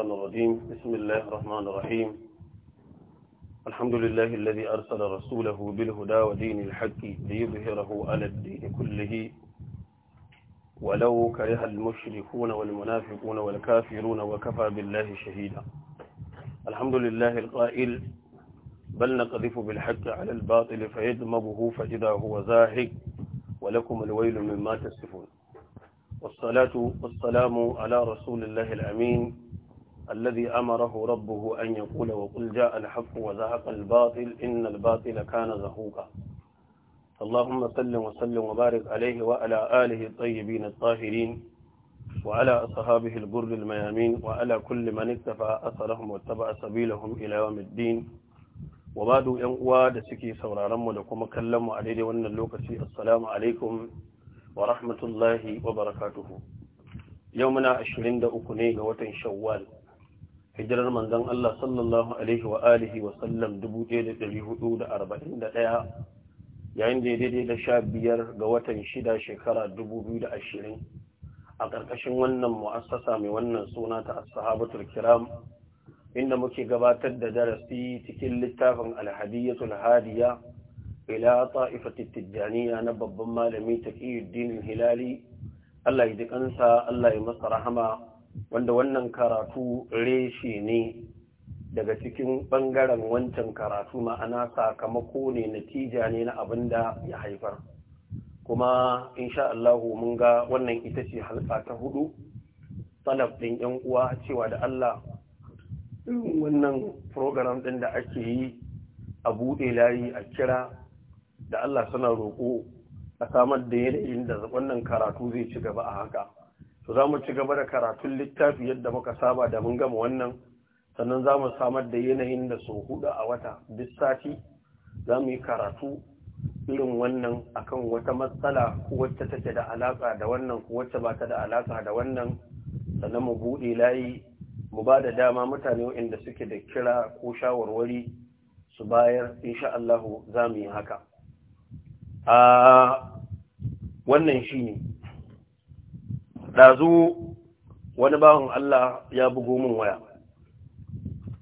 الشيطان الرجيم بسم الله الرحمن الرحيم الحمد لله الذي أرسل رسوله بالهدى ودين الحق ليظهره على الدين كله ولو كره المشركون والمنافقون والكافرون وكفى بالله شهيدا الحمد لله القائل بل نقذف بالحق على الباطل فيدمغه فإذا هو زاهق ولكم الويل مما تصفون والصلاة والسلام على رسول الله الأمين الذي أمره ربه أن يقول وقل جاء الحق وزهق الباطل إن الباطل كان زهوقا اللهم صل وسلم وبارك عليه وعلى آله الطيبين الطاهرين وعلى أصحابه البر الميامين وعلى كل من اكتفى أثرهم واتبع سبيلهم إلى يوم الدين وبعد سكي سورا رم لكم كلم عليه وأن اللوكسي السلام عليكم ورحمة الله وبركاته يومنا 23 ga watan شوال hijirar manzon Allah sallallahu alaihi wa alihi wa sallam 1441 yayin da daidai da sha biyar ga watan shida shekara 2020 a ƙarƙashin wannan mu'assasa mai wannan suna ta ashabatul kiram inda muke gabatar da darasi cikin littafin alhadiyatul hadiya ila ta'ifatit tijaniya na babban malami taqiyuddin hilali Allah ya ji kansa Allah ya masa rahama wanda wannan karatu reshe ne daga cikin ɓangaren wancan karatu ma'ana sakamako ne natija ne na abin da ya haifar kuma insha Allah mun ga wannan ita ce halka ta hudu salaf ɗin yan uwa cewa da Allah wannan program ɗin da ake yi a buɗe layi a kira da Allah suna roƙo a samar da yanayin da wannan karatu zai ci gaba a haka za mu ci gaba da karatun littafi yadda muka saba da mun gama wannan sannan za mu samar da yanayin da sau hudu a wata duk sati za mu yi karatu irin wannan akan wata matsala ko wacce take da alaƙa da wannan ko wacce ba ta da alaƙa da wannan sannan mu buɗe layi mu ba da dama mutane waɗanda suke da kira ko shawarwari su bayar insha Allah za mu yi haka a ah, wannan shine ɗazu wani bawan Allah ya bugo min waya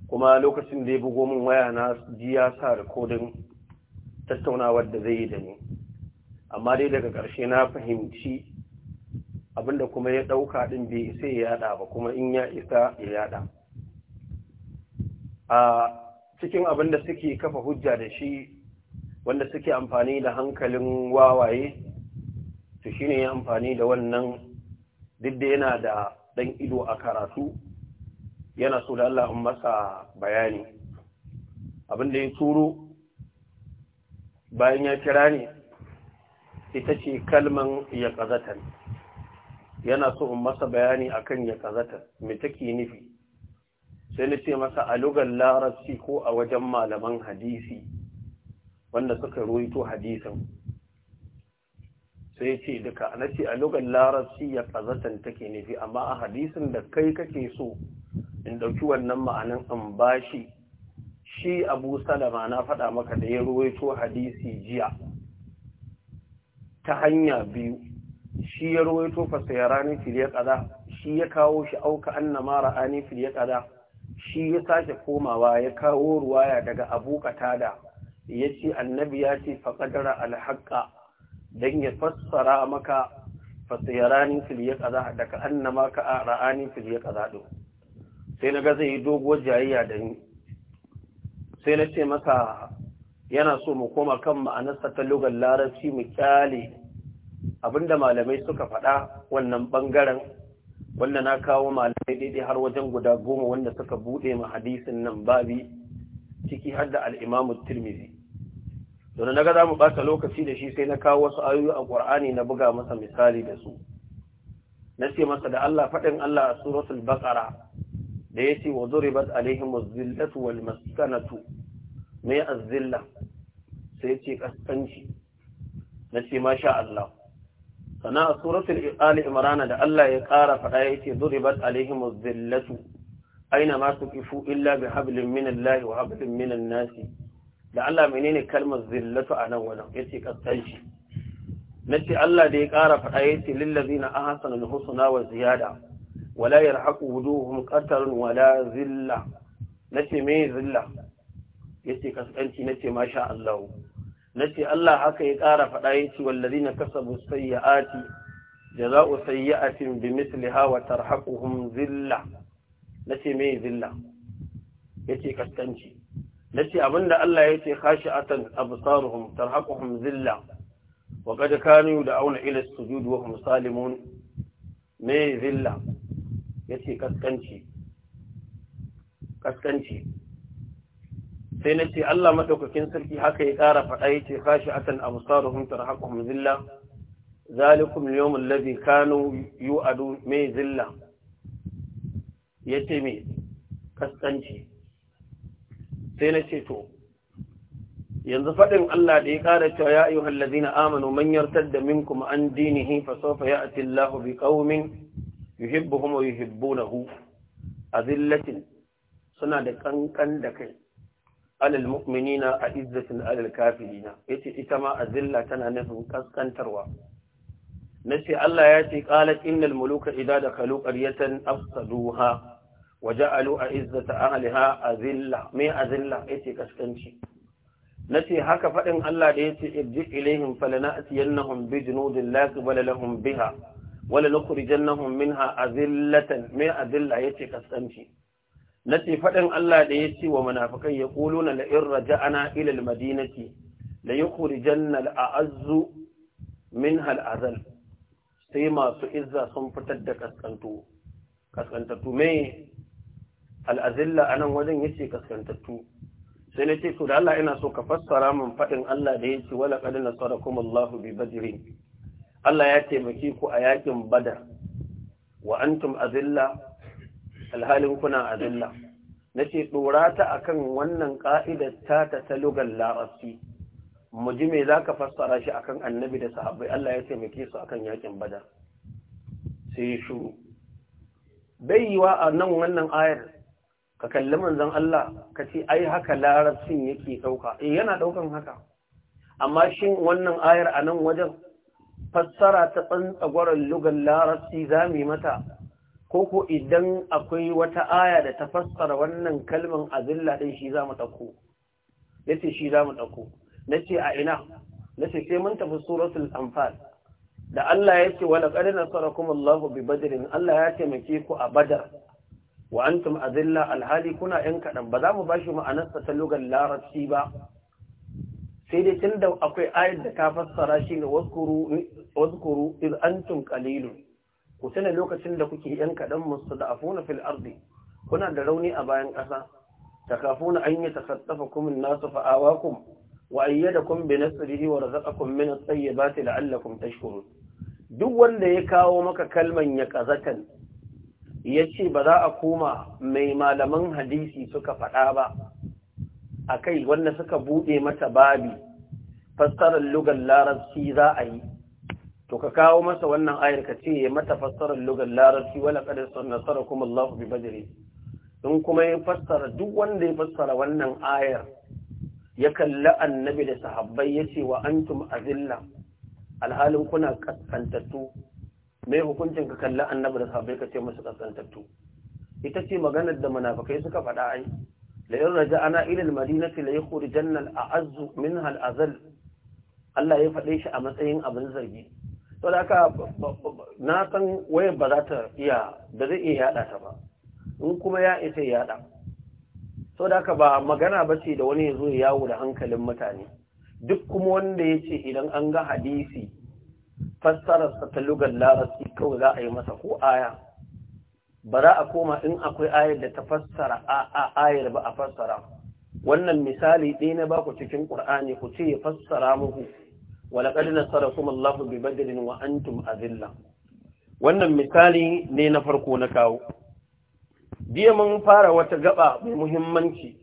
kuma lokacin da ya bugo min waya na ji ya sa rikodin tattaunawar da zai yi da ni amma dai daga ƙarshe na fahimci abinda kuma ya ɗauka ɗin bai isa ya yada ba kuma in ya isa ya yada a cikin abinda suke kafa hujja da shi wanda suke amfani da hankalin wawaye to shine ya amfani da wannan duk da yana da ɗan ido a karatu yana so da Allah in masa bayani abin da ya turo bayan ya kira ne ita ce kalman ya yana so in masa bayani akan ya ƙazatar mai take nufi sai na ce masa a lugar larabci ko a wajen malaman hadisi wanda suka ruwaito hadisan sai ce duka na ce a lokacin larabci ya kazatan take nufi amma a hadisin da kai kake so in ɗauki wannan ma'anin in bashi shi abu salama na faɗa maka da ya ruwaito hadisi jiya ta hanya biyu shi ya ruwaito fasayarani fil ya shi ya kawo shi auka annama ra'ani fil ya kaza shi ya sake komawa ya kawo ruwaya daga abu katada ya ce annabi ya ce faƙadara alhaƙa dan ya fassara maka fasayarani fil ya kaza da ka annama ka ra'ani fil ya kaza ɗin sai na ga zai yi doguwar jayayya da ni sai na ce masa yana so mu koma kan ma'anarsa ta lugar larabci mu kyale abinda malamai suka faɗa wannan bangaren wanda na kawo malamai daidai har wajen guda goma wanda suka buɗe ma hadisin nan babi ciki har da al'imamu tirmizi don na ga za mu ɓata lokaci da shi sai na kawo wasu ayoyi a ƙur'ani na buga masa misali da su na ce masa da Allah faɗin Allah a suratul baƙara da ya ce wa zuribat alaihim az-zillatu wal maskanatu me az sai ce kaskanci na ce masha Allah sana a suratul ali imrana da Allah ya ƙara faɗa ya ce zuribat alaihim az-zillatu aina ma tuqifu illa bi hablin min Allah wa hablin min an-nasi da Allah menene kalmar zillatu a nan wannan yace kaskanci nace Allah da ya ƙara faɗa yace lil ladina ahsanu al husna wa ziyada wala yarhaqu wuduhum qatarun wala zilla nace me zilla yace kaskanci nace masha Allah nace Allah haka ya ƙara faɗa yace wal ladina kasabu sayyiati jaza'u sayyi'atin bimithliha wa tarhaquhum zilla nace me zilla yace kaskanci Na ce abinda Allah ya ce khashi'atan absaruhum tarhaquhum zilla wa qad kanu yud'auna ila as-sujud wa hum salimun me zilla yace kaskanci kaskanci sai na ce Allah maɗaukakin sarki haka ya ƙara faɗa ya ce fashi atan absaruhum tarhaquhum zilla zalikum al-yawm alladhi kanu yu'adu mai zilla yace me kaskanci sai na ce to yanzu faɗin Allah da ya ƙara cewa ya ayyuhal ladina amanu man yartadda minkum an dinihi fa sawfa ya'ti Allahu bi qaumin yuhibbuhum wa yuhibbunahu azillatin suna da kankan da kai alal mu'minina a izzatin alal kafirina yace ita ma azilla tana nufin kaskantarwa nace Allah ya ce qalat innal muluka idza dakalu qaryatan afsaduha وجعلوا أعزة أهلها أذلة ما أذلة إيتي كسكنشي نتي هكا فإن الله ديتي ارجع إليهم فلنأتينهم بجنود لا قبل لهم بها ولنخرجنهم منها أذلة ما أذلة إيتي كسكنشي نتي فإن الله ديتي ومنافقين يقولون لئن رجعنا إلى المدينة ليخرجن الأعز منها الأذل سيما سئزة سنفتد كسكنتو kaskantattu mai al'azilla a nan wajen yace kaskantattu sai na ce su da Allah ina so ka fassara min faɗin Allah da yace wala tsara kuma Allahu bi badrin Allah ya taimaki ku a yakin badar wa an antum azilla alhalin kuna azilla Na ce tsora ta kan wannan ƙa'idar ta ta talugan larabci mu ji me ka fassara shi akan annabi da sahabbai Allah ya taimake su akan yakin bada. sai shuru bai yi wa a nan wannan ayar ka kalli manzon Allah ka ce ai haka larabcin yake ɗauka. eh yana ɗaukan haka amma shin wannan ayar a nan wajen fassara ta tsantsagwaron lugar larabci za mu mata ko ko idan akwai wata aya da ta fassara wannan kalman azilla din shi za mu ɗauko ce shi za mu ɗauko ce a ina ce sai mun tafi suratul anfal da Allah yace wala qad nasarakum Allahu bi badrin Allah ya taimake ku a badar wa antum azilla alhali kuna yan kaɗan ba za mu ba shi ma'anarsa ta lugar larabci ba sai dai tun da akwai ayar da ta fassara shi ne wazkuru iz antum qalilun ku tuna lokacin da kuke yan kaɗan mustada'afuna fil ardi kuna da rauni a bayan ƙasa takafuna an yi takhattafakum an-nasu fa'awakum wa ayyadakum bi nasrihi wa razaqakum min at-tayyibati la'allakum tashkurun duk wanda ya kawo maka kalman ya kazatan ya ce ba za a koma mai malaman hadisi suka faɗa ba a kai wanda suka buɗe mata babi fassarar lugar larabci za a yi to ka kawo masa wannan ayar ka ce ya mata fassarar lugar larabci wala kada nasara kuma Allah bi bajiri in kuma ya fassara duk wanda ya fassara wannan ayar ya kalli annabi da sahabbai ya ce wa antum azilla alhalin kuna kaskantattu mai hukuncin ka kalli annabi da sahabbai ka ce musu kasantattu ita ce maganar da munafikai suka faɗa ai la in ana ila al-madinati la yukhrijanna al-a'azz minha al Azal. Allah ya faɗe shi a matsayin abin zargi to da ka na san waye ba za ta iya da zai iya yada ta ba in kuma ya isa ya yada to da ka ba magana ba ce da wani ya zo yawo da hankalin mutane duk kuma wanda ya ce idan an ga hadisi fassararsa ta lugar larabci kawai za a yi masa ko aya ba za a koma in akwai ayar da ta fassara a ayar ba a fassara wannan misali ɗaya na baku cikin ƙur'ani ku ce ya fassara muku walaƙar nasara kuma Allah bi badalin wa antum azilla wannan misali ne na farko na kawo jiya mun fara wata gaba mai muhimmanci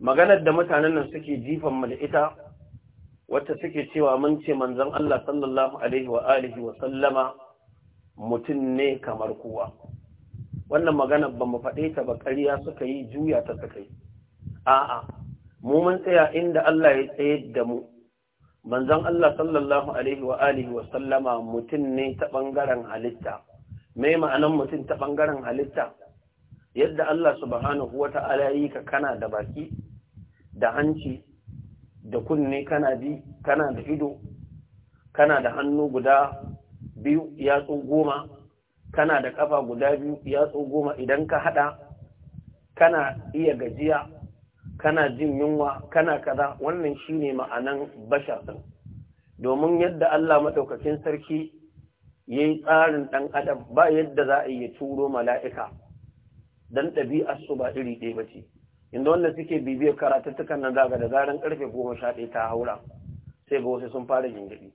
maganar da mutanen nan suke jifan mu da ita wata suke cewa mun ce manzon Allah sallallahu alaihi wa alihi wa sallama mutum ne kamar kowa wannan magana ba mu faɗe ta ba ƙarya suka yi juya ta suka yi a'a mu mun tsaya inda Allah ya tsayar da mu manzon Allah sallallahu alaihi wa alihi wa sallama mutum ne ta bangaren halitta me ma'anan mutum ta bangaren halitta yadda Allah subhanahu wata'ala yi ka kana da baki da hanci da kunne kana bi kana da ido kana da hannu guda biyu yatsu goma kana da kafa guda biyu yatsu goma idan ka hada kana iya gajiya kana jin yunwa kana kaza wannan shine ma'anan bashasin domin yadda Allah madaukakin sarki yayi tsarin dan adam ba yadda za a yi turo mala'ika dan ɗabi'ar su ba iri ɗaya ce. inda wanda suke bibiyar karatattukan nan zaga da zaran karfe goma sha ɗaya ta haura sai ga wasu sun fara jinjiri.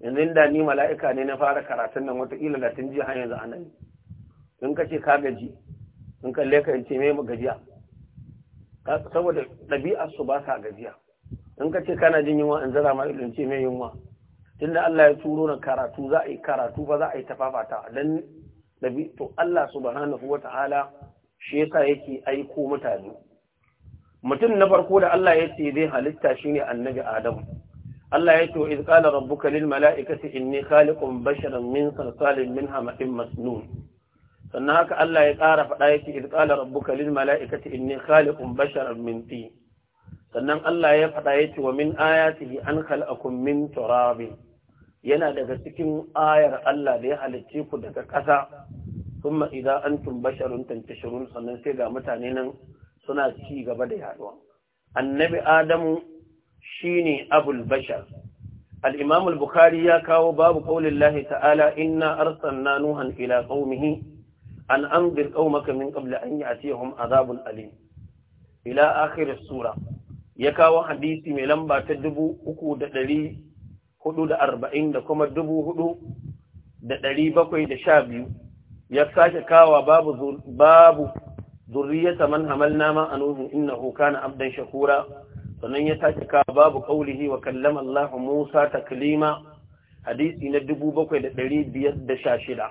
yanzu da ni mala'ika ne na fara karatun nan wataƙila da tun jiya yanzu a nan in ka ce ka gaji in ka ka in ce mai gajiya saboda ɗabi'ar su ba sa gajiya in ka ce kana jin yunwa in zara ma in ce mai yunwa tunda Allah ya turo na karatu za a yi karatu ba za a yi tafafata don ɗabi to Allah subhanahu ta'ala shi yasa yake aiko mutane mutum na farko da Allah ya ce zai halitta shine annabi Adam Allah ya ce wa iz qala rabbuka lil mala'ikati inni khaliqun basharan min salsalin min hamatin masnun sannan haka Allah ya ƙara faɗa yake iz qala rabbuka lil mala'ikati inni khaliqun basharan min tin sannan Allah ya faɗa yake wa min ayatihi an khalaqakum min turabin yana daga cikin ayar Allah da ya halicce ku daga ƙasa thumma idza antum basharun tasharun sannan sai ga mutane nan suna ci gaba da yaduwa annabi adamu shine abul bashar al-imam al-bukhari ya kawo babu qaulin lahi ta'ala inna arsalna nuhan ila qaumihi an anzir qaumaka min qabli an ya'tiyahum adhabun alim ila akhir as-sura ya kawo hadisi mai lamba ta 3440 da kuma 4712 ya sake kawa babu babu zurriyata man hamalna ma anuhu innahu kana abdan shakura sannan ya sake kawa babu qaulihi wa kallama Allah Musa taklima hadisi na 7516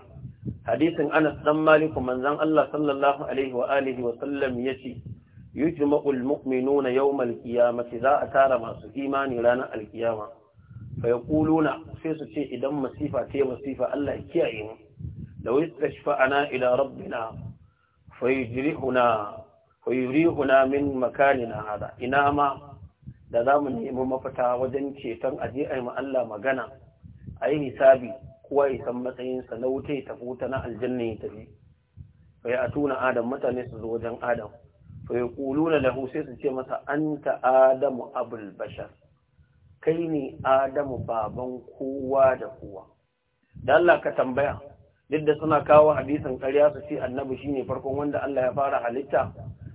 hadisin Anas dan Malik manzon Allah sallallahu alaihi wa alihi wa sallam yace yujma'ul mu'minuna yawmal qiyamati za a tara masu imani ranar alkiyama fa yaquluna sai su ce idan masifa ce masifa Allah ya kiyaye mu لو استشفعنا إلى ربنا فيجرحنا فيريحنا من مكاننا هذا إنما da za mu nemi mafita wajen ceton aje a Allah magana a yi hisabi kuwa ya san matsayinsa na tafi na aljanna ya tafi fa a tuna adam mutane su zo wajen adam fa Kulu na lahu sai su ce masa anta adamu abul bashar kai ne adamu baban kowa da kowa da Allah ka tambaya duk da suna kawo hadisin ƙarya su ce annabi shine farkon wanda Allah ya fara halitta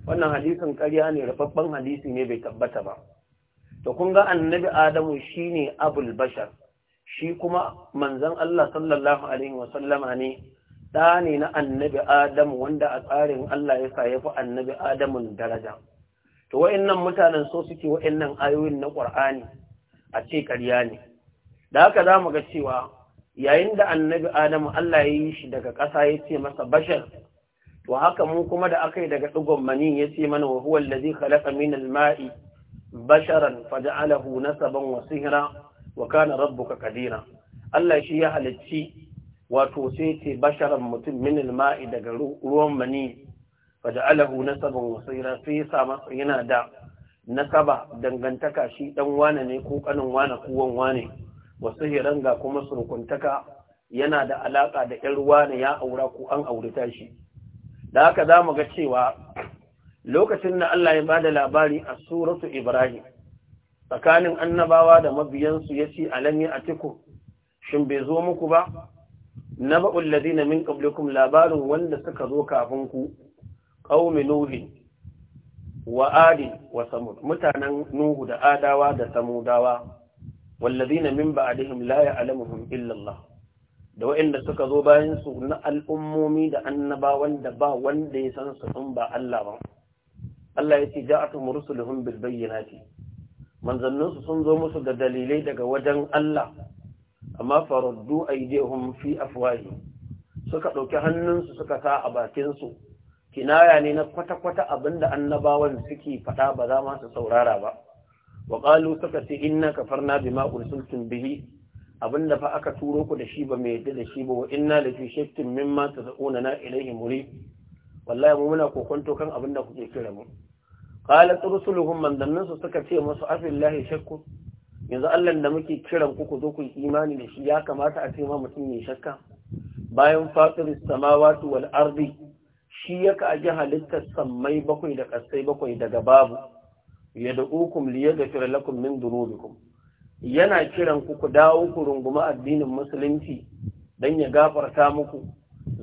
wannan hadisin ƙarya ne babban hadisi ne bai tabbata ba to kun ga annabi Adamu shine abul bashar shi kuma manzon Allah sallallahu alaihi wa sallama ne da ne na annabi Adamu wanda a tsarin Allah ya sa yafi annabi Adamu daraja to wayannan mutanen so suke wayannan ayoyin na Qur'ani a ce ƙarya ne da haka zamu ga cewa yayin da annabi adamu Allah ya yi shi daga ƙasa ya ce masa bashar wa haka mu kuma da aka yi daga ɗigon mani ya ce mana wa huwa allazi khalaqa min al-ma'i basharan faja'alahu nasaban wa sihra wa kana rabbuka qadira Allah shi ya halicci wato sai ce basharan mutum min al-ma'i daga ruwan mani faja'alahu nasaban wa sihra sai ya sa masa yana da nasaba dangantaka shi dan wane ne ko kanin wane ko wane wasu sihirin ga kuma surkuntaka yana da alaƙa da ‘yan ruwa ne ya aura ko an aure shi. Da haka za mu ga cewa lokacin da Allah ya bada labari a suratu Ibrahim, tsakanin annabawa da mabiyansu ya ce alami a tiku, shin bai zo muku ba? Na ba'ul ladina min qablikum labarin wanda suka zo kafin ku, ƙaumi Nuhi, wa Adi wa Samud, mutanen Nuhu da Adawa da Samudawa. wallazina min ba'dihim la ya'lamuhum illa Allah da waɗanda suka zo bayan su na al'ummomi da annabawan da ba wanda ya san su in ba Allah ba Allah ya ce ja'atuhum rusuluhum bil bayyinati manzannin su sun zo musu da dalilai daga wajen Allah amma faraddu aydihum fi afwahihim suka dauki hannunsu suka sa a bakin su kinaya ne na kwata-kwata abinda annabawan suke faɗa ba za ma su saurara ba Waƙalu suka ce inna kafarna bima ursiltum bihi abin da fa aka turo ku da shi ba mai yadda da shi ba wa inna la fi shakkin ta tad'una na ilayhi muri wallahi mu muna kokonto kan abin da kuke kira mu qalat rusuluhum mandannin su suka ce musu afillahi shakku yanzu Allah da muke kiran ku ku zo ku imani da shi ya kamata a ce ma mutum ya shakka bayan fatiris samawati wal ardi shi yaka aji halittar sammai bakwai da kasai bakwai daga babu yad'ukum da lakum min dhunubikum yana kiran ku ku dawo ku runguma addinin musulunci dan ya gafarta muku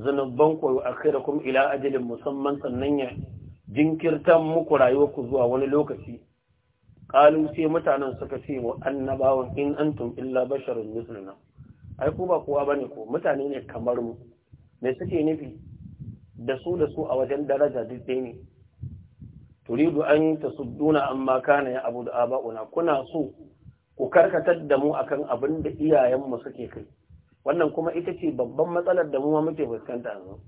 zanubban ku kuma ila ajalin musamman sannan ya jinkirtan muku rayuwar ku zuwa wani lokaci qalu sai mutanen suka ce wa annabawan in antum illa basharun misluna ai ku ba kowa bane ko mutane ne kamar mu me suke nufi da su da su a wajen daraja duk ne turidu an tasudduna amma kana ya abu da aba'una kuna so ku karkatar da mu akan abin da iyayenmu suke kai wannan kuma ita ce babban matsalar da mu ma muke fuskanta yanzu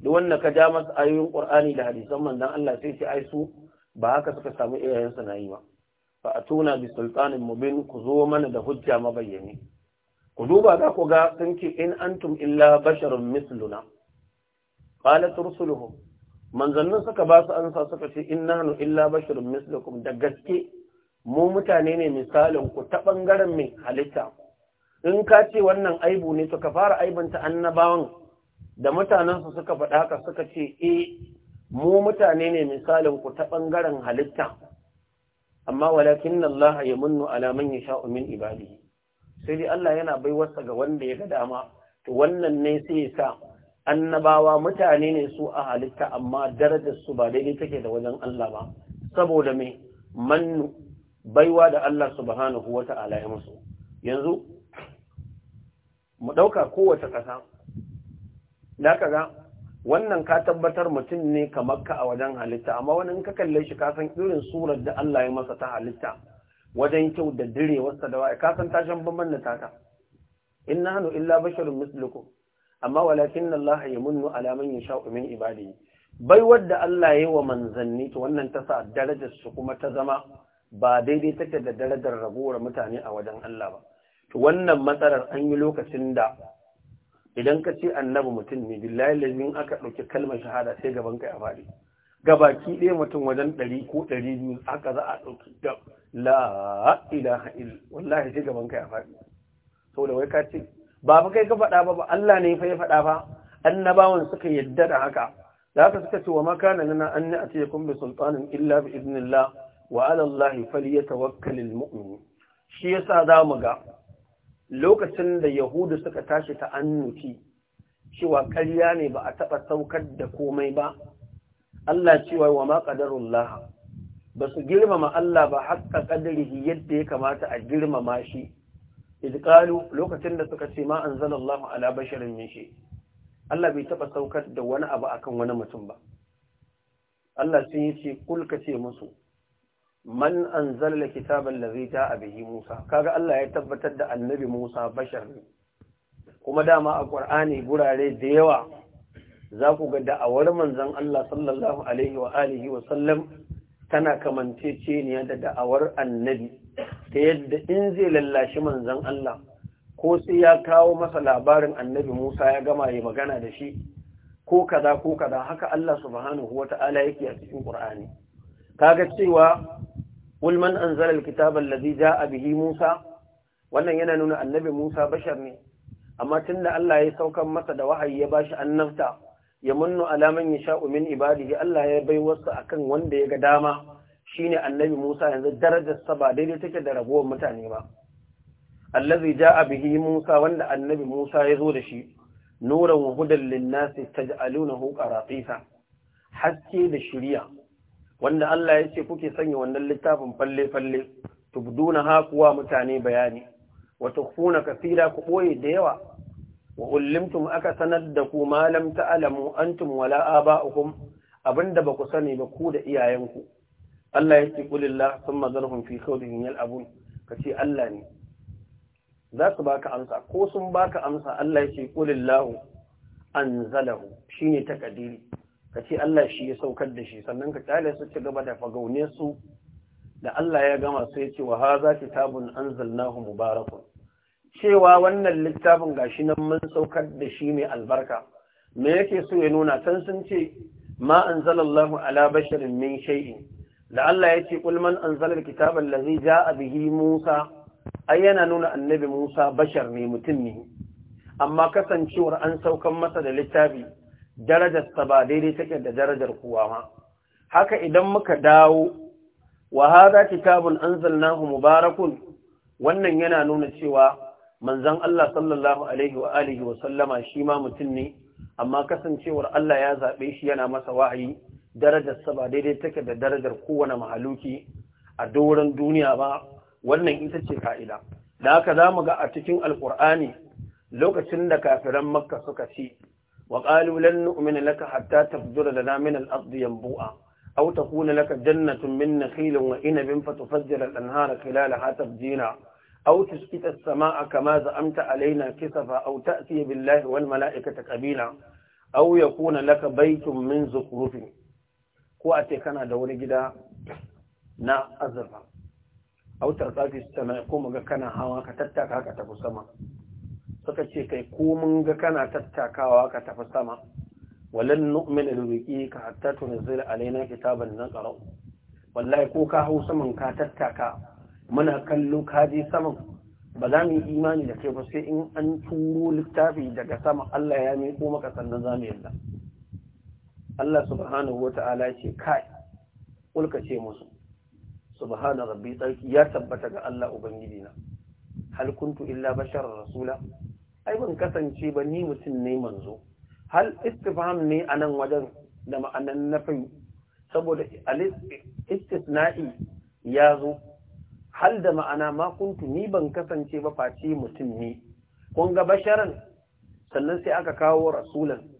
duk wanda ka ja masa ayoyin Qur'ani da hadisan manzon Allah sai ce ai su ba haka suka samu iyayen na yi ba fa atuna bi sultanin mubin ku zo mana da hujja mabayyani ku duba za ku ga sun ce in antum illa basharun misluna qalat rusuluhum manzannin suka ba su ansa suka ce inna nu illa bashirun mislukum da gaske mu mutane ne misalin ku ta bangaren mai halitta in ka ce wannan aibu ne to ka fara aibanta annabawan da mutanensu suka faɗa ka suka ce eh mu mutane ne misalin ku ta bangaren halitta amma walakin Allah ya munnu ala man yasha'u min ibadihi sai dai Allah yana baiwarsa ga wanda ya ga dama to wannan ne sai ya sa annabawa mutane ne su a halitta amma darajar su ba daidai take da wajen Allah ba saboda me mannu baiwa da Allah subhanahu wata'ala ya musu yanzu mu ɗauka kowace ƙasa. da ga. wannan ka tabbatar mutum ne kamar ka a wajen halitta amma wani ka kalle shi kasan irin surar da Allah ya masa ta halitta wajen kyau da direwarsa da wa'i ka san tashin bamban da inna hanu illa basharun mislukum amma walakin Allah ya munnu ala man umin min ibadihi bai wadda Allah yi wa manzanni to wannan ta sa darajar su kuma ta zama ba daidai take da darajar rabuwar mutane a wajen Allah ba to wannan matsalar an yi lokacin da idan ka ce annabi mutum ne billahi lazim aka dauki kalmar shahada sai gaban kai a fadi gabaki ɗaya mutum wajen ɗari ko ɗari biyu haka za a ɗauki da la ilaha il wallahi sai gaban kai a saboda wai ka ce ba kai ka faɗa ba ba Allah ne fa ya faɗa ba annabawan suka yadda da haka da haka suka ce wa ma kana lana an na'tiyakum bi sultanin illa bi idnillah wa ala Allah falyatawakkalul mu'min shi yasa zamu ga lokacin da yahudu suka tashi ta annuci cewa ƙarya ne ba a taɓa saukar da komai ba Allah cewa wa ma qadarullah ba su girmama Allah ba haƙƙa ƙadarihi yadda ya kamata a girmama shi idqalu lokacin da suka ce ma anzalallahu ala basharin min shi Allah bai taba saukar da wani abu akan wani mutum ba Allah sun yi ce kul ka ce musu man anzala kitaban ladhi ja'a bihi Musa kaga Allah ya tabbatar da annabi Musa bashar kuma dama a Qur'ani gurare da yawa za ku ga da'awar manzon Allah sallallahu alaihi wa alihi wa sallam tana kamanceceniya da da'awar annabi ta yadda in zai lallashi manzan Allah ko sai ya kawo masa labarin annabi Musa ya gama ya magana da shi ko kaza ko kaza haka Allah subhanahu ta'ala yake a cikin Qur'ani kaga cewa ul man anzala alkitaba alladhi jaa bihi Musa wannan yana nuna annabi Musa bashar ne amma tunda Allah ya saukan masa da wahayi ya bashi annabta ya munnu alaman yasha'u min ibadihi Allah ya bai wasu akan wanda ya ga dama ne annabi Musa yanzu darajarsa ba daidai take da ragowar mutane ba ja a bihi Musa wanda annabi Musa ya zo da shi nuran wa ji lin na hukara qaratisa haske da shiriya wanda Allah ya ce kuke sanya wannan littafin falle-falle tubduna hakuwa mutane bayani Wata tukhfuna kafira ku ɓoye da yawa wa ullimtum aka sanar da ku malam lam ta'lamu antum wala aba'ukum abinda ba ku sani ba ku da iyayenku Allah yake kulillah sun mazarhun fi kaulihin abun. ka ce Allah ne za su ka amsa ko sun baka amsa Allah yake kulillahu anzalahu shine takadiri ka ce Allah shi ya saukar da shi sannan ka kyale su ci gaba da fagaune su da Allah ya gama sai ya ce wa haza kitabun anzalnahu mubarakun cewa wannan littafin gashi nan mun saukar da shi mai albarka me yake so ya nuna can sun ce ma anzalallahu ala basharin min shay'in da Allah ya ce kulman anzalar kitaban da zai ja a bihi Musa ai yana nuna annabi Musa bashar ne mutum ne amma kasancewar an saukan masa da littafi darajarsa ba daidai take da darajar kowa ma haka idan muka dawo wa hada kitabun anzalnahu mubarakun wannan yana nuna cewa manzon Allah sallallahu alaihi wa alihi wa sallama shi ma mutum ne amma kasancewar Allah ya zabe shi yana masa wahayi darajarsa ba daidai take da darajar kowane mahaluki a doron duniya ba wannan ita ce ka'ida da haka za mu ga a cikin alkur'ani lokacin da kafiran makka suka ce wa lan nu'mina laka hatta tafjura lana min al-ardi yanbu'a aw takuna laka jannatun min nakhilin wa inabin fatufajjira al-anhara khilalaha tafjira aw tusqita as-samaa'a kama za'amta alaina kisafa aw ta'tiya billahi wal mala'ikati qabila aw yakuna laka baytun min zukhrufin ko a ce kana da wani gida na azurfa autar tsafi sana ko ga kana hawa ka tattaka ka tafi sama suka ce kai ko mun ga kana tattakawa ka tafi sama walin nu'min al-wiqi ka hatta tunzila alaina kitaban naqra wallahi ko ka hau saman ka tattaka muna kallo ka je saman ba za mu yi imani da kai ba sai in an turo littafi daga sama Allah ya miko maka sannan za mu yarda Allah subhanahu wata'ala ce kai kulka ce musu subhana rabbi tsarki ya tabbata ga Allah ubangiji na hal kuntu illa basharar rasula ai ban kasance ba ni mutum ne manzo hal istifham ne anan wajen da ma'anan nafi saboda istisna'i ya zo hal da ma'ana ma kuntu ni ban kasance ba face mutum ne kun ga basharan sannan sai aka kawo rasulan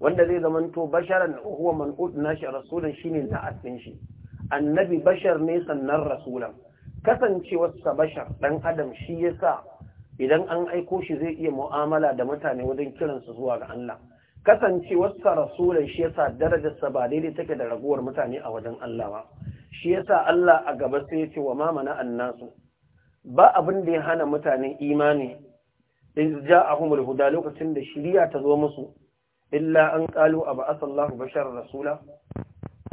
wanda zai zamanto basharan huwa man'ud nashi rasulan shine da din shi annabi bashar ne sannan rasulan kasancewarsa bashar dan adam shi yasa idan an aiko shi zai iya mu'amala da mutane wajen kiransu zuwa ga Allah kasancewarsa rasulan shi yasa darajarsa ba daidai take da raguwar mutane a wajen Allah ba shi yasa Allah a gaba sai ya ce wa ma mana annasu ba abin da ya hana mutane imani in ja'ahumul huda lokacin da shiriya ta zo musu illa an a ba'asallahu bashar rasula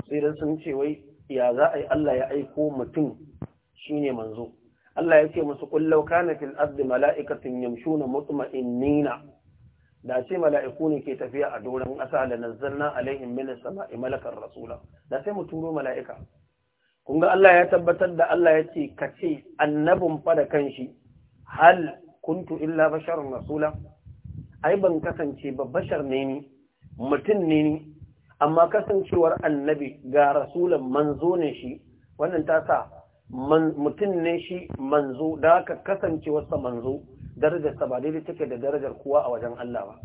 sai dan sun ce wai ya za a yi Allah ya aiko mutum shine manzo Allah ya ce musu kullau kana fil ardi mala'ikatun yamshuna mutma'innina da ce mala'iku ne ke tafiya a doron ƙasa da nazzalna alaihim min as-sama'i rasula da sai mu turo mala'ika kun ga Allah ya tabbatar da Allah ya ce ka ce annabin fa da kanshi hal kuntu illa basharun rasula ai ban kasance ba bashar ne ni mutum ne ni amma kasancewar annabi ga rasulan manzo ne shi wannan ta sa mutum ne shi manzo da aka kasancewarsa manzo darajarsa ba daidai take da darajar kowa a wajen Allah ba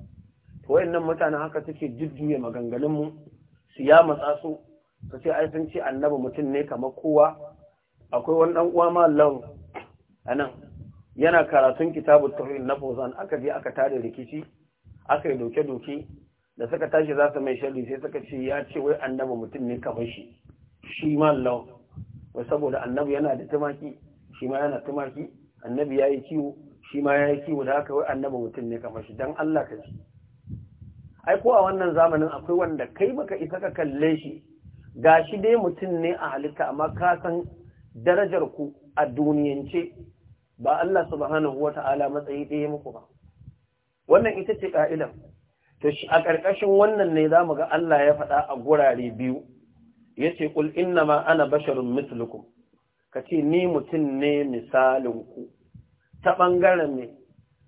to wayannan mutanen haka suke jujjuya maganganunmu su ya matsa su su ce ai sun ce annabi mutum ne kamar kowa akwai wani dan uwa ma lawan anan yana karatun kitabu tauhid na Fauzan aka je aka tare rikici aka yi doke-doke da suka tashi za su mai sharri sai suka ce ya ce wai annabi mutum ne kamar shi shi ma lau! wai saboda annabi yana da tumaki shi ma yana tumaki annabi ya yi kiwo shi ma ya yi kiwo da haka wai annabi mutum ne kamar shi don Allah ka ji ai ko a wannan zamanin akwai wanda kai baka isa ka kalle shi gashi dai mutum ne a halitta amma ka san darajar ku a duniyance ba Allah subhanahu ta'ala matsayi ɗaya muku ba wannan ita ce ƙa’ilan, to shi a ƙarƙashin wannan ne za mu ga Allah ya faɗa a gurare biyu Ya ce yace inna ma ana basharun mislukum ce ni mutum ne misalinku ta ɓangaren mai,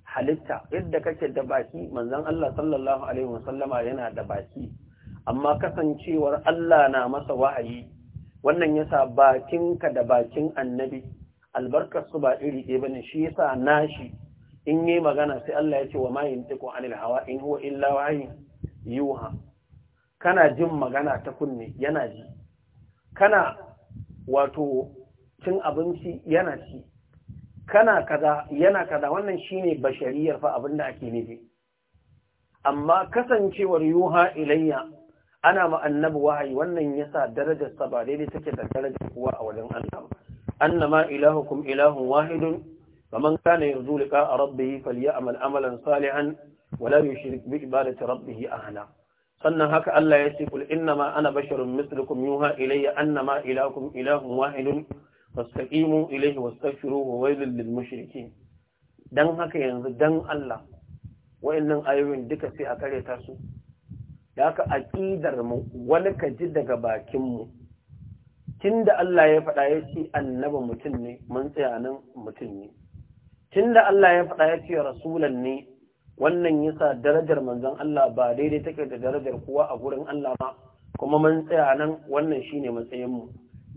halitta yadda kake da baki manzon Allah sallallahu alaihi wasallama yana da baki amma kasancewar Allah na masa wa'ayi wannan yasa bakinka da bakin annabi albarkar su ba iri ɗaya bane shi yasa nashi in yi magana sai Allah ya ce wa mayin tiku anil hawa in huwa illa wahayi yuha kana jin magana ta kunne yana ji kana wato cin abinci yana ci kana kaza yana kaza wannan shine bashariyar fa abinda ake nufi amma kasancewar yuha ilayya ana ma annabi wahayi wannan yasa darajar sa ba daidai take da darajar kuwa a wajen Allah annama ilahukum ilahun wahidun faman kana yarju liqa rabbih falyamal amalan salihan wala yushrik bi ibadati rabbih ahada sannan haka Allah ya ce kul innama ana basharun mislukum yuha ilayya annama ilahukum ilahun wahidun fastaqimu ilayhi wastaghfiruhu wa waylul lil mushrikeen dan haka yanzu dan Allah wayannan ayoyin duka sai a kare ta su da haka aqidar mu wani ka ji daga bakin mu tun da Allah ya faɗa ya ce annaba mutum ne mun tsaya nan mutum ne tun Allah ya faɗa ya ce rasulan ne wannan yasa darajar manzon Allah ba daidai take da darajar kowa a gurin Allah ba kuma mun tsaya nan wannan shine matsayin mu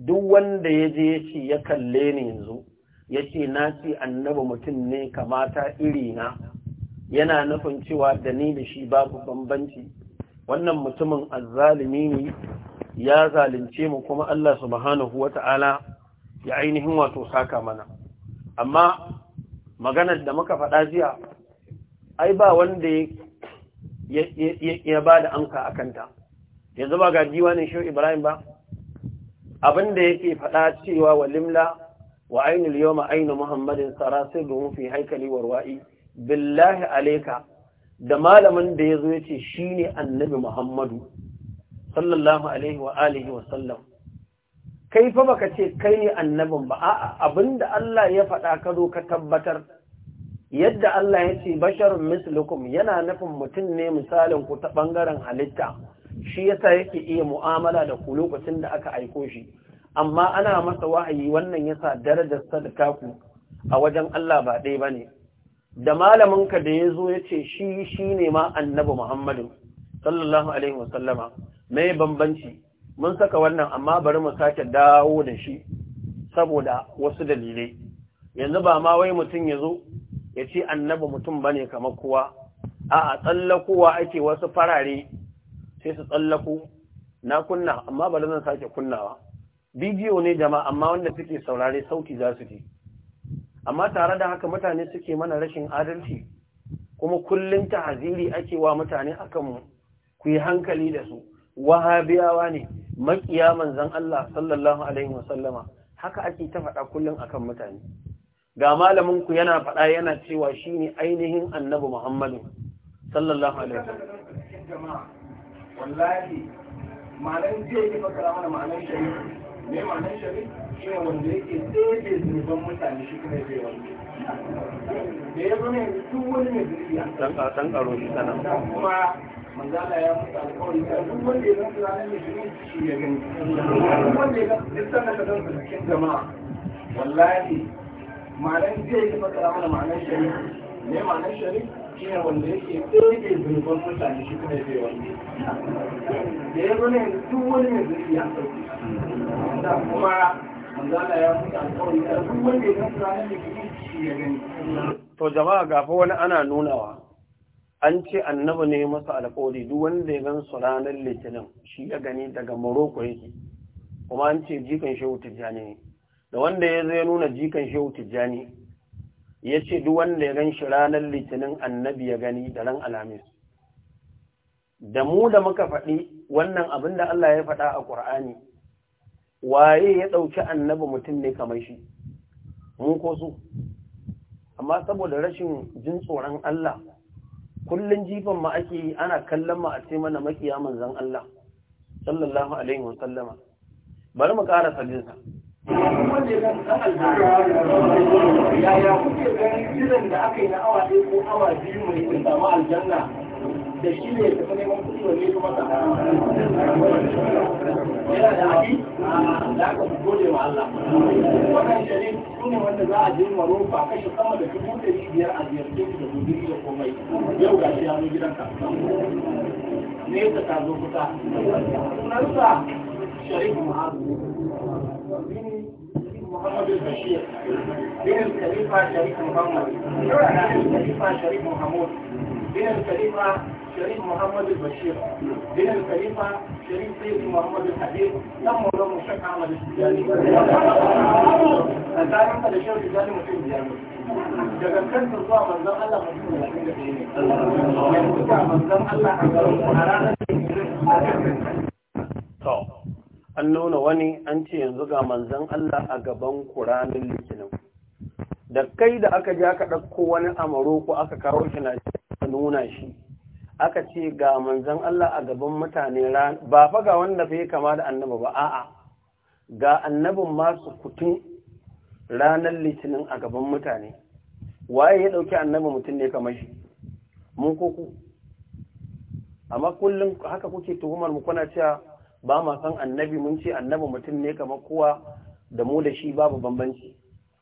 duk wanda ya je ya ce ya kalle ni yanzu ya ce na ce annaba mutum ne kamata iri na yana nufin cewa da ni da shi babu bambanci wannan mutumin azzalimi ne ya zalunce mu kuma Allah subhanahu Ta'ala ya ainihin wato saka mana amma maganar da muka faɗa jiya ai ba wanda ya ba da anka a kanta yanzu ba ga jiwa ne shi Ibrahim ba abin da yake faɗa cewa wa limla wa ainul yawma ainu muhammadin sarasiluhu fi haikali warwa'i billahi alayka da malamin da ya yazo yace shine annabi muhammadu sallallahu alaihi wa alihi wa sallam kai fa baka ce kai ne annabin ba a'a abinda Allah ya faɗa ka zo ka tabbatar yadda Allah ya ce basharun mislukum yana nufin mutum ne misalin ku ta bangaren halitta shi yasa yake iya mu'amala da ku lokacin da aka aiko shi amma ana masa wahayi wannan yasa darajar sadaka ku a wajen Allah ba ɗaya bane da malaminka da ya zo ya ce shi shine ma annabi Muhammadu sallallahu alaihi wasallama mai bambanci mun saka wannan amma bari mu sake dawo da shi saboda wasu dalilai yanzu ba ma wai mutum ya zo ya ce annabi mutum ba ne kamar kowa a a tsallakowa ake wasu farare sai su tsallako na kunna amma bari zan sake kunnawa bidiyo ne jama'a amma wanda suke saurare sauki za su ji amma tare da haka mutane suke mana rashin adalci kuma kullum ta haziri ake wa mutane akan mu ku yi hankali da su wahabiyawa ne makiya manzan Allah sallallahu alaihi wasallama haka ake ta faɗa kullum a kan mutane ga malaminku yana faɗa yana cewa shi ne ainihin annabi Muhammadu sallallahu alaihi wasallama. wallahi malan ce ke fakara mana ma'anar shari'a me ma'anar shari'a shi wanda yake tsaye zuban mutane shi kuma bai wanda. da ya zama yanzu tun wani mai zuriya dan karo shi sana kuma wallahi ma'anar zai yi mana ma'anar shari'a ne ma'anar shari'a shi ne wanda yake mutane shi kuma zai wani da ya zane duk wani mai ya sauki da kuma ya ta duk wanda mai shi ya gani to jama'a gafa wani ana nunawa an ce annaba ne masa alƙawari duk wanda ya gan su ranar litinin shi ya gani daga morocco yake kuma an ce jikan shehu tijjani ne da wanda ya zai nuna jikan shehu tijjani ya ce duk wanda ya gan shi ranar litinin annabi ya gani da ran alhamis da mu da muka faɗi wannan abin da Allah ya faɗa a ƙur'ani waye ya ɗauki annaba mutum ne kamar shi Mun ko su amma saboda rashin jin tsoron Allah kullun jifan ma ake yi ana kallon ma a ce mana makiya manzon Allah sallallahu alaihi wa sallama bari mu ƙara salinsa yaya kuke ganin kiran da aka yi na awa ɗaya ko awa biyu mai tsinta aljanna da shi ne da kuma neman kuɗi wanne kuma ta yana da haƙi da aka fi gode wa Allah wannan shari su ne wanda za a je Maroko ba kashe sama da dubu ɗari biyar a ziyarce da guduri da komai yau ga shi ya zo gidanka nesa ta zo kusa sunansa sharif muhammadu محمد البشير بن الخليفه شريف محمد الخليفه شريف محمود بين الخليفة شريف محمد البشير بين الخليفة شريف سيد محمد الحبيب تم ضم الشيخ أحمد السجاني أتعلم أن الشيخ السجاني مسلم جامد da da yanzu Allah a to an nuna wani an ce yanzu ga manzon Allah a gaban Qur'anin litinin da kai da aka ji aka ɗauko wani amaro ko aka kawo shi na nuna shi aka ce ga manzan Allah a gaban mutane ran ba fa ga wanda fa kama da annabi ba a'a ga annabin masu kutun ranar litinin a gaban mutane waye ya ɗauki annabi mutum ne kamar shi mun koko amma kullum haka kuke tuhumar mu kuna cewa ba ma san annabi mun ce annabi mutum ne kamar kowa da mu da shi babu bambanci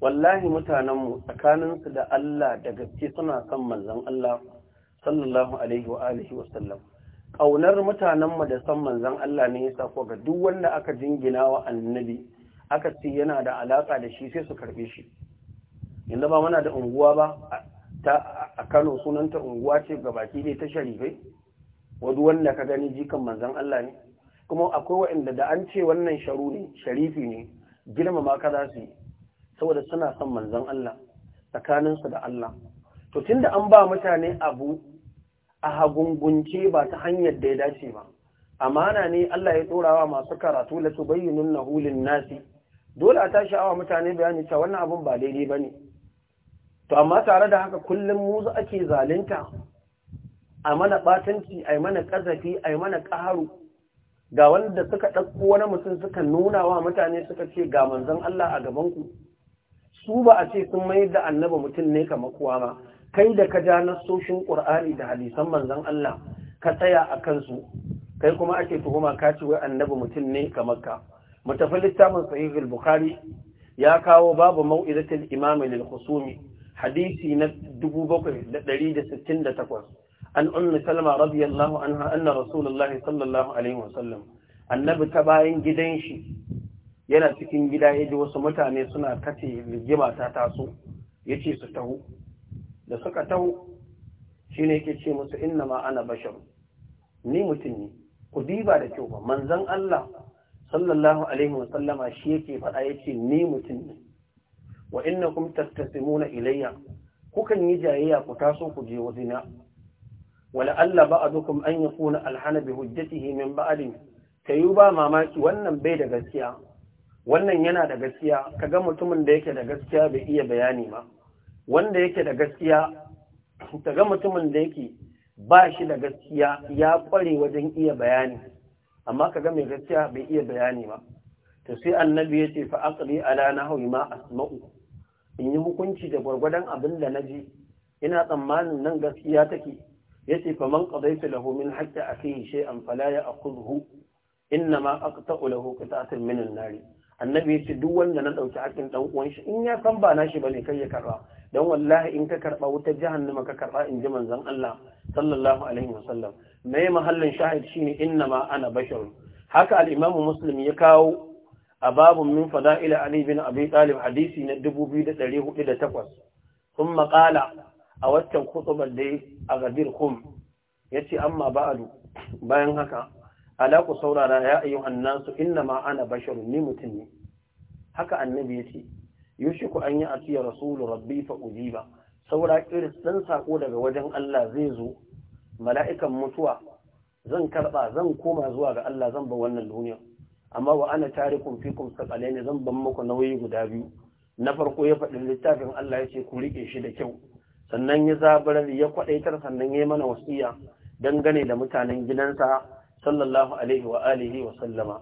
wallahi mutanenmu tsakaninsu da Allah da gaske suna son manzon Allah sallallahu alaihi wa alihi wa sallam ƙaunar mutanenmu da son manzon Allah ne yasa ko ga duk wanda aka jingina wa annabi aka ce yana da alaka da shi sai su karbe shi yanzu ba muna da unguwa ba ta a Kano sunanta unguwa ce gabaki ne ta sharifai wadu wanda ka gani jikan manzon Allah ne kuma akwai waɗanda da an ce wannan sharu ne sharifi ne girmama ka za su yi saboda suna son manzon Allah tsakaninsu da Allah to tunda an ba mutane abu a hagungunce ba ta hanyar da ya dace ba amana ne Allah ya tsorawa masu karatu la tubayyinun nahulin nasi dole a tashi awa mutane bayani cewa wannan abun ba daidai bane to amma tare da haka kullum mu ake zalunta a mana batanci ai mana kazafi ai mana kaharu ga wanda suka dauko wani mutum suka nuna wa mutane suka ce ga manzon Allah a gaban ku su ba a ce sun mayar da annaba mutum ne ka kowa ma kai da ka ja nassoshin ƙur'ani da hadisan manzon Allah ka tsaya a kansu kai kuma ake tuhuma ka ce wai annabi mutum ne ka mutafi littafin sahih al-bukhari ya kawo babu mau'izatul imam lil khusumi hadisi na 7168 an ummu salma radiyallahu anha anna rasulullahi sallallahu alaihi wasallam annabi ta bayan gidan shi yana cikin gida ya ji wasu mutane suna kace rigima ta taso ya ce su taho da suka taho shi ne yake ce musu inna ma ana bashar ni mutum ne ku diba da kyau ba manzan Allah sallallahu alaihi wa sallama shi yake faɗa ya ce ni mutum ne wa inna kum tattasimuna ilayya kukan yi jayayya ku taso ku je wajina wala Allah ba'dukum an yakuna alhana bi hujjatihi min ba'din kayu ba mamaki wannan bai da gaskiya wannan yana da gaskiya kaga mutumin da yake da gaskiya bai iya bayani ba wanda yake da gaskiya kaga mutumin da yake ba shi da gaskiya ya kware wajen iya bayani amma ga mai gaskiya bai iya bayani ba to sai annabi ya ce fa aqli ala nahwi ma asma'u in yi hukunci da gwargwadon abin da naji ina tsammanin nan gaskiya take yace fa man qadaytu lahu min haqqi akhihi shay'an fala ya'khudhu innama aqta'u lahu qita'atan min an-nari annabi ce duk wanda na ɗauki hakkin ɗan uwan shi in ya san ba shi bane kai ya karɓa dan wallahi in ka karba wuta jahannama ka karba in ji manzon Allah sallallahu alaihi wasallam Me mahallin shahid shine inna ma ana bashar haka al-imam muslim ya kawo a babun min fada'il ali bin abi talib hadisi na 2408 kuma qala a waccan khutbar da a gadir kum yace amma ba'du bayan haka ala ku saurara ya ayyuhan nasu inna ma ana basharun ni mutum ne haka annabi ya ce. yushe ku an yi atiya rasulu rabbi fa ba? saura irin dan sako daga wajen Allah zai zo mala'ikan mutuwa zan karɓa, zan koma zuwa ga Allah zan ba wannan duniya amma wa ana tarikum fikum ne zan ban muku nauyi guda biyu na farko ya faɗi littafin Allah ya ce ku rike shi da kyau sannan ya zabarar ya kwaɗaitar sannan ya mana wasiya dangane da mutanen gidansa sallallahu alaihi wa alihi wa sallama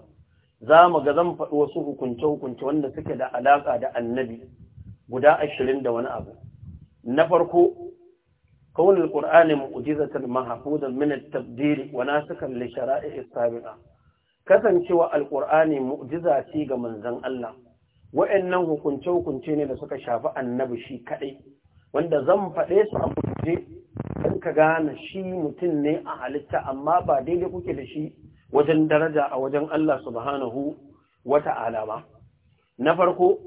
za mu ga zan faɗi wasu hukunce-hukunce wanda suke da alaƙa da annabi guda ashirin da wani abu na farko kaunin ƙur'ani mu'ujizatar mahafuzan min tabdiri wa nasukan li shara'i sabiqa kasancewa alƙur'ani mu'jiza ce ga manzon Allah wa'annan hukunce-hukunce ne da suka shafi annabi shi kaɗai wanda zan faɗe su a guje don ka gane shi mutum ne a halitta amma ba daidai kuke da shi wajen daraja a wajen Allah subhanahu wata alama. Na farko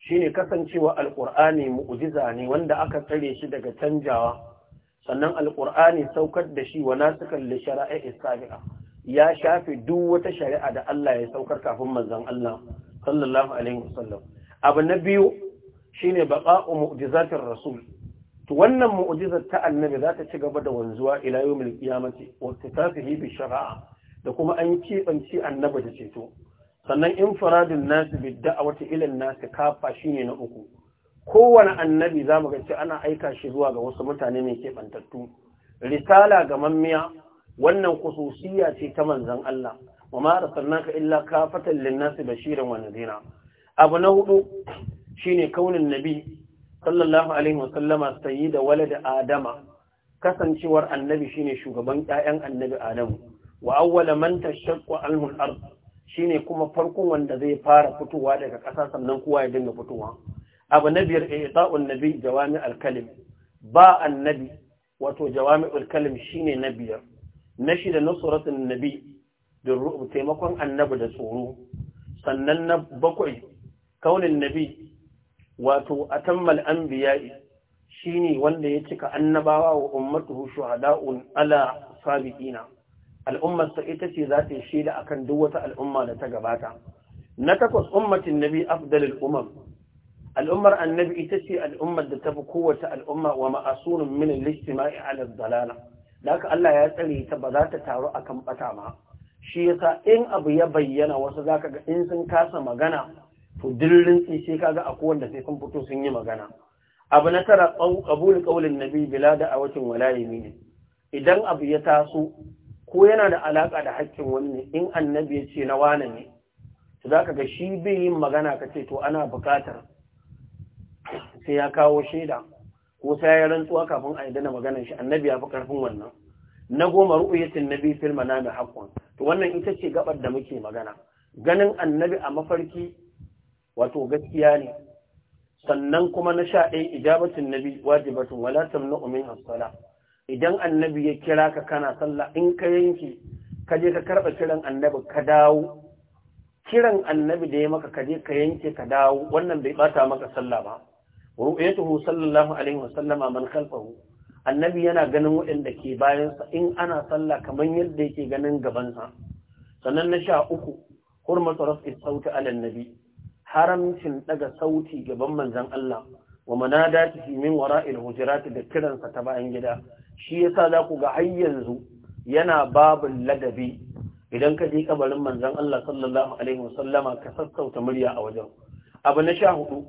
shi ne kasancewa Alƙur'ani mu'ujiza ne wanda aka tsare shi daga canjawa, sannan Alƙur'ani saukar da shi wa nasukan da shari'a isabi'a ya shafe duk wata shari'a da Allah ya saukar kafin manzon Allah sallallahu alaihi wasallam. Abu na biyu shine baƙa'u mu'ujizatin rasul to wannan mu'jizar ta annabi za ta ci gaba da wanzuwa ila yawmil qiyamati wa tatafihi bi shar'a da kuma an kebanci annabi da ceto sannan infradun nas bi da'wati ila nas kafa shine na uku kowane annabi zamu ga ci ana aika shi zuwa ga wasu mutane mai kebantattu risala ga mammiya wannan khususiyya ce ta manzon Allah wa ma arsalnaka illa kafatan lin nas bashiran wa nadhira abu na hudu shine kaunin nabi sallallahu alaihi wasallama sayyida walad adama kasancewar annabi shine shugaban ƴaƴan annabi adamu wa awwala man tashaqqa almul ard shine kuma farkon wanda zai fara fitowa daga ƙasa sannan kowa ya dinga fitowa abu nabiyar biyar i'ta'un nabi jawami kalim ba annabi wato jawami al-kalim shine na biyar na shida nusratun nabi da taimakon annabi da tsoro sannan na bakwai kaunin nabi wato atammal anbiya'i shine wanda ya cika annabawa wa ummatu shuhada'un ala sabiqina al'ummar sa ita ce za ta shaida akan duk wata al'umma da ta gabata na takwas ummatin nabi afdalul umam al'ummar annabi ita ce al'ummar da tafi kowace al'umma wa ma'asunun min al-ijtima'i ala dalala haka Allah ya tsare ta ba za ta taru akan bata ma shi yasa in abu ya bayyana wasu zaka ga in sun kasa magana to dillin sai ka kaga akwai wanda sai sun fito sun yi magana abu na tara kabul kaulin nabi bila da awatin Walayi ne. idan abu ya taso ko yana da alaka da haƙƙin wani in annabi ya ce na wane ne to zaka ga shi bai yin magana kace to ana buƙatar sai ya kawo shaida ko sai ya rantsuwa kafin a yi dana maganar shi annabi ya fi karfin wannan na goma ru'uyatin nabi fil manami haqqan to wannan ita ce gabar da muke magana ganin annabi a mafarki wato gaskiya ne sannan kuma na sha ɗaya ijabatin nabi wajibatun wala tamna umin as-sala idan annabi ya kira ka kana sallah in ka yanke ka je ka karɓa kiran annabi ka dawo kiran annabi da ya maka ka je ka yanke ka dawo wannan bai bata maka sallah ba ru'yatuhu sallallahu alaihi wa sallama man khalfahu annabi yana ganin waɗanda ke bayansa in ana sallah kamar yadda yake ganin gabansa sannan na sha uku hurmatu rafi sauti ala nabi haramcin daga sauti gaban manzon Allah wa manadatihi min wara'il hujurat da kiransa ta bayan gida shi yasa za ku ga har yanzu yana babu ladabi idan ka je kabarin manzon Allah sallallahu alaihi wasallama ka sassauta murya a wajen abu na sha hudu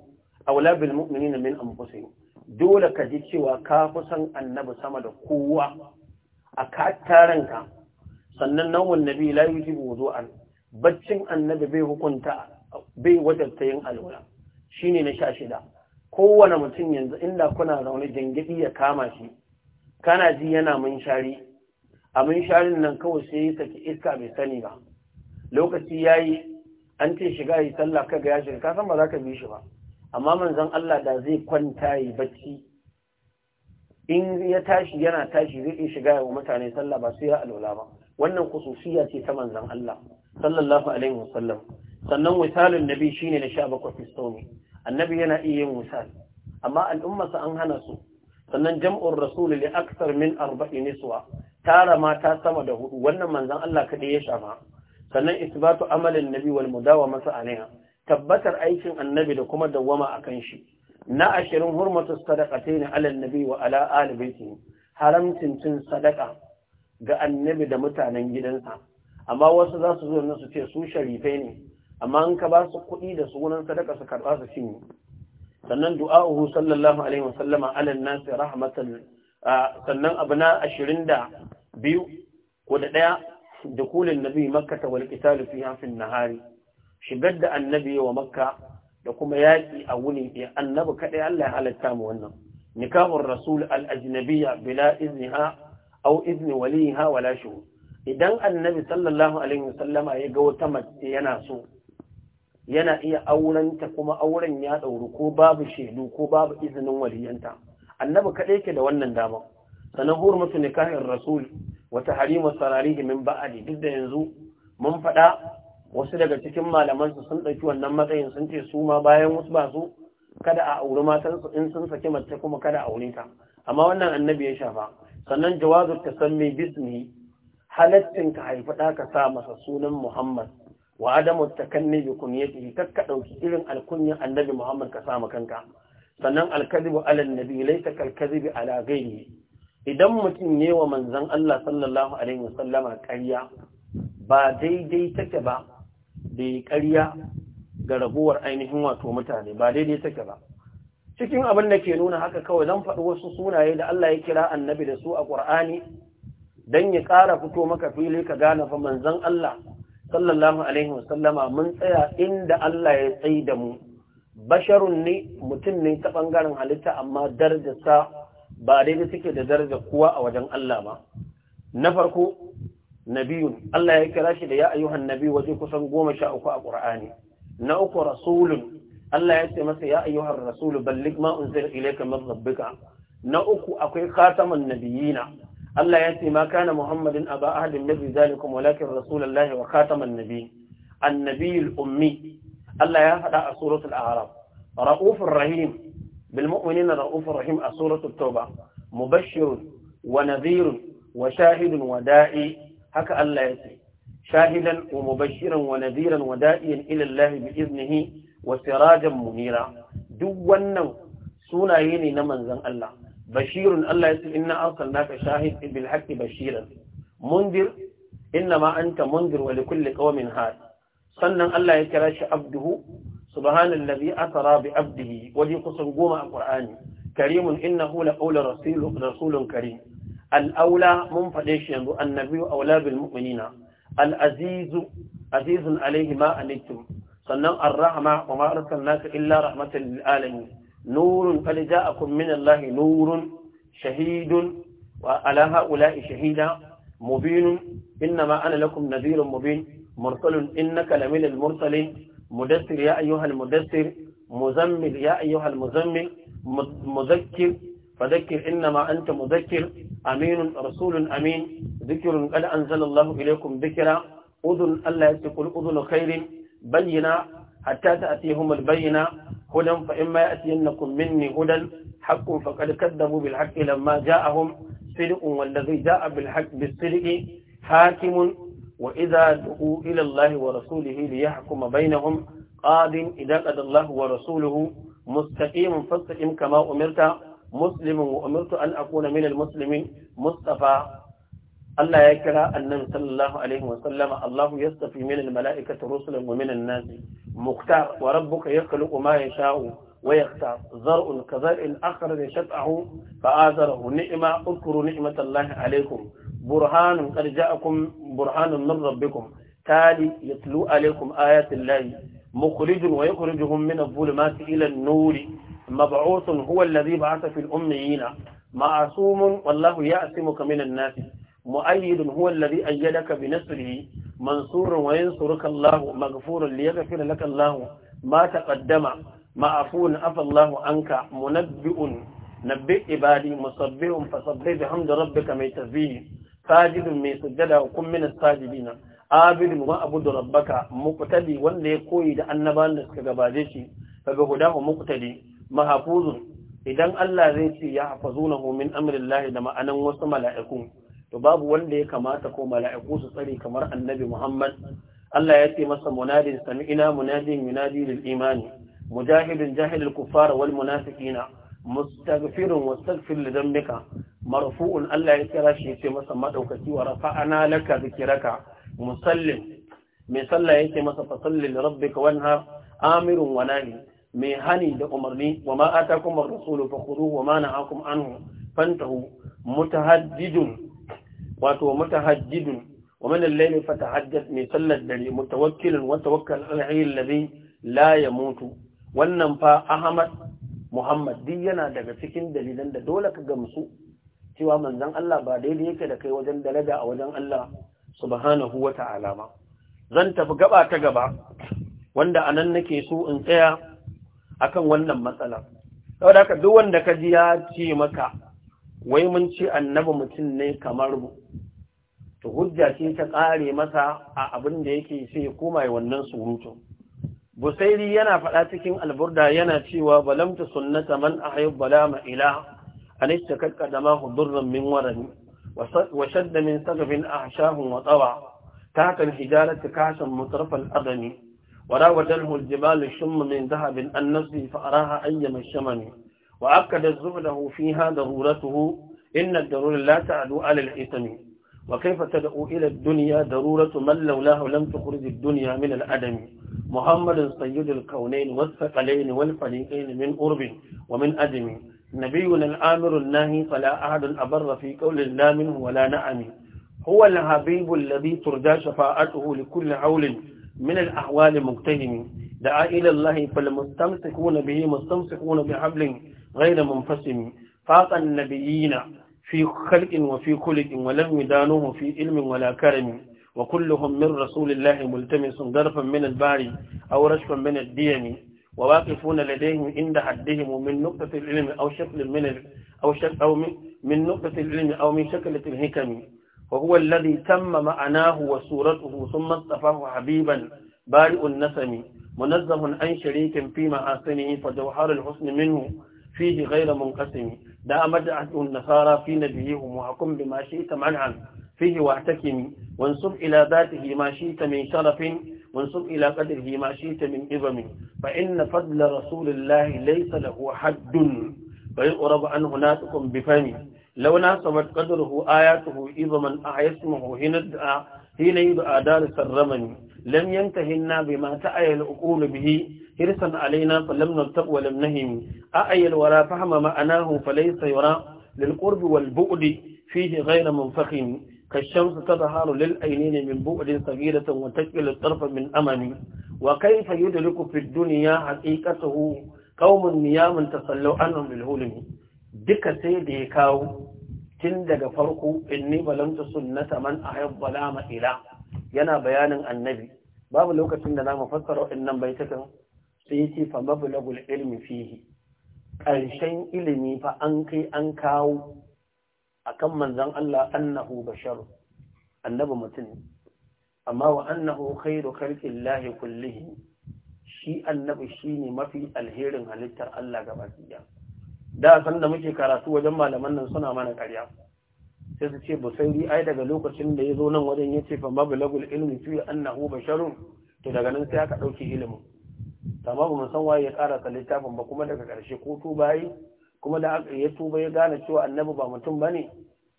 aula bil mu'minina min anfusihim dole ka ji cewa ka fi san annabi sama da kowa a ka taranka sannan nawon nabi la yujibu wudu'an baccin annabi bai hukunta bai wajarta yin alwala ne na sha shida kowane mutum yanzu inda kuna zaune jangidi ya kama shi kana ji yana munshari a munsharin nan kawai sai ya saki iska bai sani ba lokaci ya yi an ce shiga yi sallah kaga ya shiga kasan ba za ka bi shi ba amma manzan Allah da zai kwanta yi bacci in ya tashi yana tashi zai iya shiga wa mutane sallah ba su yi alwala ba wannan kususiya ce ta manzan Allah sallallahu alaihi wasallam sannan misalin nabi shine na sha fi sawmi annabi yana iya yin wisal amma al'ummarsa an hana su sannan jam'ur rasul li min arba'i niswa tara mata sama da hudu wannan manzan Allah kaɗai ya shafa sannan isbatu amalin nabi wal mudawama sa alaiha tabbatar aikin annabi da kuma dawwama kan shi na ashirin hurmatu ne ala annabi wa ala ali haramcin cin sadaka ga annabi da mutanen gidansa amma wasu za su zo na su ce su sharifai ne amma an ka ba su kuɗi da sunan sadaka su karɓa su cinye sannan du'a'uhu sallallahu alaihi wasallama ala nasi rahmatan sannan abu na ashirin da biyu ko da ɗaya da kulin nabi makka ta wal qitalu fiha fi nahari shigar da annabi wa makka da kuma yaki a wuni ɗaya annabi kaɗai Allah ya halatta mu wannan nikahur rasul al ajnabiyya bila izniha aw izni waliha wala shuhud idan annabi sallallahu alaihi wasallama ya ga wata mace yana so yana iya aurenta kuma auren ya ɗauri ko babu shaidu ko babu izinin waliyanta annabi kaɗai ke da wannan dama sanan hurmatu nikahin rasul wata harima sararihi min ba'adi duk da yanzu mun faɗa wasu daga cikin malaman su sun ɗauki wannan matsayin sun ce su ma bayan wasu ba su kada a auri matansu in sun saki mace kuma kada a aure ta amma wannan annabi ya shafa sannan jawazu mai bismi halaccin ka haifi ɗa ka sa masa sunan muhammad wa adamu takanni bi kunyatihi kakka dauki irin alkunyan annabi Muhammad ka samu kanka sannan alkadibu ala annabi laysa kalkadibi ala ghairi idan mutum ne wa manzon Allah sallallahu alaihi wasallama ƙarya ba daidai take ba da ƙarya ga raguwar ainihin wato mutane ba daidai take ba cikin abin da ke nuna haka kawai zan faɗi wasu sunaye da Allah ya kira annabi da su a Qur'ani dan ya ƙara fito maka fili ka gane fa manzon Allah sallallahu alaihi wasallama mun tsaya inda Allah ya tsayi da mu basharun ne mutum ne ta bangaren halitta amma darajarsa ba daidai suke da darajar kowa a wajen Allah ba na farko nabiyun Allah ya kira shi da ya ayyuhan nabi waje kusan goma sha uku a ƙur'ani. na uku rasulun Allah ya ce masa ya ayyuhar rasulu ballig ma unzila ilayka min rabbika na uku akwai khataman nabiyina Allah ya ce ma kana Muhammadin aba ahadin min rijalikum walakin rasulullahi wa khataman nabi annabiyul ummi Allah ya faɗa a suratul a'raf ra'ufur rahim bil mu'minina ra'ufur rahim a suratul tauba mubashshirun wa nadhirun wa shahidun wa da'i haka Allah ya ce shahidan wa mubashiran wa nadhiran wa da'iyan ila Allah bi iznihi wa sirajan munira duk wannan sunaye ne na manzon Allah bashirun Allah ya na inna naka shahid ibil haqqi bashiran mundir inna ma anta mundir wa likulli qaumin had sannan Allah ya kira shi abduhu subhanallazi asra bi abdihi waje kusan goma a ƙur'ani. karimun inna la qawla rasulun karim alaula aula mun faɗe shi yanzu annabi aula bil mu'minina al azizu azizun alaihi ma anittum sannan ar-rahma wa ma arsalnaka illa rahmatan lil alamin nurun qad a min Allahi nurun shahidun wa ala ha'ula'i shahida mubinun innama ana lakum nadhirun mubin mursalun innaka laminal mursalin mudaththir ya ayyuhal mudaththir muzammil ya ayyuhal muzammil muzakkir فذكر إنما أنت مذكر أمين رسول أمين ذكر قد أنزل الله إليكم ذكرا أذن ألا يتقل أذن خير بينا حتى تأتيهم البينة هدى فإما يأتينكم مني هدى حق فقد كذبوا بالحق لما جاءهم صدق والذي جاء بالحق بالصدق حاكم وإذا دعوا إلى الله ورسوله ليحكم بينهم قاد إذا قد الله ورسوله مستقيم فاستقم كما أمرت مسلم وأمرت أن أكون من المسلمين مصطفى الله يكره النبي صلى الله عليه وسلم الله يصطفي من الملائكة رسلا ومن الناس مختار وربك يخلق ما يشاء ويختار زرء كزرء آخر شفعه فآذره نعمة اذكروا نعمة الله عليكم برهان قد جاءكم برهان من ربكم تالي يتلو عليكم آيات الله مخرج ويخرجهم من الظلمات إلى النور مبعوث هو الذي بعث في الأميين معصوم والله يعصمك من الناس mu'ayyidun huwa alladhi ayyadaka bi nasrihi mansurun wa yansuruka Allahu maghfurun da laka Allahu ma taqaddama ma'afun afa Allahu anka munabbi'un nabbi ibadi musabbihun fasabbih bihamdi rabbika mai tasbih sajidun mai sujjada wa kun min as-sajidina abidun wa abudu rabbaka muqtadi wanda ya koyi da annabawan da suka gabaje shi kaga hudahu muqtadi mahfuzun idan Allah zai ce ya hafazunahu min amrillahi da ma'anar wasu mala'iku to babu wanda ya kamata ko mala'iku su tsare kamar annabi Muhammad Allah ya ce masa munadin ina munadin yunadi lil imani mujahidin jahilul kuffar wal munafiqina mustaghfirun wastaghfir li dhanbika marfu'un Allah ya kira shi ya ce masa madaukaki wa rafa'ana laka dhikraka musallim mai sallah yake masa fasalli li rabbika wanhar amirun wa nahi mai hani da umarni wa ma atakum ar-rasulu fakhuduhu wa ma nahakum anhu fantahu mutahaddidun wato mutahajjidun wa min al-layli mai sallar dare mutawakkilun wa tawakkal al-hayy alladhi la yamutu wannan fa Ahmad Muhammad din yana daga cikin dalilan da dole ka gamsu cewa manzon Allah ba daidai yake da kai wajen daraja a wajen Allah subhanahu wa ta'ala ma zan tafi gaba ta gaba wanda anan nake so in tsaya akan wannan matsala saboda haka duk wanda ka ji ya ce maka wai mun ce annabi mutum ne kamar mu to hujja ce ta ƙare masa a abin da yake sai ya koma wannan surutu busairi yana faɗa cikin alburda yana cewa balamta sunnata man ahayyu balama ila anista kaddama hudurran min warani wa shadda min sagabin ahshahun wa tsawa تحت الحجارة كعشا مطرف الأدم وراودته الجبال الشم من ذهب النسل فأراها أيما الشمن وأكد الزبله فيها ضرورته إن الضرورة لا تعدو على الإثم وكيف تدعو إلى الدنيا ضرورة من لولاه لم تخرج الدنيا من الأدم محمد سيد الكونين والثقلين والفريقين من قرب ومن أدم نبينا الآمر الناهي فلا أحد أبر في قول لا منه ولا نعم هو الحبيب الذي ترجى شفاعته لكل عول من الأحوال مقتهم دعا إلى الله فالمستمسكون به مستمسكون بحبل غير منفسم فاق النبيين في خلق وفي خلق ولم يدانوه في علم ولا كرم وكلهم من رسول الله ملتمس درفا من البار أو رشفا من الديم وواقفون لديهم عند حدهم من نقطة العلم أو شكل من أو شكل أو من, من نقطة العلم أو من شكلة الهكم وهو الذي تم معناه وصورته ثم اصطفاه حبيبا بارئ النسم منزه عن شريك في محاسنه فجوهر الحسن منه فيه غير منقسم دا مدعة النصارى في نبيهم وحكم بما شئت منعا فيه واعتكم وانصب إلى ذاته ما شئت من شرف وانصب إلى قدره ما شئت من إظم فإن فضل رسول الله ليس له حد فيقرب عنه ناتكم بفهم لو ناسبت قدره آياته إظما أعيسمه هنا يدعى دار الرمن لم ينتهنا بما تأيل الأقول به هرسا علينا فلم نلتق ولم نهم أأيل ولا فهم معناه فليس يرى للقرب والبؤد فيه غير منفخ كالشمس تظهر للأينين من بؤد صغيرة وتشكل الطرف من أمن وكيف يدرك في الدنيا حقيقته قوم نيام تصلوا عنهم بالهلم دك سيدي كاو تندق فرق إني بلمت سنة من أحب ظلام إله yana bayanin annabi babu lokacin da na mu fassara waɗannan baitukan sai yace fa lagul ilmi fihi ƙarshen ilimi fa an kai an kawo akan manzon Allah annahu bashar annabi mutum amma wa annahu khairu Allah kullihi shi annabi shine mafi alherin halittar Allah gaba ɗaya da san da muke karatu wajen malaman nan suna mana ƙarya sai su ce busairi ai daga lokacin da ya zo nan wajen yace ce fa bulagul ilmi fi annahu basharun to daga nan sai aka dauki ilimin amma ba san waye ya karasa littafin ba kuma daga karshe ko tuba yi kuma da aka ya tuba ya gane cewa annabi ba mutum bane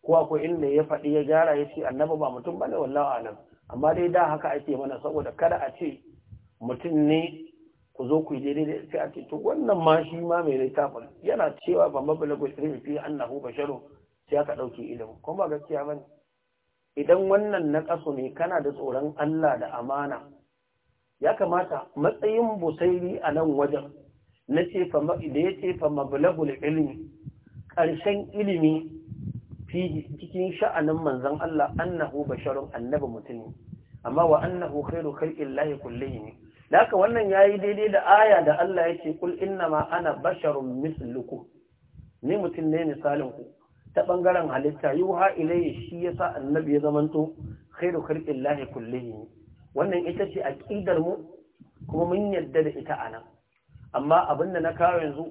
ko akwai inda ya faɗi ya gyara ya ce annabi ba mutum bane wallahi alam amma dai da haka ake mana saboda kada a ce mutum ne ku zo ku yi daidai da sai a ce to wannan ma shi ma mai littafin yana cewa ba mablagul ilmi fi annahu basharun sai aka ɗauke ilimin kuma ba gaskiya ba idan wannan na ƙasu ne kana da tsoron Allah da amana ya kamata matsayin busairi a nan wajen na da ya cefa mablagul ilimi ƙarshen ilimi cikin sha'anin manzan Allah annahu basharun annabi mutum amma wa annahu khairu khalqin kullihi ne laka wannan yayi daidai da aya da Allah yake kul inna ma ana basharun mislukum ni mutum ne misalin ku ta bangaren halitta yuha ya shi sa annabi ya zamanto khairu khalqillahi ne. wannan ita ce aqidar mu kuma mun yadda da ita anan amma abin da na kawo yanzu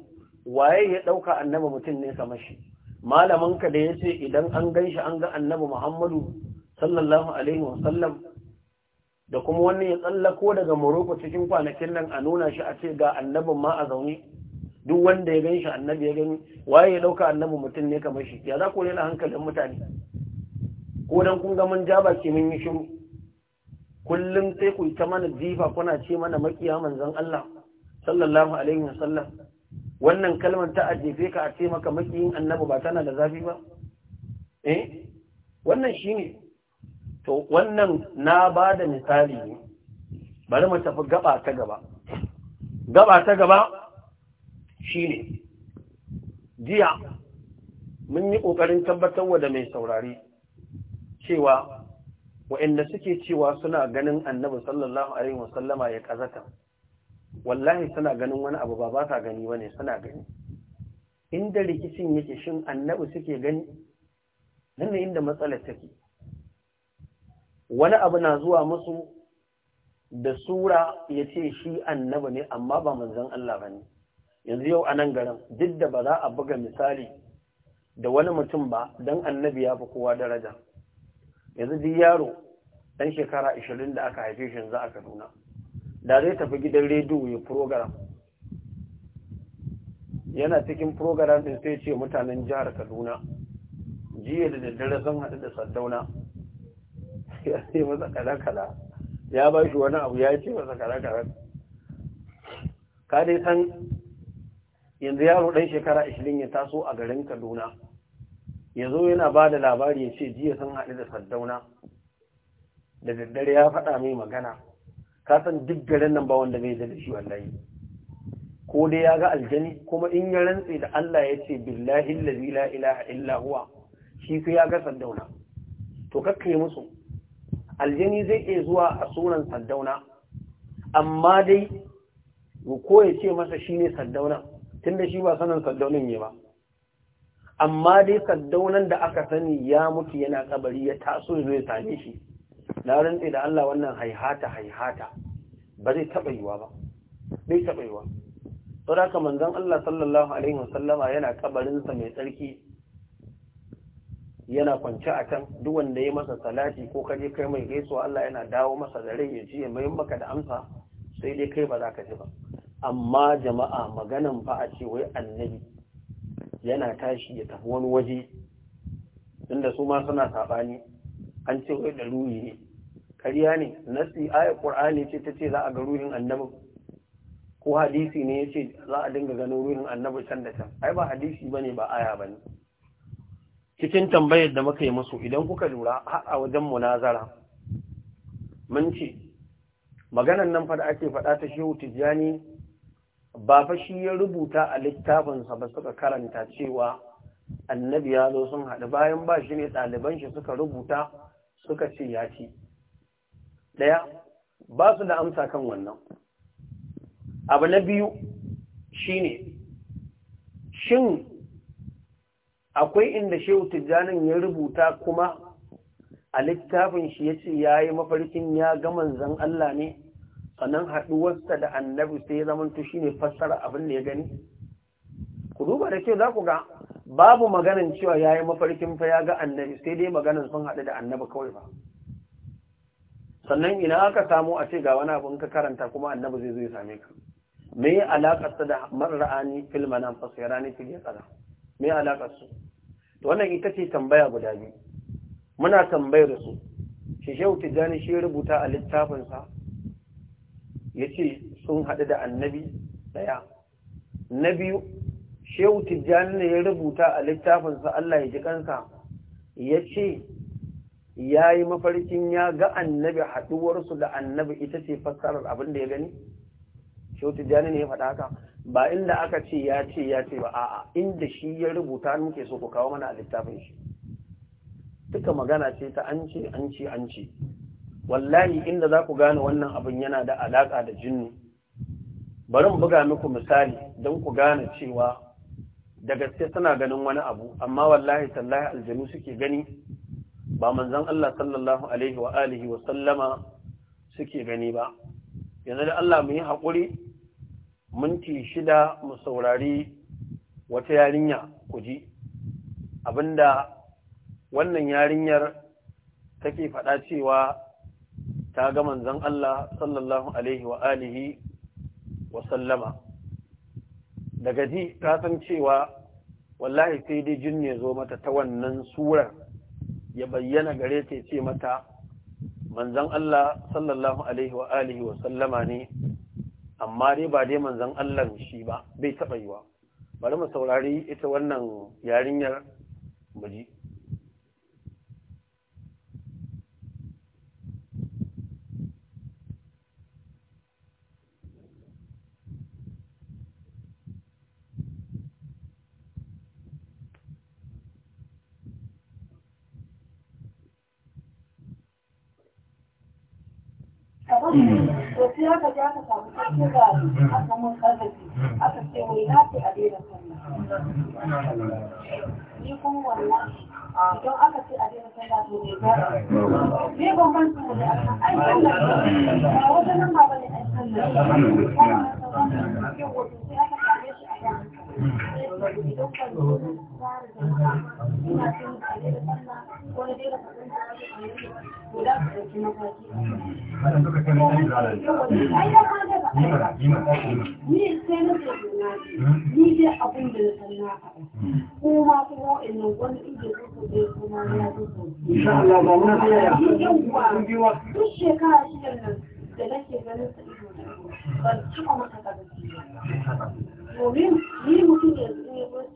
waye ya ɗauka annabi mutum ne kamar shi malamin ka da yace idan an ganshi an ga annabi Muhammadu sallallahu alaihi sallam da kuma wani ya tsallako daga Morocco cikin kwanakin nan a nuna shi a ce ga annabin ma a zaune duk wanda ya gan shi annabi ya gani waye ya dauka annabi mutum ne kamar shi ya za ku rena hankalin mutane ko dan kun ga mun ja baki mun yi shiru kullum sai ku ta mana jifa kuna ce mana makiya manzon Allah sallallahu alaihi wasallam wannan kalmar ta ajefe ka a ce maka makiyin annabi ba tana da zafi ba eh wannan shine to wannan na ba da misali bari mu tafi gaba ta gaba gaba ta gaba Shi ne. jiya mun yi ƙoƙarin tabbatar wa da mai saurari cewa wa'inda suke cewa suna ganin annabi sallallahu alaihi wasallama ya ƙazata wallahi suna ganin wani abu ba ba sa gani bane suna gani inda rikicin yake shin annabi suke gani nan ne inda matsalar take wani abu na zuwa musu da sura ya ce shi annabi ne amma ba manzon Allah ba ne. yanzu yau a nan garin duk da ba za a buga misali da wani mutum ba don annabi ya fi kowa daraja yanzu duk yaro ɗan shekara ashirin da aka haife shi yanzu a kaduna da zai tafi gidan rediyo ya program yana cikin program ɗin sai ce mutanen jihar kaduna jiya da daddare sun haɗu da saddauna ya ce masa kala-kala ya ba shi wani abu ya ce masa kala-kala ka dai san yanzu yaro ɗan shekara ashirin ya taso a garin kaduna ya zo yana ba da labari ya ce jiya sun haɗu da saddauna da daddare ya faɗa mai magana ka san duk garin nan ba wanda bai da shi wallahi ko dai ya ga aljani kuma in ya rantse da Allah ya ce billahi allazi la ilaha illa huwa shi ku ya ga saddauna to kakka yi musu aljani zai iya zuwa a sunan saddauna amma dai ko ya ce masa shi ne saddauna tun da shi ba sanan saddaunin ne ba amma dai saddaunan da aka sani ya mutu yana kabari ya taso zai same shi na rantse da Allah wannan haihata haihata ba zai taɓa yiwa ba bai taɓa yiwa sau da manzon Allah sallallahu alaihi wasallama yana kabarinsa mai tsarki yana kwance a can duk wanda ya masa salati ko kaje kai mai gaisuwa Allah yana dawo masa da rai ya ji ya mai maka da amsa sai dai kai ba za ka ji ba amma jama'a maganan ba a ce wai annabi yana tashi ya tafi wani waje inda su ma suna saɓani an ce wai da ruhi ne ƙarya ne nasi ayat qur'ani ce ta ce za a ga ruhin annabi ko hadisi ne ya ce za a dinga ganin ruhin annabi can da can ai ba hadisi bane ba aya bane cikin tambayar da muka yi musu idan kuka lura har a wajen munazara mun ce maganan nan fa da ake faɗa ta shehu tijjani ba fa shi ya rubuta a littafinsa ba suka karanta cewa annabi ya zo sun haɗu bayan ba shi ne ɗaliban shi suka rubuta suka ce ya ci ɗaya ba su da amsa kan wannan abu na biyu shine shin akwai inda shehu tijjanin ya rubuta kuma a littafin shi ya ce ya yi mafarkin ya ga manzan Allah ne sannan haɗuwarsa da annabi sai ya zamanto shi ne fassara abin da ya gani ku duba da kyau za ku ga babu maganan cewa ya yi mafarkin fa ya ga annabi sai dai maganan sun haɗu da annabi kawai ba sannan ina aka samu a ce ga wani abin ka karanta kuma annabi zai zo ya same ka me ya alaƙarsa da mar'ani fil manam rani fil yaqala me ya su. to wannan ita ce tambaya guda biyu muna tambayar su shi shehu tijani shi rubuta a littafinsa ya ce sun haɗu da annabi ɗaya na biyu shehu tijjani ne ya rubuta a littafinsa Allah ya ji kansa ya ce ya yi mafarkin ya ga annabi haɗuwarsu da annabi ita ce fassarar abin da ya gani shehu tijjani ne ya faɗa haka ba inda aka ce ya ce ya ce ba a'a inda shi ya rubuta muke so ku kawo mana a littafin shi duka magana ce ta an ce an ce an ce wallahi inda za ku gane wannan abin yana da alaƙa da jinnu bari mu buga muku misali don ku gane cewa da gaske suna ganin wani abu amma wallahi sallahi aljanu suke gani ba manzon Allah sallallahu alaihi wa alihi wa sallama suke gani ba yanzu da Allah mu yi haƙuri minti shida mu saurari wata yarinya ku ji abinda wannan yarinyar take faɗa cewa ta ga manzon Allah sallallahu alaihi wa alihi wa sallama daga ji ta san cewa wallahi sai dai jin ya zo mata ta wannan surar ya bayyana gare ta ce mata manzon Allah sallallahu alaihi wa alihi wa sallama ne amma dai ba dai manzan Allah shi ba bai taɓa yi wa bari mu saurari ita wannan yarinyar mu ji aka aka ce wai na ce a daina ni kuma wannan don ce a daina sallah to ne gara ne bambanci mu da ai sallah ba wajen nan ba bane ai sallah ba ne sallah ba ne sai aka kare shi a kan ni dai abin na san na kuma kuma kuma shekara shidan nan da nake ganin domin ni mutum yanzu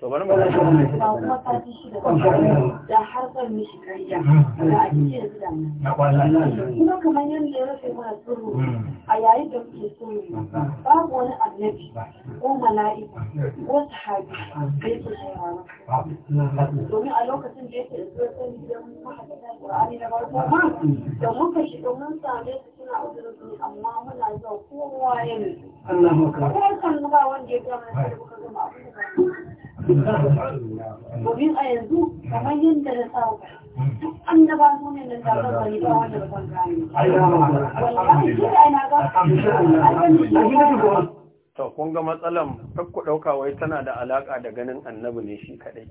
to bari mu da harkar mishi kariya da kuma kamar yadda ya rufe mana suru a yayin da kuke babu wani annabi ko mala'ika ko sahabi da yake shayarwa domin a lokacin da da shiga mun same su suna amma muna zuwa kowa ya Kuma ba wanda ya gama da muka gama abin domin a yanzu da to kun ga matsalan takku ɗauka wai tana da alaƙa da ganin annabi ne shi kaɗai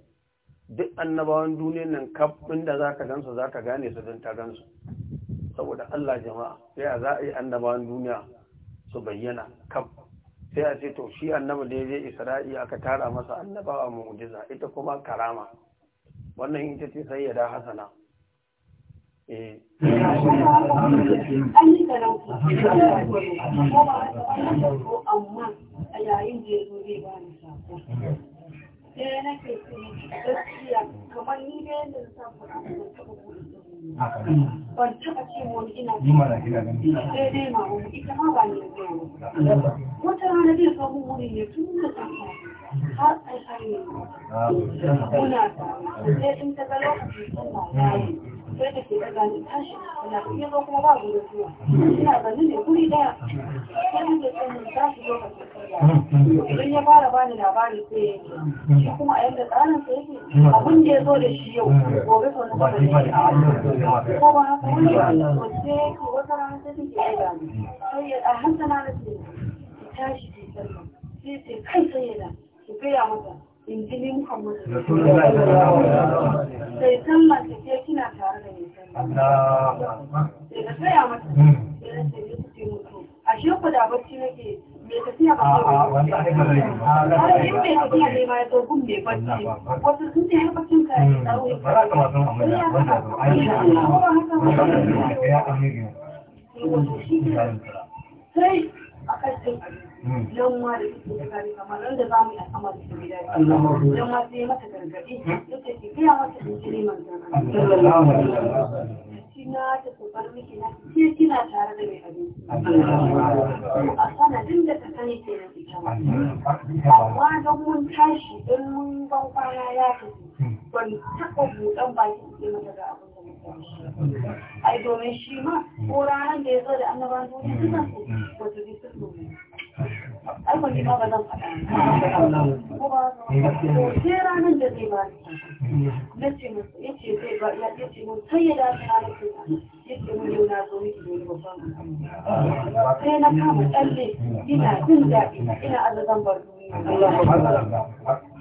duk annabawan duniyan nan kaf da za ka gansu za ka gane su don ta gansu saboda Allah jama'a ya za a yi annabawan duniya su bayyana kaf sai a ce to shi annabi da ya je isra'i aka tara masa annabawa mu'jiza ita kuma karama wannan ita ce sayyada hasana eh sai na ke gaskiya ban taɓa wani ina eh, ma wani ita ma ba da rana zai zo wuri ne tun da safa har ƙarshen ne muna sai in ta ga ya yi sai da ke daga ni tashi na kuma kuma ba gudu zuwa ina ganin ne guri ɗaya sai da tsanin tashi lokacin idan ya fara bani labari sai shi kuma a yadda tsarin sa yake abin da ya zo da shi yau gobe sau na ba da yake a wani ko ba haka wani ba to sai yake wata rana ta ke ya gani sai ya a hankala na ce tashi ke sallah sai ce kai sai ya da ki gaya mata in ji ni muhammadu sai sallah ta ce kina tare da ni sallah sai ka gaya mata hmm. sai na ce ya ku ce mutu ashe ku da bacci nake sai a kashin hmm. yan ma da suke da kare kamar nan da za mu yi al'amar da gida yan ma sai mata gargaɗi yake ke gaya mata da jiri manzana na da kokar miki na kina tare da mai abinci a sanadin da ta sani ke na ita ma amma don mun tashi don mun ban kwana ya tafi ban taɓa buɗan baki ke mata ga abin da muka ai domin shi ma ko ranar da ya zo da annabawan duniya suna so wata bisu domin amma ni ma ba zan faɗa kuma ke ranar da zai ba na ce musu ya ce zai ba ya ce mun sai ya dace na da kuka ya ce mun yau na zo miki ne babban sai na kama tsalle ina jin daɗi ina azazan bar duniya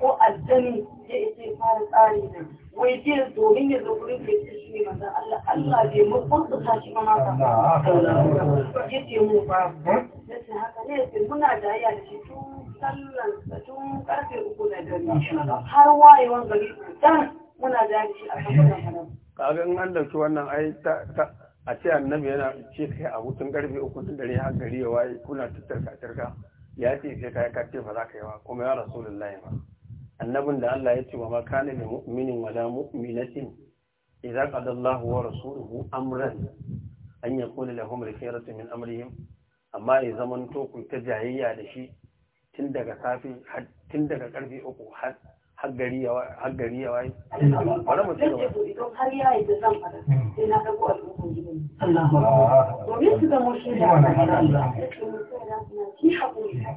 ko aljani ya ce fara tsari nan wai jiya domin ya zo ke ce shi ne mazan Allah Allah bai mu ta shi ma maka ya ce mu ba ya ce haka ne ya ce muna da da shi tun sallan tun karfe uku na dare har wayewan gari dan muna da da shi a kan wannan kaga in an dauki wannan ai a ce annabi yana ce kai a hutun karfe uku da dare har gari ya waye kuna tattarka tarka ya ce sai ka ka ce ba za ka yi ba kuma ya rasulullahi ba. annabin da Allah ya ce wa makana da mu'minin wala mu'minatin idza qada Allahu wa rasuluhu amran an yakuna lahum al-khiyaratu min amrihim amma ya zaman to ku ta jayayya da shi tun daga safi tun daga karfe uku har har gari ya har gari ya wai bari mu har ya yi da zan fada sai na dago al'ummar gidan Allah domin su da mushi da Allah shi allah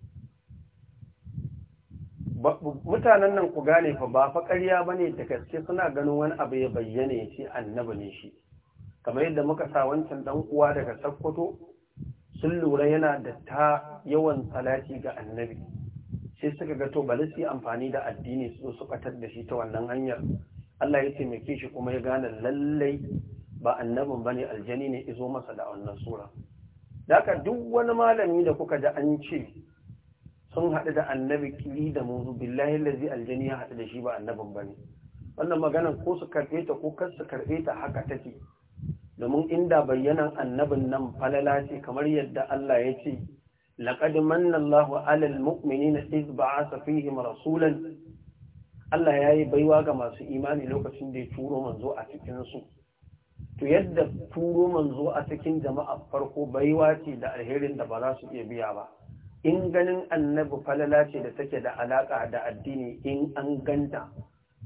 mutanen nan ku gane fa ba fa ƙarya ba ne da gaske suna ganin wani abu ya bayyana ya ce annabi ne shi kamar yadda muka sa wancan dan uwa daga sakkwato sun lura yana da ta yawan salati ga annabi sai suka ga to bari su yi amfani da addini su su batar da shi ta wannan hanyar Allah ya taimake shi kuma ya gane lallai ba annabin bane aljani ne izo masa da wannan sura daka duk wani malami da kuka ji an ce sun haɗu da annabi kiri da muzu billahi lazi aljani ya haɗu da shi ba annabin ba ne wannan maganar ko su karɓe ta ko kar su karɓe ta haka take domin inda bayyanan annabin nan falala ce kamar yadda Allah ya ce laqad manna Allahu 'alal mu'minina iz ba'atha fihim rasulan Allah ya yi baiwa ga masu imani lokacin da ya turo manzo a cikin su to yadda turo manzo a cikin jama'a farko baiwa ce da alherin da ba za su iya biya ba in ganin annabi falala ce da take da alaƙa da addini in an ganta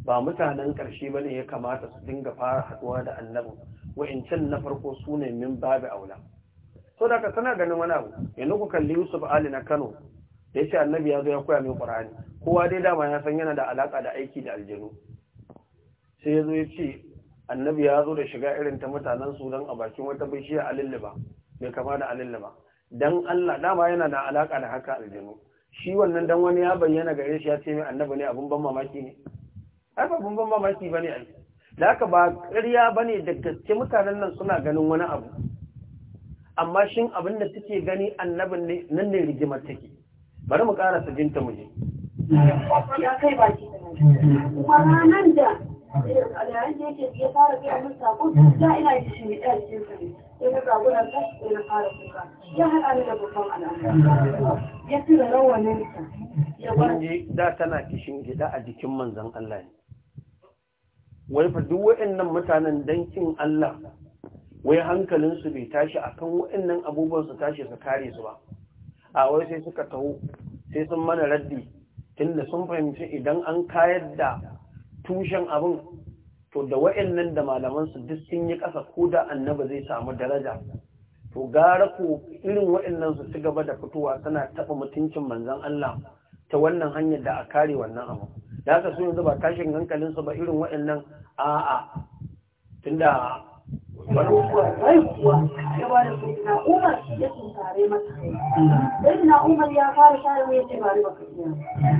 ba mutanen ƙarshe ba ne ya kamata su dinga fara haɗuwa da annabi wa'incan na farko su min babu aula so da ka sana ganin wani abu yanzu ku kalli yusuf ali na kano da ya ce annabi ya zo ya koya min ƙur'ani kowa dai dama ya san yana da alaƙa da aiki da aljanu sai ya zo ya ce annabi ya zo da shiga irin ta mutanen sudan a bakin wata bishiya a mai kama da a lulluba dan Allah dama yana da alaka da haka aljanu shi wannan dan wani ya bayyana gare shi ya ce mai annabi ne abun ban mamaki ne ai ba ban mamaki bane ai da haka ba ƙarya bane da gaske mutanen nan suna ganin wani abu amma shin abin da suke gani annabin ne nan ne rigimar take bari mu ƙara sajinta mu je ya kai baki kuma nan da alhaji yake ya fara biya mun sako da ina da shi ne ɗaya cikin sai na na tashi na fara kuka ya haɗa ni da ya ya da tana kishin gida a jikin manzan Allah ne wai fa duk waɗannan mutanen dankin Allah wai hankalinsu bai tashi akan waɗannan abubuwan su tashi su kare su ba a wai sai suka taho sai sun mana raddi tunda sun fahimci idan an kayar da tushen abin to da wa'annan da malaman su duk sun yi ƙasa ko da annaba zai samu daraja to gara ko irin wa'annan su ci gaba da fitowa tana taɓa mutuncin manzon Allah ta wannan hanyar da a kare wannan abu da haka su yanzu ba tashin hankalin su ba irin wa'annan a'a tunda Umar ya fara shayarwa ya ce ba baka iya.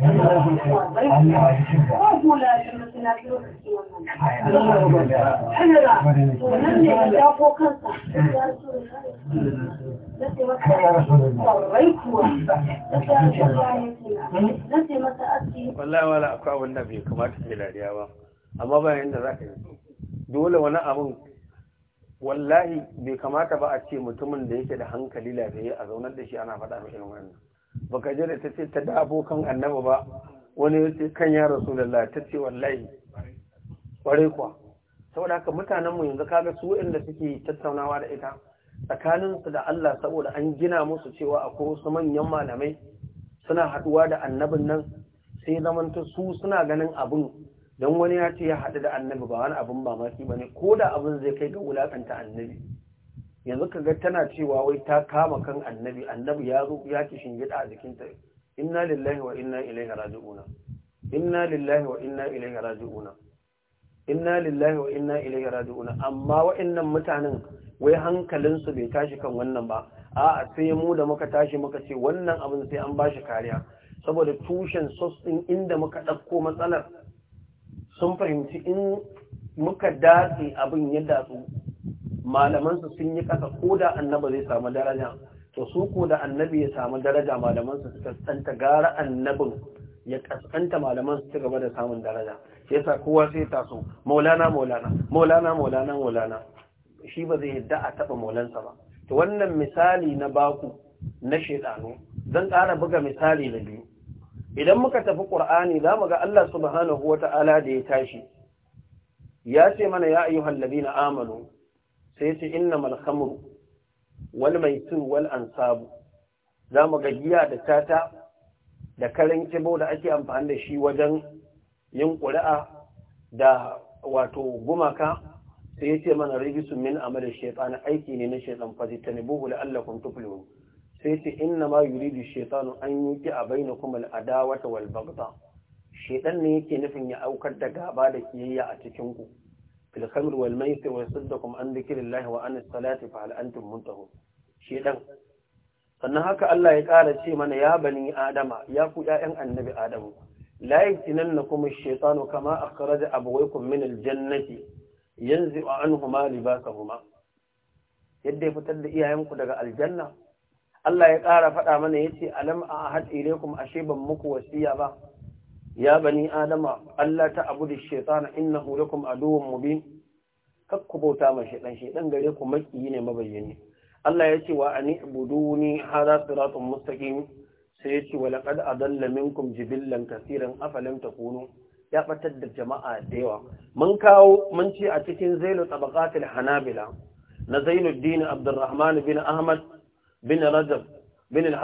wallahi wala akwai abin da bai kamata ke dariya ba amma ba yanda za ka yi dole wani abin wallahi bai kamata ba a ce mutumin da yake da hankali lafiya a zaunar da shi ana faɗa mai irin wannan baka jira da ta ce ta da abokan annaba ba wani ya ce kan ya rasulullah ta ce wallahi kware kuwa saboda haka mutanen mu yanzu kaga su waɗanda suke tattaunawa da ita tsakanin su da Allah saboda an gina musu cewa akwai wasu manyan malamai suna haduwa da annabin nan sai zamanta su suna ganin abin don wani ya ce ya haɗu da annabi ba wani abin mamaki ba ne ko da abin zai kai ga wulakanta annabi yanzu ka ga tana cewa wai ta kama kan annabi annabi ya zo ya ci shingida a jikinta inna lillahi wa inna ilaihi raji'un inna lillahi wa inna ilaihi raji'un inna lillahi wa inna ilaihi raji'un amma wa'annan mutanen wai hankalinsu bai tashi kan wannan ba a'a sai mu da muka tashi muka ce wannan abin sai an bashi kariya saboda tushen sos din inda muka dauko matsalar sun fahimci in muka dace abin ya su Malamansa sun yi ƙasa ko da annaba zai samu daraja to su ko da annabi ya samu daraja malamansa su kaskanta gara annabin ya kaskanta malaman su gaba da samun daraja shi yasa kowa sai taso maulana maulana maulana maulana maulana shi ba zai yadda a taba maulansa ba to wannan misali na baku na shedanu zan ƙara buga misali na biyu idan muka tafi qur'ani zamu ga Allah subhanahu wata'ala da ya tashi ya ce mana ya ayyuhal ladina amanu sai ce inna khamru wal maitu wal ansabu za mu ga giya da tata da karin kibo da ake amfani da shi wajen yin ƙuri'a da wato gumaka sai ya ce mana rigisu min amal shaytan aiki ne na shaytan fa tanibuhu la'allakum tuflihun sai ce inna ma yuridu shaytanu an yuqi bainakum al-adawata wal baghda shaytan ne yake nufin ya aukar da gaba da kiyayya a cikin ku fil khamr wal maisir wa yasaddakum an dhikrillahi wa an as-salati fa hal antum muntahun shi dan sannan haka Allah ya ƙara ce mana ya bani adama ya ku ƴaƴan annabi adamu la yaftinannakum ash-shaytanu kama akhraja abawaykum min al-jannati yanzu anhuma libasahuma yadda ya fitar da iyayenku daga aljanna Allah ya ƙara faɗa mana ya ce alam a ahad ilaikum ashe ban muku wasiya ba ya bani adama Allah ta abu da shaitana innahu lakum aduwwun mubin kak ku bauta ma shaitan shaitan gare ku makiyi ne mabayyani Allah ya ce wa ani ibuduni hada siratun mustaqim sai ya ce wa laqad adalla minkum jibillan kaseeran afalam takunu ya batar da jama'a da yawa mun kawo mun ce a cikin zailu tabaqatil hanabila na zainuddin abdurrahman bin ahmad bin rajab bin al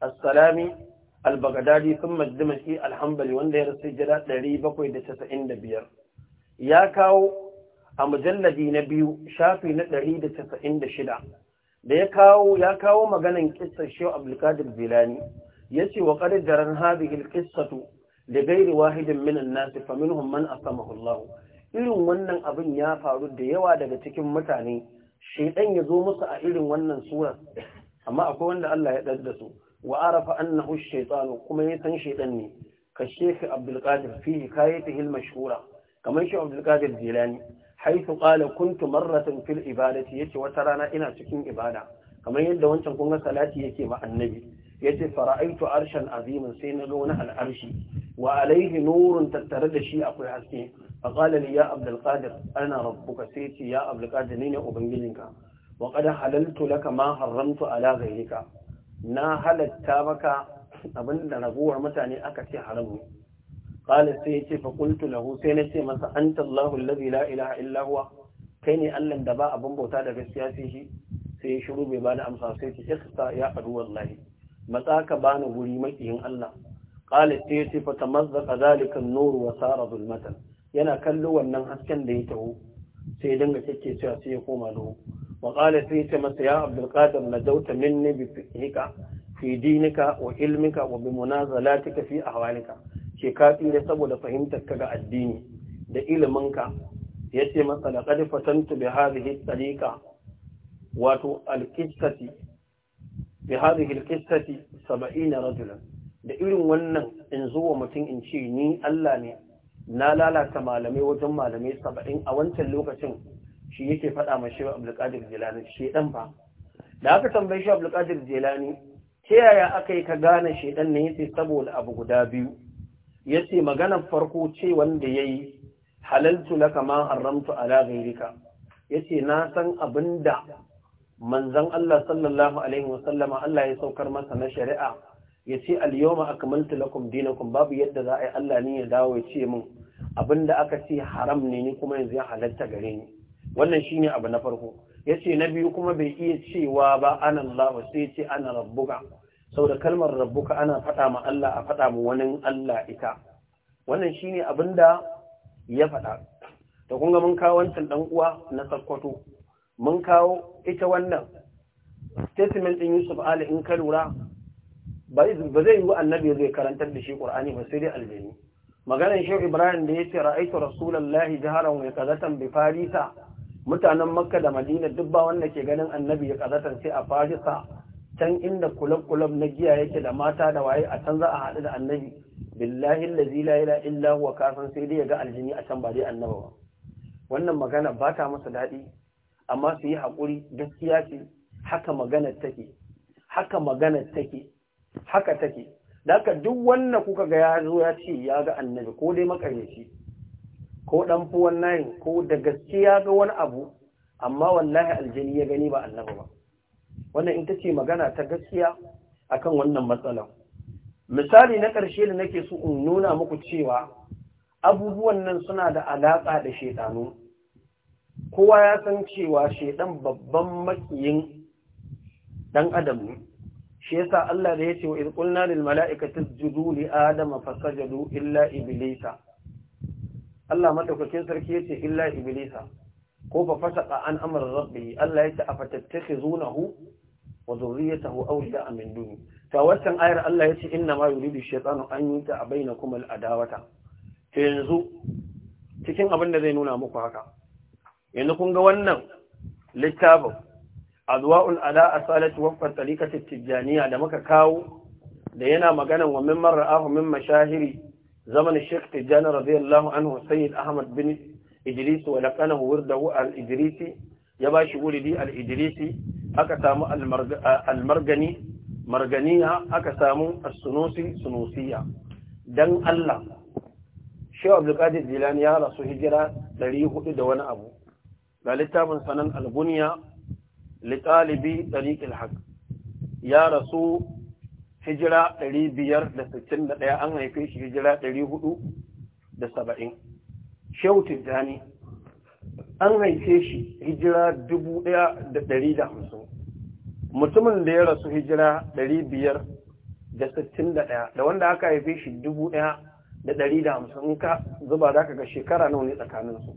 as-salami al sun thumma ad-dimashqi wanda ya rasu jira 795 ya kawo a mujalladi na biyu shafi na 196 da ya kawo ya kawo maganan kissar Sheikh Abdul Qadir Jilani yace wa qad jaran hadhihi al-qissatu li ghairi wahidin minan an-nas fa minhum man asamahu Allah irin wannan abin ya faru da yawa daga cikin mutane shedan ya zo musu a irin wannan sura amma akwai wanda Allah ya dadda su wa arafa annahu shaytan kuma ya san shaytan ne ka shekhi abdul qadir fi hikayatihi al-mashhura kamar shi abdul qadir jilani haythu qala kuntu marratan fil ibadati yace wata rana ina cikin ibada kamar yadda wancan kun ga salati yake ma annabi yace fara'aitu arshan azimin sai na zo na arshi. wa alaihi nurun tattare da shi akwai haske fa qala li ya abdul ana rabbuka sai ce ya abdul ne ubangijinka wa qad halaltu laka ma haramtu ala ghayrika na halatta maka abin da ragowar mutane aka ce haramu Khalid sai yace fa qultu lahu sai masa anta Allahu allazi la ilaha illa kai ne Allah da ba abin bauta da gaskiya sai shi sai ya shiru bai da amsa sai ce ikhsa ya adu wallahi matsa ka bani wuri makiyin Allah qala sai ce fa tamazzaqa zalika an-nur wa sara zulmatan yana kallo wannan hasken da ya taho sai dinga kike sai ya koma duhu وقال سيت مسا يا عبد القادر نجوت مني بفقهك في دينك وعلمك وبمنازلاتك في أحوالك شكاتي لسبو لفهمتك ga addini da iliminka ya ce masa da ƙarfatantu bi hazihi tsarika wato alkistati bi hazihi alkistati saba'ina rajulan da irin wannan in zuwa mutum in ce ni Allah ne na lalata malamai wajen malamai saba'in a wancan lokacin shi yake faɗa ma shi abdulkadir jelani shedan fa da aka tambaye shi abdulkadir jelani ta yaya aka yi ka gane shedan ne yace saboda abu guda biyu yace maganar farko ce wanda yayi halaltu laka ma haramtu ala ghayrika yace na san abinda manzon Allah sallallahu alaihi Allah ya saukar masa na shari'a yace al-yawma akmaltu lakum dinakum babu yadda za a yi Allah ne ya dawo ya ce min abinda aka ce haram ne ni kuma yanzu ya halatta gare ni wannan shine abu na farko yace na biyu kuma bai iya cewa ba ana Allah sai ce ana rabbuka saboda kalmar rabbuka ana faɗa ma Allah a faɗa mu wani Allah ita wannan shine abinda ya faɗa to kun ga mun kawo wancan dan uwa na sakkwato mun kawo ita wannan statement din Yusuf Ali in ka lura ba zai yi annabi zai karantar da shi Qur'ani ba sai dai aljini maganar Sheikh Ibrahim da yace ra'aytu rasulullahi jaharan wa kadatan bi farisa mutanen makka da madina duk ba wanda ke ganin annabi ya kazatar sai a farisa can inda kulab-kulab na giya yake da mata da waye a can za a haɗu da annabi billahi lazi la ila illa huwa kasan sai dai ya ga aljini a can ba dai annaba ba wannan magana ba ta masa daɗi amma su yi haƙuri gaskiya ce haka magana take haka magana take haka take da duk wanda kuka ga ya zo ya ce ya ga annabi ko dai makaryaci ko ɗan fuwan nayin ko da gaskiya ga wani abu amma wallahi aljani ya gani ba annabi ba wannan ita ce magana ta gaskiya akan wannan matsalan misali na ƙarshe da nake so in nuna muku cewa abubuwan nan suna da alaƙa da shaidanu kowa ya san cewa shaidan babban makiyin dan adam ne shi yasa Allah da ya ce wa idh qulna lil mala'ikati isjudu li adama fasajadu illa iblisa Allah madaukakin sarki yace illa iblisa ko fa fasaka an amr rabbi Allah yace afatattakhizunahu wa dhurriyyatahu aure a mindumi. ta wancan ayar Allah ya ce inna ma yuridu shaytanu an yuta bainakum al adawata to yanzu cikin abin da zai nuna muku haka yanzu kun ga wannan littafin adwa'ul a Salatu waffat tariqati tijaniya da muka kawo da yana maganan wa mimman ra'ahu min mashahiri زمن الشيخ تجان رضي الله عنه سيد أحمد بن إدريس ولقنه ورده الإدريسي يباشي ولدي الإدريسي أكسام المرج... المرجني مرجنية أكسام السنوسي سنوسية دن الله شو عبد القادر جيلاني يا رسول هجرة دريه دون أبو لالتا من سنن البنية لطالبي طريق الحق يا رسول hijira ɗari biyar da da sittin ɗaya, an haife shi hijira ɗari da saba'in. shehu tijjani an haife shi hijira dubu ɗaya da da ɗari hamsin. mutumin da ya rasu hijira ɗari biyar da sittin da da ɗaya, wanda aka haife shi dubu ɗaya da da ɗari hamsin, in ka zuba za ka ga shekara nawa ne tsakaninsu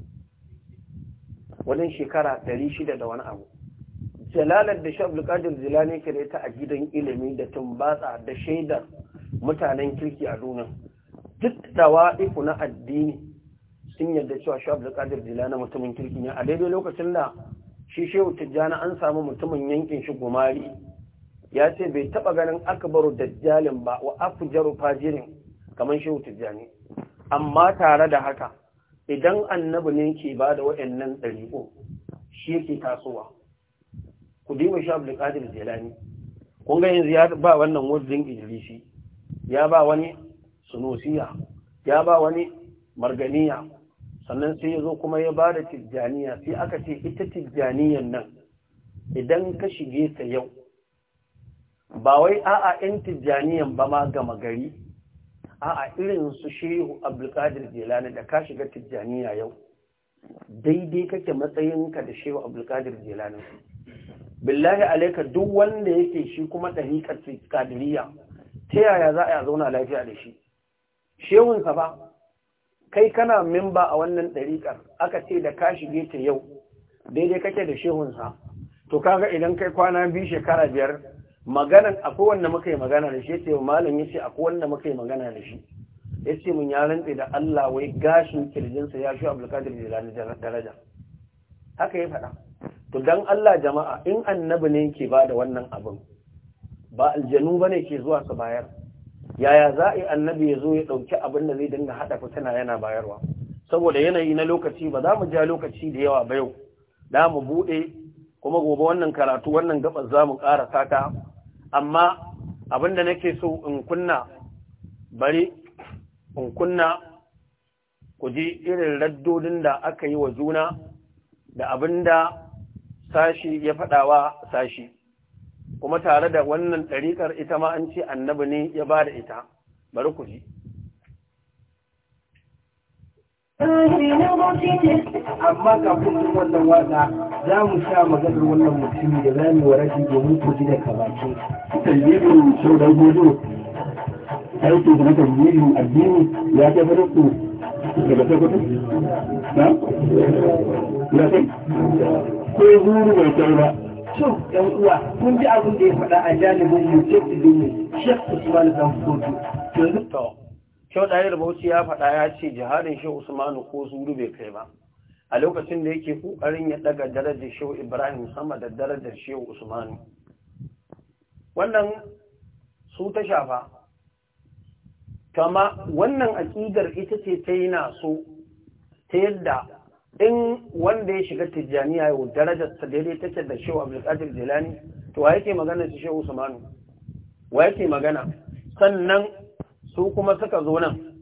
wajen shekara ɗari shida da wani abu jalalar da shi abdulkadir jilani ke ta a gidan ilimi da tumbatsa da shaidar mutanen kirki a duniya duk iku na addini sun yarda cewa shi abdulkadir jilani mutumin kirki ne a daidai lokacin da shi shehu tijjani an samu mutumin yankin shi gumari ya ce bai taɓa ganin akbaru dajjalin ba wa afjaru fajirin kamar shehu tijjani amma tare da haka idan annabi ne ke ba da waɗannan ɗariƙo shi yake tasowa ku duba shi abdul qadir jilani kun ga yanzu ya ba wannan wurdin idrisi ya ba wani sunusiya ya ba wani marganiya sannan sai ya zo kuma ya ba da tijjaniya sai aka ce ita tijjaniyan nan idan ka shige ta yau ba wai a'a 'yan tijjaniyan ba ma gama gari a'a irin su shehu abdulkadir jelani da ka shiga tijjaniya yau daidai kake matsayinka da shehu abdulkadir jelani billahi alaika duk wanda yake shi kuma ɗariƙar kadiriya ta yaya za a zauna lafiya da shi shehunsa ba kai kana memba a wannan ɗariƙar aka ce da ka shige ta yau daidai kake da shehunsa to kaga idan kai kwana biyu shekara biyar maganan akwai wanda muka yi magana da shi ya ce malam ya ce akwai wanda muka yi magana da shi ya ce mun ya rantse da Allah wai gashin kirjinsa ya shi abulkadir jilani daraja haka ya faɗa to dan Allah jama'a in annabi ne ke ba da wannan abin ba aljanu ne ke zuwa su bayar yaya za a yi annabi ya zo ya ɗauki abin da zai dinga haɗa fitina yana bayarwa saboda yanayi na lokaci ba za mu ja lokaci da yawa ba yau da mu buɗe kuma gobe wannan karatu wannan gabas za mu ƙara sata amma abin da nake so in kunna bari in kunna ku ji irin raddodin da aka yi wa juna da abin da sashi ya faɗawa sashi kuma tare da wannan ɗariƙar ita ma an ce annabi ne ya ba da ita bari ku ji amma kafin su wannan waka za mu sha maganar wannan mutumi da za mu warashi domin ku ji da kabakin talibin shaudan gozo aiki da na talibin addini ya ke fara ku ba sai kudu? na? na sai? ko guru bai kai ba to yan uwa kun ji abin da ya faɗa a janibin mu ce ku dumu shek usman dan fotu yanzu to kyau da yar bauchi ya faɗa ya ce jihadin shi usman ko zuru bai kai ba a lokacin da yake kokarin ya daga darajar shehu ibrahim sama da darajar shehu usman wannan su ta shafa kama wannan aƙidar ita ce ta yi na so ta yadda in wanda ya shiga tijjaniya yau darajarsa daidai take da shehu abdulkadir jilani to wa yake magana su shehu usmanu wa yake magana sannan su kuma suka zo nan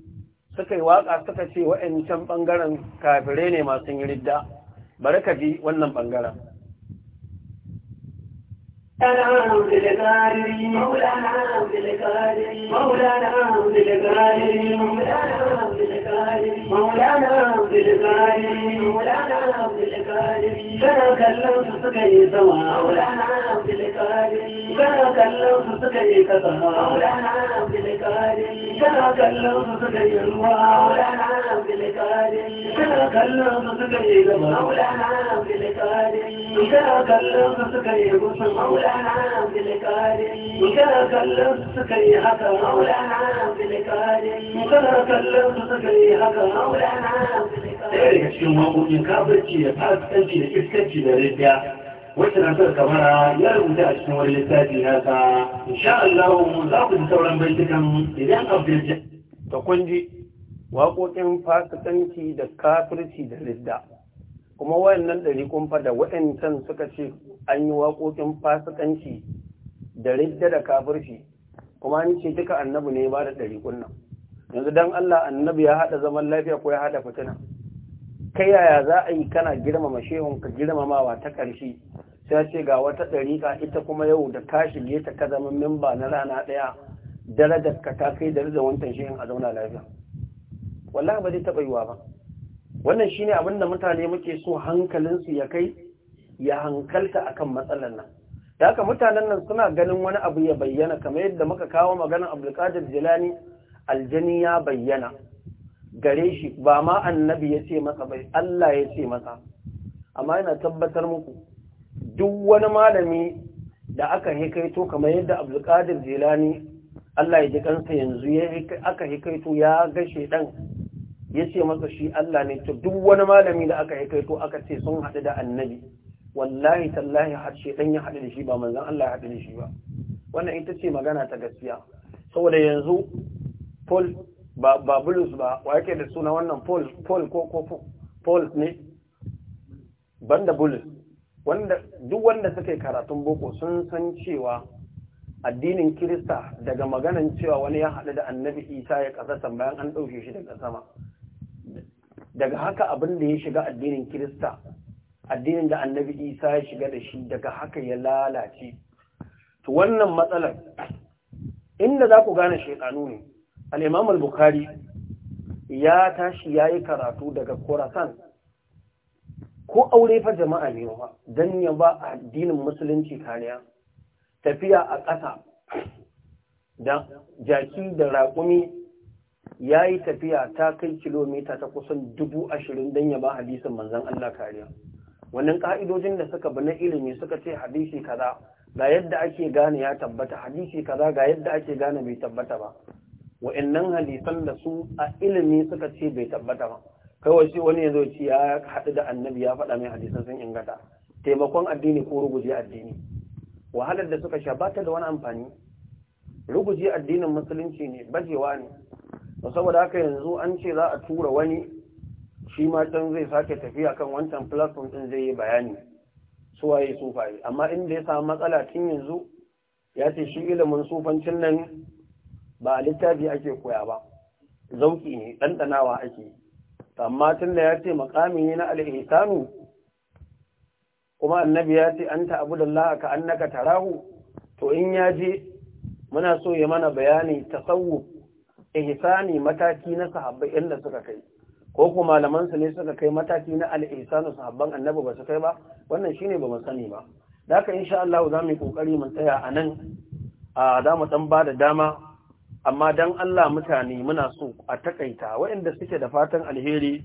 suka yi waka suka ce wa'ancan bangaren kafirai ne masu yi ridda bari ka bi wannan bangaren مولانا عبد القادر مولانا عبد القادر مولانا عبد القادر مولانا عبد القادر مولانا عبد القادر مولانا عبد القادر كان كلام سكي سوا مولانا عبد القادر كان كلام سكي كذا مولانا عبد القادر كان كلام سكي سوا مولانا عبد القادر كان كلام سكي كذا مولانا عبد ka kallon su suka yi musu maulana bilkari ka kallon su suka yi haka maulana bilkari ka kallon suka yi haka maulana bilkari ɗaya daga cikin makokin kafirci da fasikanci da iskanci da rifiya wacce na kamara ya rubuta a cikin wani littafi nasa insha Allah za ku ji sauran baitukan idan abdul ta kunji waƙoƙin fasikanci da kafirci da ridda kuma wayannan ɗari fa da waɗancan suka ce an yi waƙoƙin fasikanci da ridda da kafirci kuma an ce duka annabi ne ba da ɗari nan yanzu dan Allah annabi ya haɗa zaman lafiya ko ya haɗa fitina kai yaya za a yi kana girmama shehun ka girmamawa ta ƙarshe sai ce ga wata ɗariƙa ita kuma yau da ka shige ta ka zama memba na rana ɗaya darajar ka ta kai darajar wancan shehun a zauna lafiya wallahi ba zai taɓa yiwa ba wannan shine abin da mutane muke so hankalinsu ya kai ya hankalta akan matsalar nan da haka mutanen nan suna ganin wani abu ya bayyana kamar yadda muka kawo maganar abdulkadir jilani aljani ya bayyana gare shi ba ma annabi ya ce masa bai Allah ya ce masa amma yana tabbatar muku duk wani malami da aka hikaito kamar yadda abdulkadir jilani Allah ya ji kansa yanzu ya aka hikaito ya ga ɗan. ya ce masa shi Allah ne to duk wani malami da aka kai ko aka ce sun haɗu da annabi wallahi tallahi har shedan ya haɗu da shi ba manzan Allah ya haɗu da shi ba wannan ita ce magana ta gaskiya saboda yanzu Paul ba ba Bulus ba wa yake da suna wannan Paul Paul ko ko Paul ne banda Bulus wanda duk wanda suka yi karatun boko sun san cewa addinin Kirista daga maganan cewa wani ya haɗu da annabi Isa ya ƙasa bayan an ɗauke shi daga sama daga haka abin da ya shiga addinin kirista addinin da annabi isa ya shiga da shi daga haka ya lalace to wannan matsalar inda za ku gane shekanu ne al'imam al-bukhari ya tashi ya yi karatu daga Kurasan, ko aure fa jama'a ne ba don ya ba addinin musulunci kariya tafiya a ƙasa da jaki da raƙumi ya yi tafiya ta kai kilomita ta kusan dubu ashirin don ya ba hadisin manzan Allah kariya wannan ka'idojin da suka bi na ilimi suka ce hadisi kaza ga yadda ake gane ya tabbata hadisi kaza ga yadda ake gane bai tabbata ba wa'annan hadisan da su a ilimi suka ce bai tabbata ba kawai sai wani ya ci ya haɗu da annabi ya faɗa mai hadisan sun ingata taimakon addini ko ruguje addini wahalar da suka sha bata da wani amfani ruguje addinin musulunci ne bajewa ne ba saboda haka yanzu an ce za a tura wani shi ma can zai sake tafiya kan wancan platform din zai yi bayani suwaye sufaye amma inda ya samu matsala tun yanzu ya ce shi ilimin sufancin nan ba a littafi ake koya ba zauki ne ɗanɗanawa ake amma tun da ya ce makami ne na al'ihsanu kuma annabi ya ce an ta'abu da ka annaka tarahu to in ya je muna so ya mana bayani tasawuf ihsani mataki na sahabbai inda suka kai ko kuma malaman su ne suka kai mataki na al-ihsanu sahabban annabi ba su kai ba wannan shine ba mu sani ba da haka insha Allah za mu yi kokari mu tsaya a nan a za mu dan bada dama amma dan Allah mutane muna so a takaita waɗanda suke da fatan alheri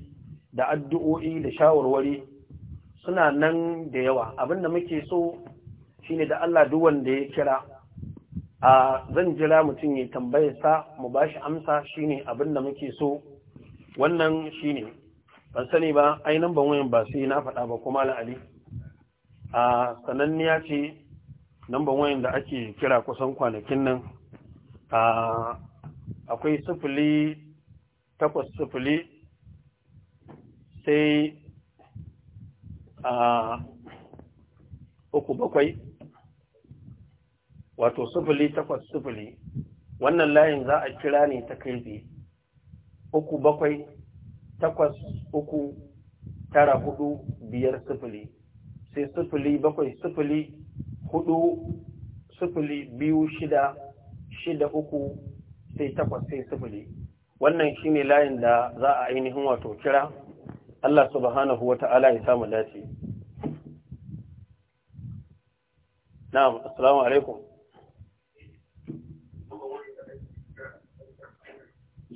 da addu'o'i da shawarwari suna nan da yawa abinda muke so shine da Allah duk wanda ya kira a zan jira mutum ya tambaye sa mu ba shi amsa shine abin da muke so wannan shine ban sani ba ainihin ban wayan ba sai na faɗa ba kuma la'ali a sananniya ce namban wayan da ake kira kusan kwanakin nan a akwai sufuli takwas sufuli sai a uku bakwai wato sufuli takwas sufuli wannan layin za a kira ne ta kai uku bakwai takwas uku tara hudu biyar sufuli sai sufuli bakwai sufuli hudu sufuli biyu shida shida uku sai takwas sai sufuli wannan shine layin da za a ainihin wato kira Allah subhanahu ta'ala ya samu dace na'am assalamu alaikum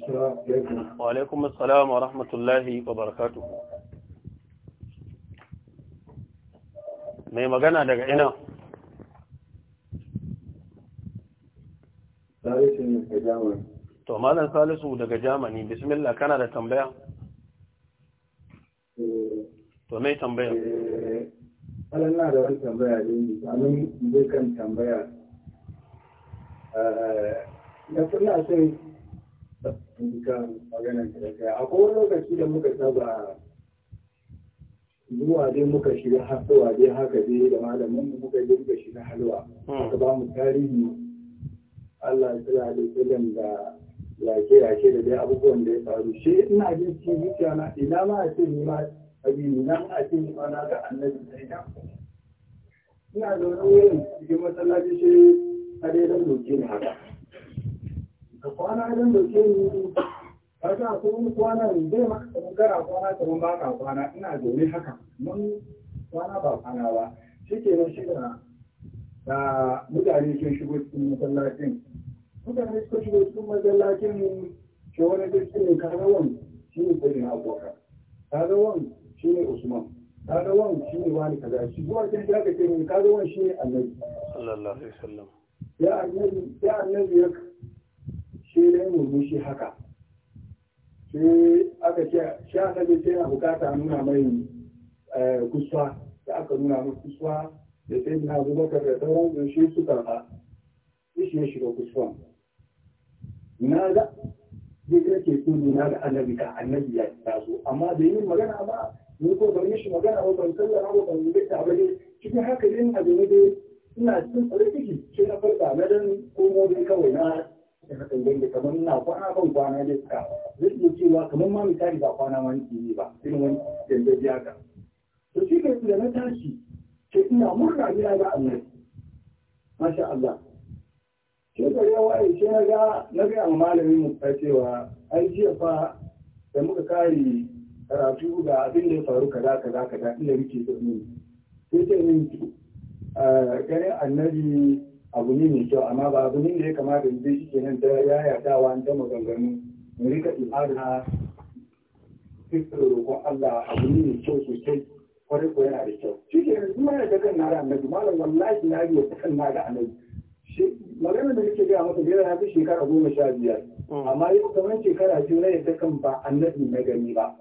wa alaikum assalam wa rahmatullahi wa barakatuh mai magana daga ina to malam salisu daga jamani bismillah kana da tambaya to mai tambaya eh, malam na da wani tambaya ne amin zai kan tambaya eh, na kuna sai Akwai lokaci da muka saba zuwa dai muka shiga hatsuwa dai haka dai da malamin mu muka je muka shiga halwa haka hmm. ba mu tarihi Allah ya tsira da sallam da yake yake da dai abubuwan da ya faru shi ina jin cikin zuciya na ina ma a ce ni ma abi ni na ma a ce ni ma na ga annabi sai na ina da wani wurin cikin masallaci shi a dai dan doke ni haka a kwana idan dauke ni ka ga akwai kwana ne zai maka kamar gara kwana kamar ba ka kwana ina zaune haka mun kwana ba kwana ba shi ke nan shi da mutane sun shigo cikin masallacin mutane suka shigo cikin masallacin shi wani gaske ne kagawan shi ne sai na abubakar kagawan shi ne usman kagawan shi ne wani kaza shi zuwa can da aka ce ne kagawan shi ne annabi sallallahu alaihi wasallam ya annabi ya annabi ya shi ya mu shi haka shi aka ce shi sai yana bukata nuna mai eh, kuswa da aka nuna mai kuswa da sai na ka da sauran da shi su shi ya shiga kuswa na ga zai ke kudu na ga annabi ka annabi ya taso amma da yi magana ba ni ko ban yi shi magana ba ban sallar ba ban yi ta ba ne cikin haka yin abu ne dai ina cikin farin ciki sai na farka na dan komo dai kawai na sai ka tambaye da kamar ina kwana ban kwana ne ka zai iya cewa kamar ma misali ba kwana ma nake ba irin wani dandaji ka? to shi kai da na tashi sai ina murna gida ga annabi masha Allah sai gari ya na ga na ga malamin mu a cewa ai jiya fa da muka kare karatu ga abin da ya faru kaza kaza kaza inda muke da mu sai ce min ah, ganin annabi abu ne mai kyau amma ba abu ne da kama da in zai shi nan ta yaya ta maganganu mu rika ibada fitar roƙon Allah abu ne mai kyau sosai kwarai ko yana da kyau shi ke yanzu ma da kan na da annabi malam wallahi na yi wata kan na da annabi shi magana da nake gaya masa biyar na fi shekara goma sha biyar mm. amma yau kamar shekara biyu na yadda kan ba annabi na gani ba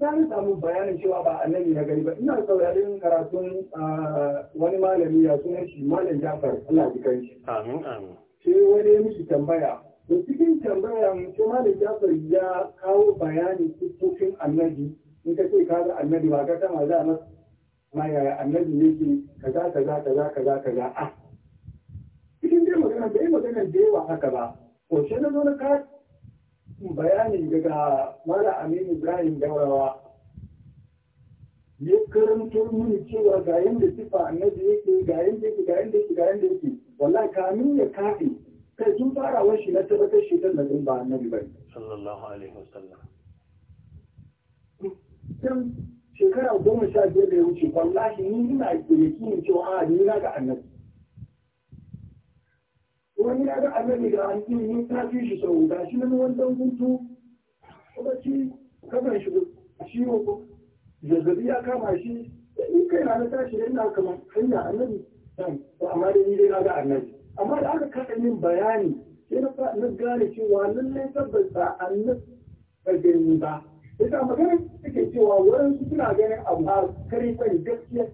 na samu bayanin cewa ba annabi ya gari ba ina saurarin karatun wani malami ya sunan shi malam jafar Allah ji kan shi amin amin sai wani ya mishi tambaya to cikin tambayan shi malam jafar ya kawo bayanin siffofin annabi in ka ce ka ga annabi ba ka kama za a ma yaya annabi ne yake kaza kaza kaza kaza kaza a ah. cikin dai magana bai magana da yawa haka ba ko shi na zo na ka bayani daga mara amin ibrahim daurawa ya karanto mini cewa ga yadda sifa annabi yake ga yadda yake ga yadda yake ga yadda yake wallahi kamin ya kafi kai tun farawar shi na tabbatar shi dan nan ba annabi bane sallallahu alaihi wasallam dan shekara goma sha biyar da ya wuce wallahi ni ina yakinin cewa a ah, ni na ga annabi wani ya ga annabi da an yi ta fi shi sau ga shi nan wancan hutu kuma shi kafan shi ciwo zazzabi ya kama shi ni kai na na tashi da ina kama hanya annabi to amma dai ni dai na ga annabi amma da aka kaɗa min bayani sai na fa na gane cewa lallai tabbas ba annabi ba gani ba ita maganar take cewa wurin su suna ganin abu a kare sani gaskiya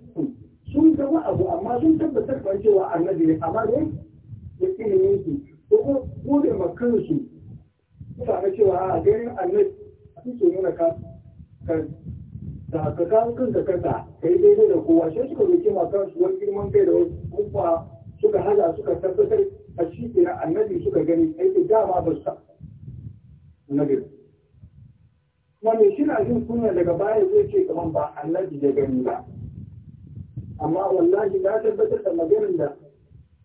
sun ga abu amma sun tabbatar ban cewa annabi ne amma dai da ilimin su ko kuma gode ma kansu suna na cewa a ganin annabi a su nuna ka da ka kawo kanka kasa ka yi daidai da kowa sai suka roƙi ma kansu wani girman kai da wasu kuma suka haza suka tabbatar a shi annabi suka gani aiki dama ba su annabi kuma me shi na jin kunya daga baya zai ce kamar ba annabi da gani ba amma wallahi na tabbatar da maganar da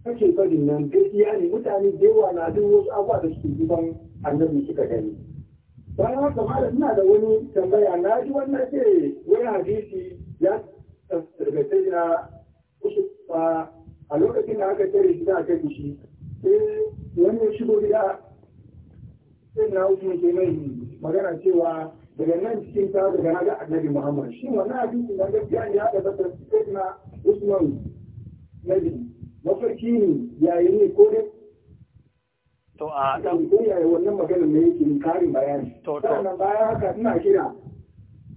kake barin nan gaskiya ne mutane da yawa na duk wasu abuwa da suke duban annabi suka gani bayan haka malam ina da wani tambaya na ji wannan ce wani hadisi ya tarbace na usu a lokacin da aka tare gida aka kishi sai wani ya shigo gida sai na usu ke mai magana cewa daga nan cikin ta daga na ga annabi muhammad shi wannan hadisi na gaskiya ne ya tabbata sai na usman nabi mafarki ne yayi ne ko ne to a dan ko yayi wannan maganar ne yake yin karin bayani to to sannan bayan haka ina kira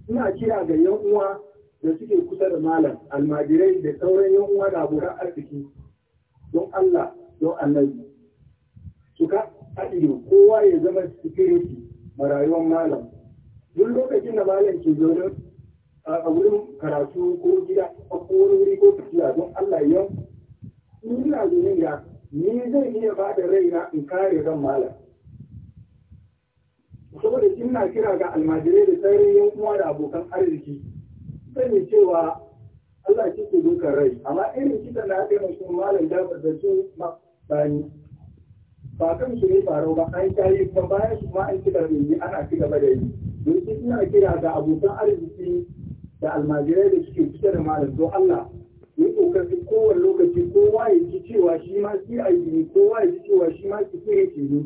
ina kira ga yan uwa da suke kusa da malam almajirai da sauran yan uwa da abokan arziki don Allah don annabi suka haɗiye kowa ya zama security ma rayuwar malam duk lokacin da malam ke zaune a wurin karatu ko gida ko wuri ko tafiya don Allah yau ina ya ni zai iya ba da raina in kare ran malam saboda na kira ga almajirai da sauran yan kuma da abokan arziki ne cewa Allah shi ke dukan rai amma irin kitan da aka yi musu malam Jafar da su ma ba kan su ne faro ba an ta ba bayan su ma an ci da ni ana kira ba da yi don suna kira ga abokan arziki da almajirai da suke fitar da malam to Allah yi kokarin kowane lokaci kowa ya ji cewa shi ma CID ne kowa ya ji cewa shi ma security ne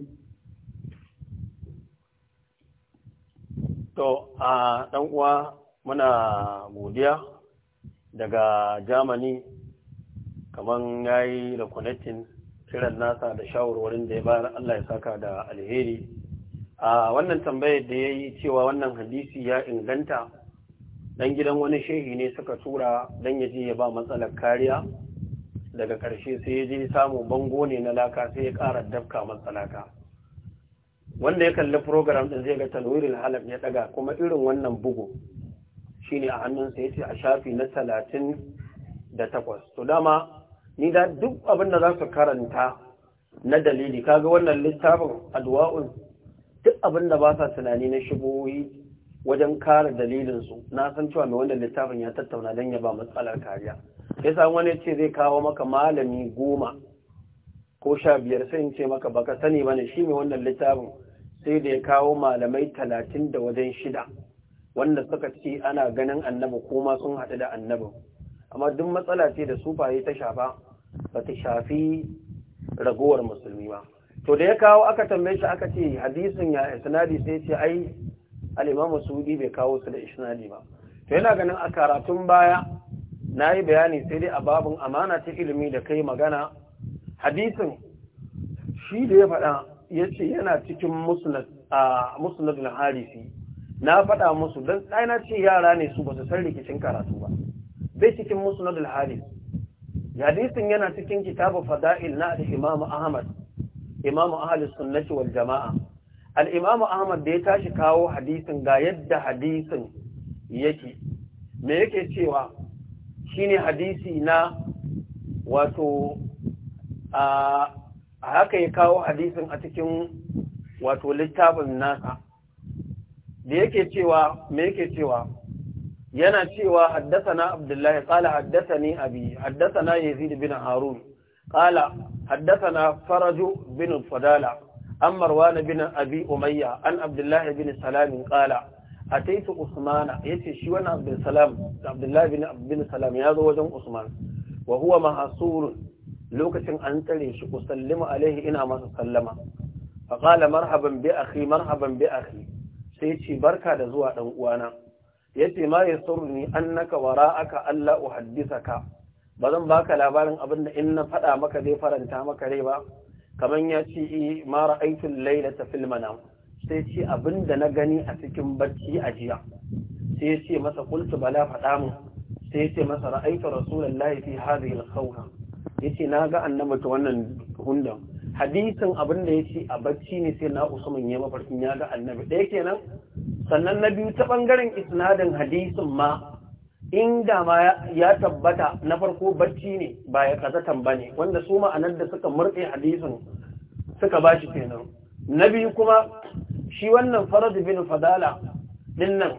to a dan uwa muna godiya daga Germany kamar ya yi da connecting kiran nasa da shawarwarin da ya bayar Allah ya saka da alheri a wannan tambayar da ya yi cewa wannan hadisi ya inganta dan gidan wani shehi ne suka tura dan ya je ya ba matsalar kariya daga ƙarshe sai ya je samu bango ne na laka sai ya ƙara dafka matsalaka wanda ya kalli program din zai ga talwirin halaf ya daga kuma irin wannan bugu shine a hannunsa ya ce a shafi na talatin da takwas to dama ni da duk abin da za su karanta na dalili kaga wannan littafin adwa'un duk abin da ba sa tunani na shigoyi wajen kare dalilinsu na san cewa mai wanda littafin ya tattauna don ya ba matsalar kariya ya san wani ce zai kawo maka malami goma ko sha biyar sai in ce maka baka sani ba ne shi mai wannan littafin sai da ya kawo malamai talatin da wajen shida wanda suka ce ana ganin annabi ma sun haɗu da annabin amma duk matsala ce da sufaye ta shafa ba ta shafi ragowar musulmi ba to da ya kawo aka tambaye shi aka ce hadisin ya isnadi sai ce ai al'imamu sudi bai kawo su da isnadi ba to yana ganin a karatun baya na yi bayani sai dai a babin amana ta ilimi da kai magana hadisin shi da ya faɗa ya yana cikin musnad na harisi na faɗa musu don na ce yara ne su ba su san rikicin karatu ba Zai cikin musnad al hadisin yana cikin kitabu fada'il na imam ahmad imam ahlus sunnati wal jama'a al'imamu ahmad da ya tashi kawo hadisin ga yadda hadisin yake me yake cewa shine hadisi na wato a haka ya kawo hadisin a cikin wato littafin nasa da yake cewa me yake cewa yana cewa haddathana abdullahi qala haddathani abi haddathana yazid bin harun qala haddathana faraju bin fadala an marwan bin abi umayya an abdullahi bin salam qala ataitu usmana ce shi wani abdullahi bin salam ya zo wajen usman wa huwa lokacin an tsare shi usallimu alaihi ina masa sallama fa qala marhaban bi akhi marhaban bi akhi sai yace barka da zuwa dan uwana yace ma yasurni annaka wara'aka alla uhaddithaka bazan baka labarin abinda in na faɗa maka zai faranta maka rai ba kaman ya ce ma ra'aytul laylata fil manam sai ce abinda na gani a cikin barci a jiya sai ya ce masa qultu bala faɗa mu sai ya ce masa ra'aytu rasulullahi fi hadhihi al Ya yace na ga annabi ta wannan hundan hadisin abin da yace a barci ne sai na usman ya mafarkin ya ga annabi ɗaya kenan sannan na biyu ta bangaren isnadin hadisin ma inda ma ya tabbata na farko bacci ne ba ya kazatan ba ne wanda su ma'anar da suka murɗe hadisin suka ba shi kenan na biyu kuma shi wannan farad bin fadala din nan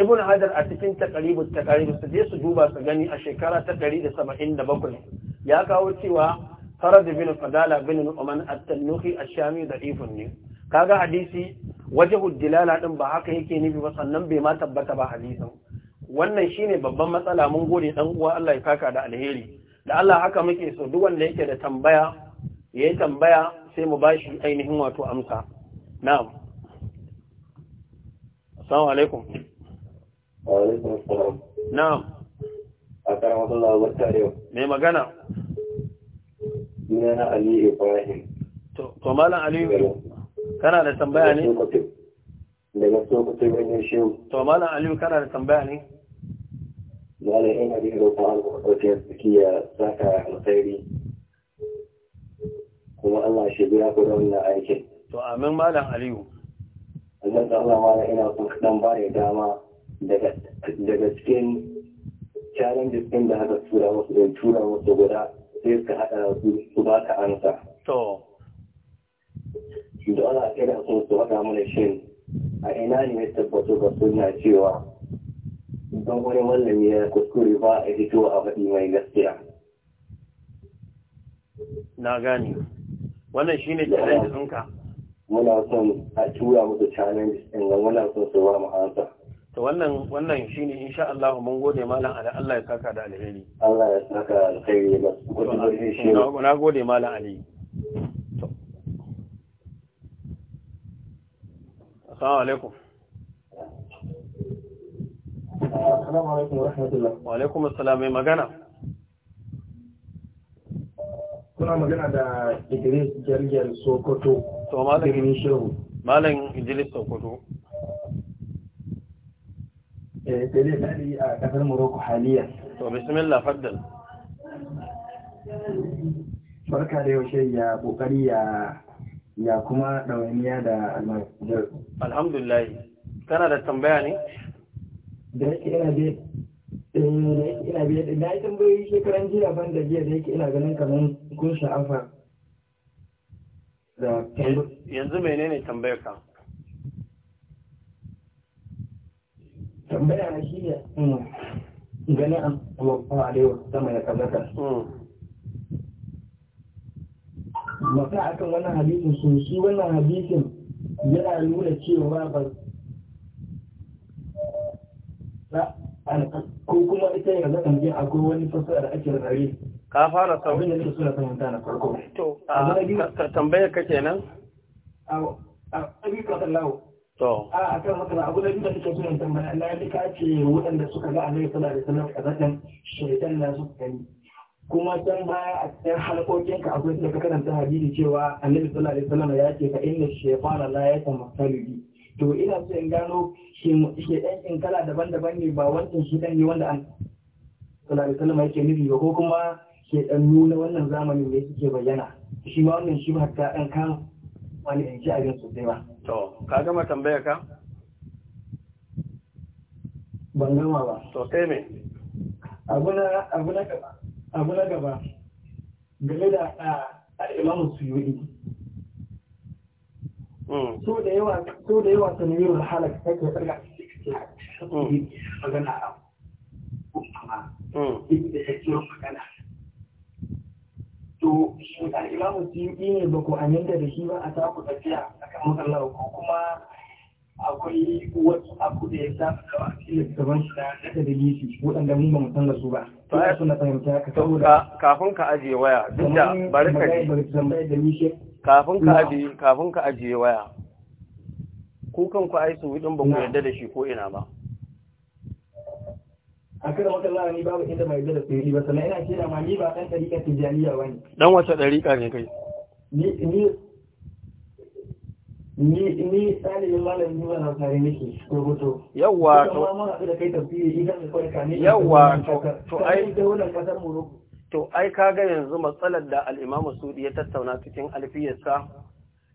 ibn hajar a cikin taqribut taqrib su je su duba su gani a shekara ta 177 ya kawo cewa farad bin fadala bin nu'man at-tanuhi ash-shami da'ifun ne kaga hadisi wajhu dilala din ba haka yake nufi ba sannan bai ma tabbata ba hadisin wannan shine babban matsala mun gode dan uwa Allah ya saka da alheri da Allah haka muke so duk wanda yake da tambaya yayi tambaya sai mu bashi ainihin wato amsa na'am assalamu alaikum wa alaikum assalam na'am akaramu Allah yau. me magana sunana Ali Ibrahim to to malam Ali kana da tambaya ne daga Sokoto wani shehu to malam Ali kana da tambaya ne Malam ina jin roƙon Allah ɗauke tsakiya saka alkhairi kuma Allah shi biya ku da wannan aikin. To amin malam Aliyu. Allah ta Allah malam ina son kaɗan ba dama daga cikin challenges ɗin da haka tura wasu da tura wasu guda sai suka haɗa su su ba ka ansa. To. Da Allah sai da sun su haɗa mana shin a ina ne ya tabbatar da suna cewa don wani mallami ya kuskure ba a fito a faɗi mai gaskiya na gani wannan shine challenge ɗinka muna son a tura musu challenge ɗin ga muna son su ba mu hansa. to wannan wannan shine insha Allah mun gode malam Ali Allah ya saka da alheri Allah ya saka alheri ba shi na gode malam Ali Assalamu alaikum Assalamu alaikum wa rahmatullah. Wa alaikum assalam mai magana. Kuna magana da Idris Jalgal Sokoto. To malam Idris Shehu. Malam Idris Sokoto. Eh sai dai tari a kasar Morocco haliya. To bismillah faddal. Barka da yaushe ya kokari ya ya kuma dawaniya da almajirar. Alhamdulillah. Kana da tambaya ne? da yake yana da ina biya eh, da na yi tambayoyi shekaran jiya ban da jiya da yake ina ganin kamar kun sha'afa da yanzu menene tambayar ka tambaya na shi ne mm, Gani an wafa alewa sama ya kazaka maka mm. akan wannan hadisin sun shi wannan hadisin yana nuna cewa ba ko kuma ita ya zakan je akwai wani fasara da ake rarrabe ka fara sau abin da ne suna samanta na farko to a tambayar ka kenan a abin ka sallahu to a akan makana abu da da kake sunan tambaya Allah ya ka ce waɗanda suka ga annabi sallallahu alaihi wasallam a zakan shaytan na su kai. kuma san baya a cikin halkokin ka akwai da ka karanta hadisi cewa annabi sallallahu alaihi wasallam ya ce fa inna shaytana la yatamassalu bi to ina so in gano shedan in kala daban-daban ne ba wancan ɗan ne wanda an sallallahu salama yake nufi ba ko kuma ɗan nuna wannan zamani ne suke bayyana shi ma wannan shi ba ta ɗan kan wani ɗan shi abin sosai ba to ka gama tambaya ka ban gama ba to kai me abu na gaba gaba game da ah, al'imamu suyuɗi so da yawa so da yawa sun yi halak take tsarga magana a amma duk da ya kiro magana to shi al'imamu suyuɗi ne ba ku aminta da shi ba a taku tafiya a kan matsalar ko kuma akwai wasu abu da ya samu da wasu littattafan shi na da dalili waɗanda mun ba mu san da su ba. Ba ya suna fahimta ka saboda. Kafin ka ajiye waya duk da bari ka ji. kafin ka ajiye kafin ka ajiye waya ku kan ku ai su hudun ba ku yarda da shi ko ina ba a kada wata lara ni babu inda mai da tsiri ba sannan ina kira ma ni ba dan tarika tijaniya ba dan wata dariƙa ne kai ni ni ni ni ɗalibin malamin yiwa na tare nake rubuto yawwa to kuma mun haɗu da kai tafiye idan ka kwarka ne yawa to ai da wannan kasar Morocco to ai kaga yanzu matsalar da al'imamu sudi ya tattauna cikin alfiyarsa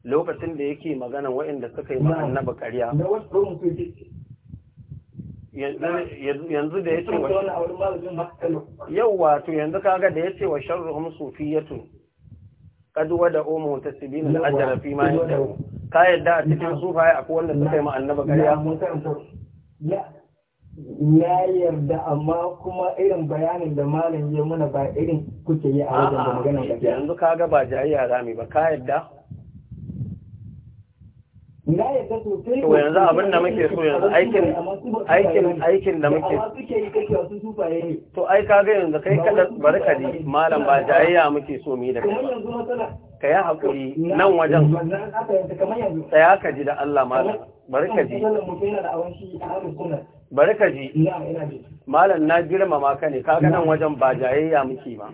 lokacin da yake magana waɗanda suka yi annaba ƙarya yanzu da ya ce wa yau wato yanzu kaga da ya ce wa sharruhum sufiyatu kaduwa da omo ta sibin ajiyar fi ma da ka yadda a cikin sufaye akwai wanda suka yi annaba ƙarya na yarda amma kuma irin bayanin da malam ya muna ba irin kuke yi a wajen da maganar yanzu ka ga ba jayayya rami ba ka yarda na yarda sai to yanzu abin da muke so yanzu aikin aikin aikin da muke amma suke yi kake wasu sufaye ne to ai ka ga yanzu kai kada barka malam ba jayayya muke so mu yi da kai kamar yanzu matsala ka yi haƙuri nan wajen tsaya ka ji da Allah malam barka ji. bari ka ji malam na girmama ka ne kaga nan wajen ba jayayya muke ba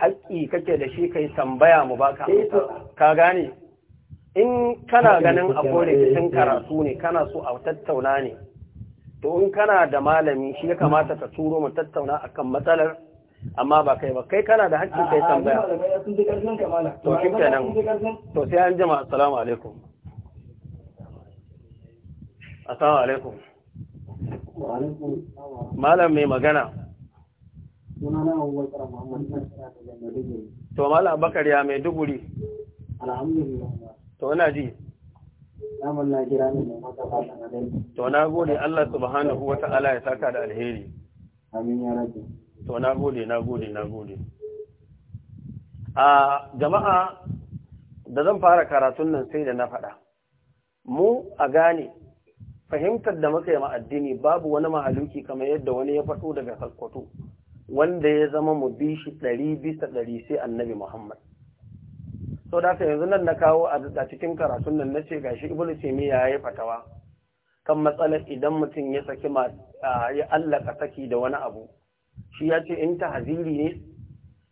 haƙƙi kake da shi kai tambaya mu baka eh, ka gane in kana ganin a akwai rikicin eh, eh. karatu ne kana so a tattauna ne to in kana da malami shi ya kamata ka turo mu tattauna akan matsalar amma ba kai ba kai kana da haƙƙin kai tambaya to shi kenan to sai an jima assalamu alaikum assalamu alaikum malam mai magana to malam bakar ya mai duguri to na ji to na gode Allah subhanahu wa ta'ala ya saka da alheri amin ya to na gode na gode na gode a jama'a da zan fara karatun nan sai da na faɗa mu a gane fahimtar da muka yi ma'addini addini babu wani mahaluki kamar yadda wani ya faɗo daga kalkwato wanda ya zama mu bi shi ɗari bisa ɗari sai annabi Muhammad. Sau da yanzu nan na kawo a cikin karatun nan na ce gashi Ibn Taymiyyah ya yi fatawa kan matsalar idan mutum ya saki ma ya allaka saki da wani abu. Shi ya ce in ta haziri ne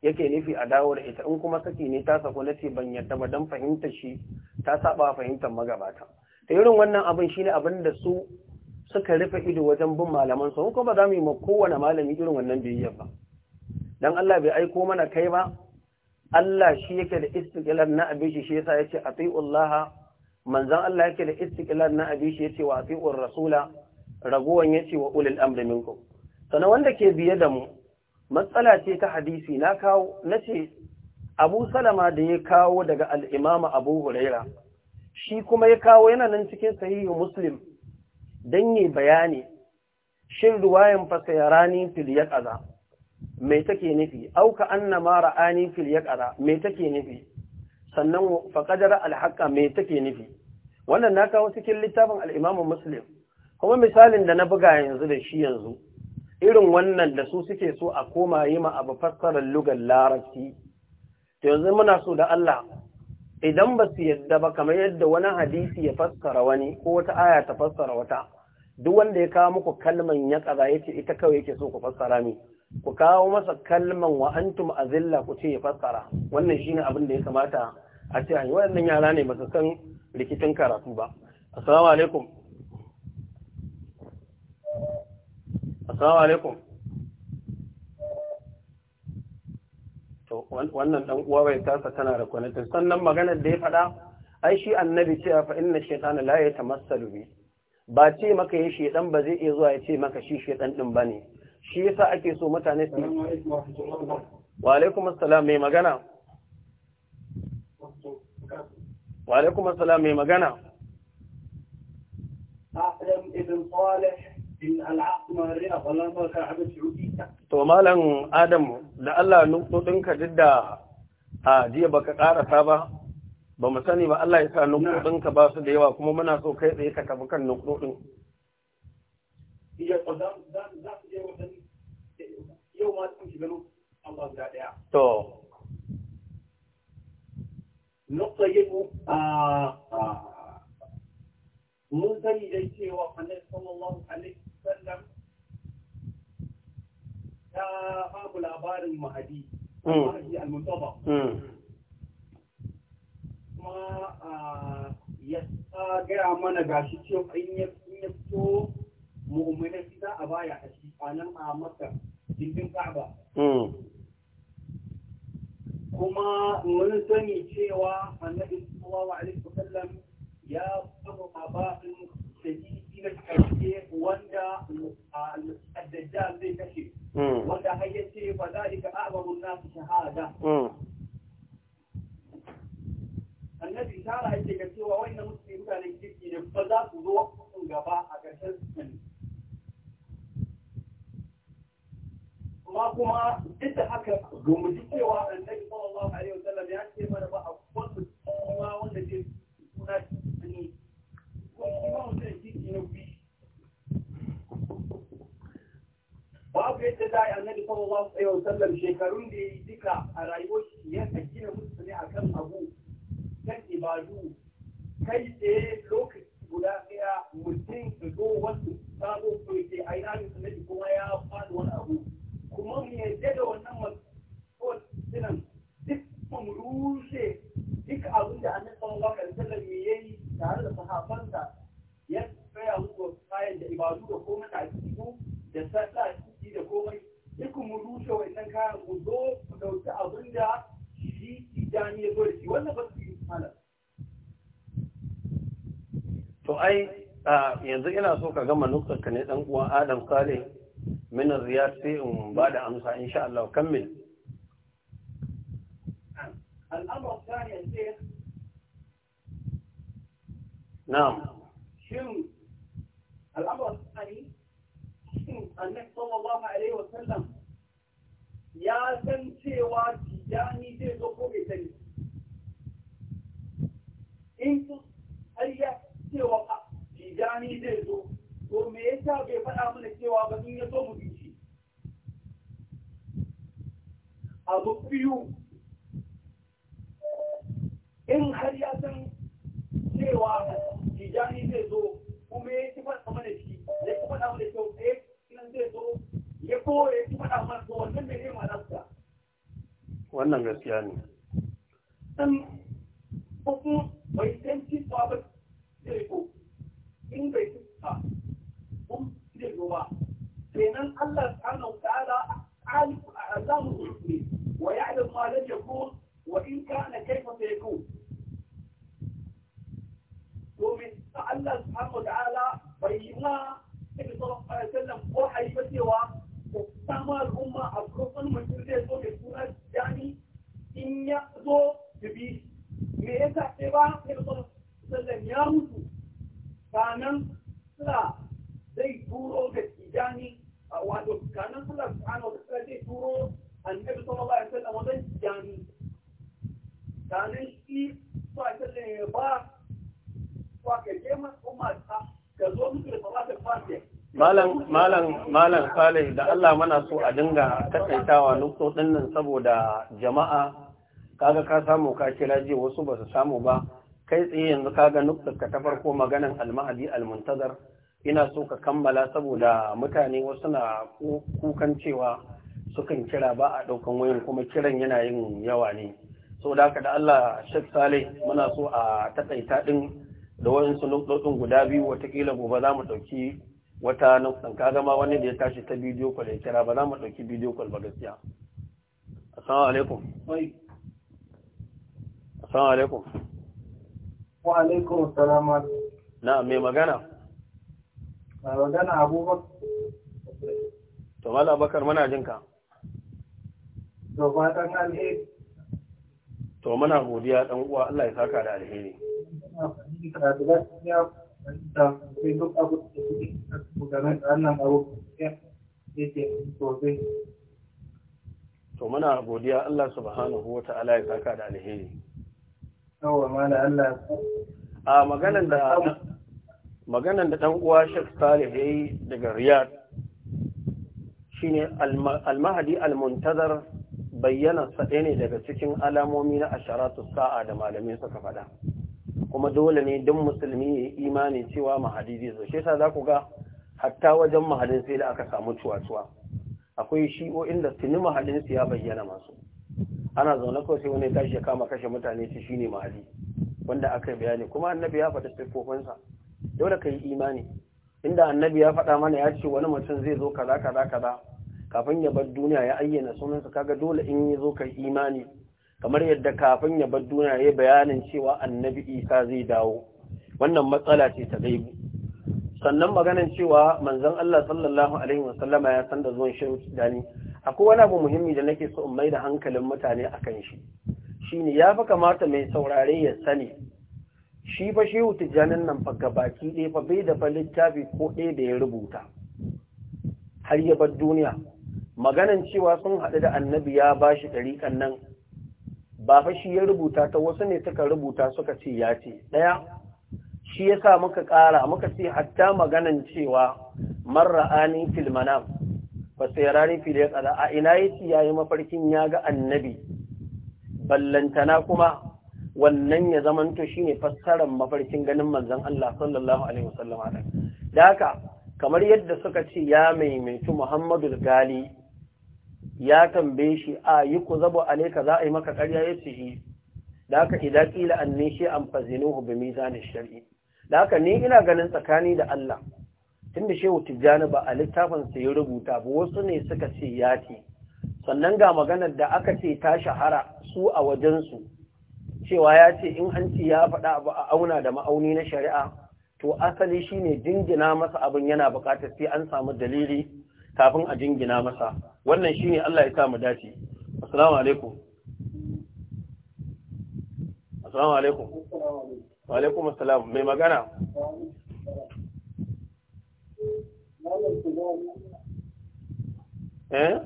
yake nufi a dawo da ita in kuma saki ne ta sako na ce ban yadda ba don fahimtar shi ta saba fahimtar magabata. da irin wannan abin shine abin da su suka rufe ido wajen bin malaman su ko ba za mu yi ma kowane malami irin wannan biyayya ba dan Allah bai aiko mana kai ba Allah shi yake da istiqlal na abin shi shi yasa yace atiullaha manzon Allah yake da istiqlal na abin shi yace wa atiur rasula ragowan yace wa ulil amri minkum sanan wanda ke biye da mu matsala ce ta hadisi na kawo nace Abu Salama da ya kawo daga al-Imam Abu Huraira shi kuma ya kawo yana nan cikin sahihu muslim don yi bayani shin ruwayan fasayarani fil ya ƙaza mai take nufi auka anna mara ani fil ya ƙaza mai take nufi sannan faƙadar alhaƙa mai take nufi wannan na kawo cikin littafin al'imamin muslim kuma misalin da na buga yanzu da shi yanzu irin wannan da su suke so a koma yi ma abu fassarar lugar larabci yanzu muna so da Allah idan ba su yadda ba kamar yadda wani hadisi ya fassara wani ko wata aya ta fassara wata duk wanda ya kawo muku kalman ya kaza yace ita kawai yake so ku fassara ne? ku kawo masa kalman wa antum azilla ku ce ya fassara wannan shine abin da ya kamata a ce ai wannan yara ne ba su san rikicin karatu ba assalamu alaikum assalamu alaikum wannan dan uwa bai tasa tana da kwanatin sannan maganar da ya faɗa ai shi annabi cewa fa inna shaytana la yatamassalu bi ba ce maka ya shedan ba zai iya zuwa ya ce maka shi shedan din bane shi yasa ake so mutane su wa alaikum assalam mai magana wa alaikum assalam mai magana a ibn Salih To malam Adam, da Allah nufin duk da a jiya baka ƙarasa ba, ba mu sani ba Allah ya sa nukuɗinka ba su da yawa kuma muna so kai tsaye ka tafi kan nukuɗin. To. Nukta yi a mun sani dai cewa annabi sallallahu alaihi sallam ya babu labarin mahadi hmm. mahadi al-muntaba hmm. kuma ya gaya mana gashi cewa in ya fito mu'minai za a baya a shi a maka jirgin ka'aba hmm. kuma mun sani cewa annabi sallallahu alaihi wasallam ya samu labarin shahidi da karshe wanda الدجال زي كشف ولا هيتي فذلك أعظم الناس شهادة النبي شارع يتكتي وين مسلم كان يكتي نفضل ذوق غباء أكثر من ما كما جد حكا جمجي والنبي صلى الله عليه وسلم يعني ما نبقى أفضل ما وندي هناك يعني كل ما وندي nauyi babu yadda za a yi annabi sallallahu shekarun da ya yi duka a rayuwar shi ya gina musu ne akan abu kan ibadu kai tsaye lokaci guda ɗaya mutum da zo wasu sabo ko ke a yi annabi kuma ya faɗi wani abu kuma mu yadda da wannan mutum duk duk abin da annabi sallallahu ya yi tare da sahabansa ya koya musu kayan da ibadu da komai da aƙidu da sallah ciki da komai duk mu rushe wannan kayan ku zo ku ɗauki abin da shi idani ya zo da shi wannan ba su yi malam. to ai yanzu ina so ka gama nukarka ne ɗan uwan adam saleh min riyad sai in ba da amsa insha Allah kammil al'amur thani ya ce na'am shin الأمر الثاني النبي صلى الله عليه وسلم ya san cewa tijani zai zo ko bai sani in su har ya cewa a tijani zai zo to me ya yasa bai faɗa mana cewa ba in ya zo mu bi shi abu biyu in har ya san cewa tijani zai zo kuma ya ci faɗa mana shi ya ci faɗa mana kyau ɗaya eh, nan zai zo ya koya ya ci faɗa mana to wannan ne ma'anarsa wannan gaskiya ne dan kuma bai san ci ba zai ko in bai ci ba kun zai zo ba kenan Allah subhanahu wa ta'ala alifu a'lamu al-hukmi wa da ma ya yakun wa in kana kayfa domin ta Allah سبحانه وتعالى bai yi ma da fara ko a yi ba cewa ko sama al'umma a kurkun mutum malam salih da Allah mana so a dinga taƙaitawa nuktodin nan saboda jama'a kaga ka samu ka kira ji wasu ba su samu ba kai tsaye yanzu kaga nuktar ka ta farko maganan almahadi almuntazar ina so ka kammala saboda mutane wasu na kukan cewa sukan kira ba a ɗaukan wayan kuma kiran yana yin yawa ne da ka da Allah Sheikh Salih muna so a taƙaita din da wayansu nuktodin guda biyu watakila gobe za mu ɗauki wata nan kaga ma wani da ya tashi ta bidiyo kwal ya kira ba za mu ɗauki bidiyo kwal ba gaskiya assalamu alaikum assalamu alaikum wa alaikum assalam na mai magana mai magana abubakar to mala bakar muna ka. to fatan alheri to muna godiya dan uwa Allah ya saka da alheri duk da sosai to muna godiya Allah subhanahu wa ta'ala ya saka da alheri yawa Allah a maganan da maganan da dan uwa Sheikh Salih yayi daga Riyadh shine al-mahdi al-muntazar bayyana sa ne daga cikin alamomi na asharatu sa'a da malamin suka faɗa. kuma dole ne don musulmi ya imani cewa mahadi zai zo shi yasa za ku ga hatta wajen mahadin sai da aka samu cuwa-cuwa akwai o inda tuni mahadin su ya bayyana masu ana zaune kawai sai wani tashi ya kama kashe mutane shi shine mahadi wanda aka yi bayani kuma annabi ya faɗa siffofinsa dole ka yi imani inda annabi ya faɗa mana ya ce wani mutum zai zo kaza kaza kaza kafin ya bar duniya ya ayyana sunansa kaga dole in ya zo ka yi imani kamar yadda kafin ya bar duniya ya bayanin cewa annabi isa zai dawo wannan matsala ce ta gaibu sannan maganar cewa manzon Allah sallallahu alaihi wasallama ya san da zuwan shirin dani akwai wani abu muhimmi da nake so in mai da hankalin mutane akan shi shine ya fi kamata mai saurare ya sani shi fa shehu tijjanin nan fa gabaki ɗaya fa bai da littafi ko ɗaya da ya rubuta har ya bar duniya maganan cewa sun haɗu da annabi ya ba shi ɗariƙan nan ba fa shi ya rubuta ta wasu ne suka rubuta suka ce ya ce ɗaya shi ya sa muka ƙara muka ce hatta maganan cewa ani filmanam ba sai rari fil ya tsada a ina ya ci ya yi mafarkin ya ga annabi ballantana kuma wannan ya zamanto shi ne fassarar mafarkin ganin manzan Allah sallallahu alaihi wasallam da haka kamar yadda suka ce ya maimaitu Muhammadu Gali ya tambaye shi a yi ku zabo alaika za a yi maka ƙarya ya ce shi. Eh. da haka idan ƙila an ne shi an fazinuhu bi mizanin shari'i da haka ni ina ganin tsakani da Allah tun da shehu tijjani ba a sa ya rubuta ba wasu ne suka ce ya ce sannan ga maganar da aka ce ta shahara su a wajensu cewa ya ce in an ci ya faɗa abu a auna da ma'auni na shari'a to asali shine dingina masa abin yana buƙatar sai an samu dalili kafin a jingina masa wannan shine Allah ya sa mu dace assalamu alaikum assalamu alaikum wa alaikum assalam mai magana eh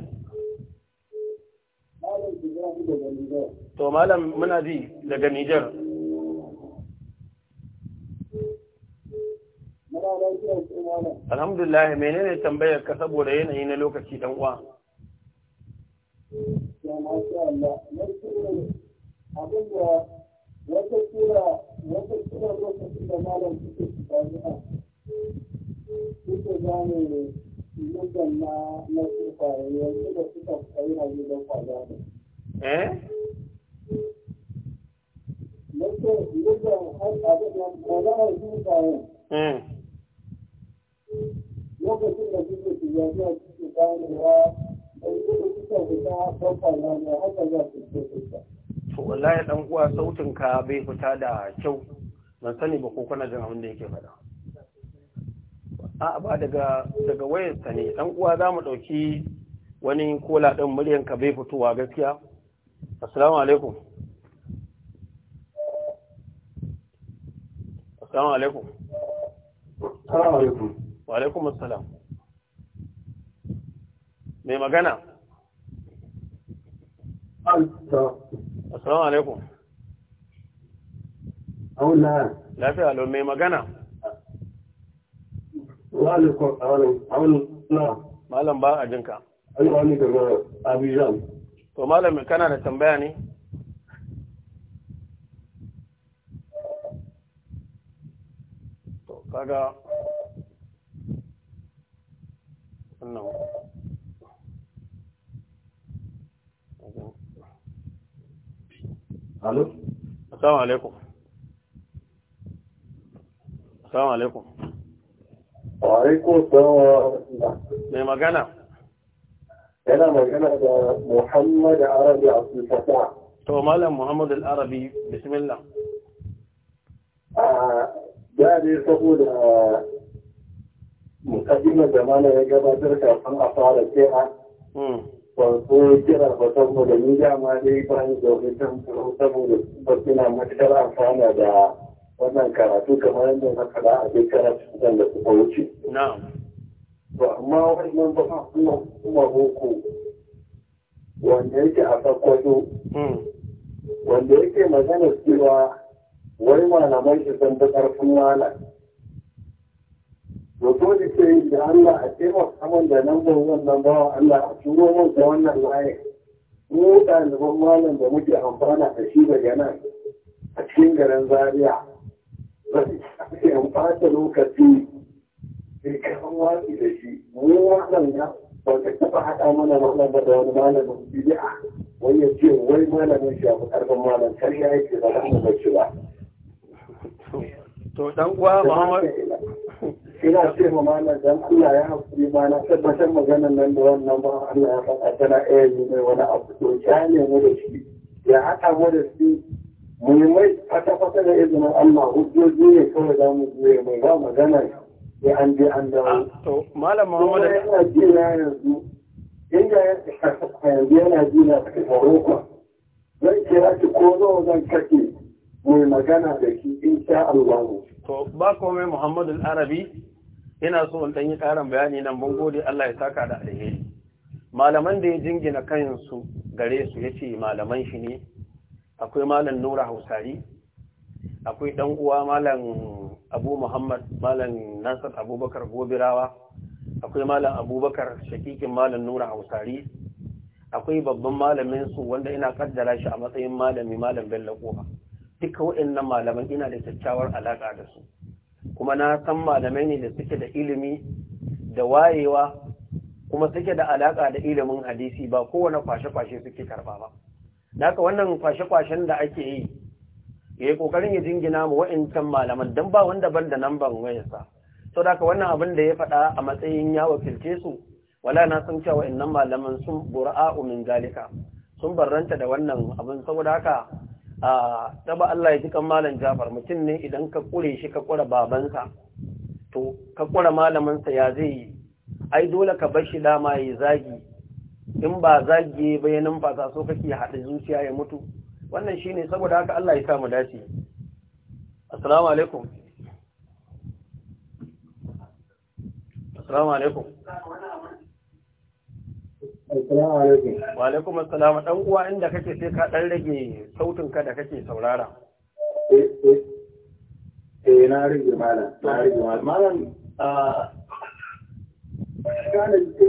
to malam muna ji daga Niger Alhamdulillah menene tambayar ka saboda yanayi na lokaci dan uwa. Ya Allah, da malam suke Suke na suka Eh? abin da lokacin da suke tijjaniya suke ganewa da suke suka fita ɗaukar rana haka za su ce fita. to wallahi ɗan uwa sautin ka bai fita da kyau ban sani ba ko kuna jin abin da yake faɗa A'a ba daga daga wayarsa ne Ɗan uwa za mu ɗauki wani kola ɗin muryan ka bai fitowa gaskiya assalamu alaikum assalamu alaikum assalamu alaikum wa alaikum assalam mai magana assalamu alaikum aula lafiya lo mai magana wa alaikum aula malam ba a jinka alwani daga abijan to malam kana da tambaya ne kaga النوم الو السلام عليكم السلام عليكم وعليكم السلام ورحمه الله ليه انا محمد عربي عبد الفتاح تو مالا محمد العربي بسم الله آه جاري صفوده mukaddimar da mana ya gabatar kafin a fara kira wato hmm. kira ba saboda ni dama dai bayan da wajen saboda ba suna matuƙar amfana da wannan karatu kamar yadda na kada a duk karatu da suka wuce. To amma wannan ba kuma kuma boko wanda yake a farkwato hmm. wanda yake magana cewa wai malaman shi sun fi ƙarfin malam. ba dole sai da Allah a taimaka min da nan wannan ba Allah a turo mun da wannan layin mu nan malam da muke amfana da shi da nan a cikin garin Zaria ba su yan lokaci sai kan watsi da shi mu wannan ya ba ka taɓa hada mana wannan ba da wani malamin bid'a wai ya ce wai malamin shi ya karban ƙarfin malam ya yake ba wannan mu ba. To dan uwa Muhammad ina ce ma mana dan Allah ya haƙuri ma na tabbatar maganan nan da wannan ba Allah ya faɗa tana iya yi mai wani abu to ya nemi da shi ya haɗa mu da shi muhimmai fata-fata da izinin Allah hujjoji ne kawai za mu je mai ba magana sai an je an dawo. Ah, to Malam Muhammad yana ji yanzu inda ya yanzu yana ji na Morocco zan kira ki ko zo zan kake mai magana da shi insha Allah. To ba komai Muhammadu Arabi ina so in dan yi ƙarin bayani nan mun gode Allah ya saka da alheri malaman da ya jingina kayansu gare su ce malaman shi ne akwai malam Nura Hausari akwai ɗan uwa malam Abu Muhammad malam Nasir Abubakar Gobirawa akwai malam Abubakar shakikin malam Nura Hausari akwai babban malamin su wanda ina kaddara shi a matsayin malami malam Bello Kofa duka waɗannan malaman ina da kyakkyawar alaƙa da su kuma na san malamai ne da suke da ilimi da wayewa kuma suke da alaka da ilimin hadisi ba kowane kwashe-kwashe suke karba ba daga wannan kwashe-kwashen da ake yi ya yi kokarin ya jingina mu wa'incan malaman don ba wanda ban da nan ban wayarsa sau da wannan abin da ya faɗa a matsayin ya wakilce su wala na san cewa wa'innan malaman sun bura'a'u min zalika sun barranta da wannan abin saboda haka a taba Allah ya ji kan malam Jafar mutum ne idan ka kure shi ka kura babansa to ka kura malamansa ya zai yi ai dole ka bar shi dama ya zagi in ba zagi ba ya numfasa so kake haɗa zuciya ya mutu wannan shine saboda haka Allah ya sa dace assalamu alaikum assalamu alaikum Wa alaikum assalam dan uwa inda kake sai ka dan rage sautin ka da kake saurara. Eh eh, eh na rage malam na rage malam malam ah kana ce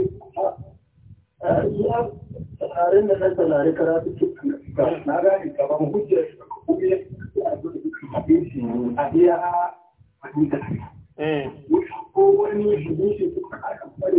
a ya tsarin da kake saurari karatu ce na gani kaman hujja kuma a iya a ni ka eh ko wani shi shi ka aka fara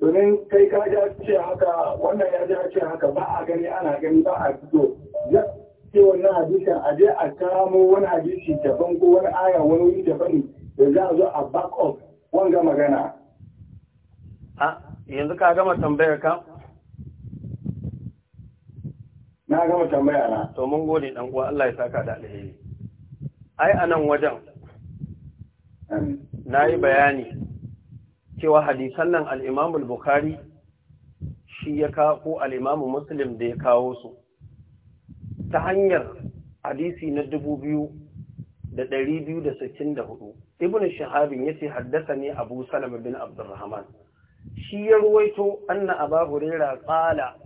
domin kai ka ja ce haka wannan ya ja ce haka ba a gani ana gani ba a fito ya ce wannan hadisin a je a samo wani hadisi daban ko wani aya wani wuri daban da za a zo a back up wanga magana a yanzu ka gama tambayar ka na gama tambaya na to mun gode dan uwa Allah ya saka da alheri ai anan wajen na yi bayani cewa hadisan nan al-Imam bukhari shi ya kawo ko Muslim da ya kawo su ta hanyar hadisi na 2264 Ibn ce yace ne Abu Salama bin Abdurrahman shi ya ruwaito anna a Hurairah qala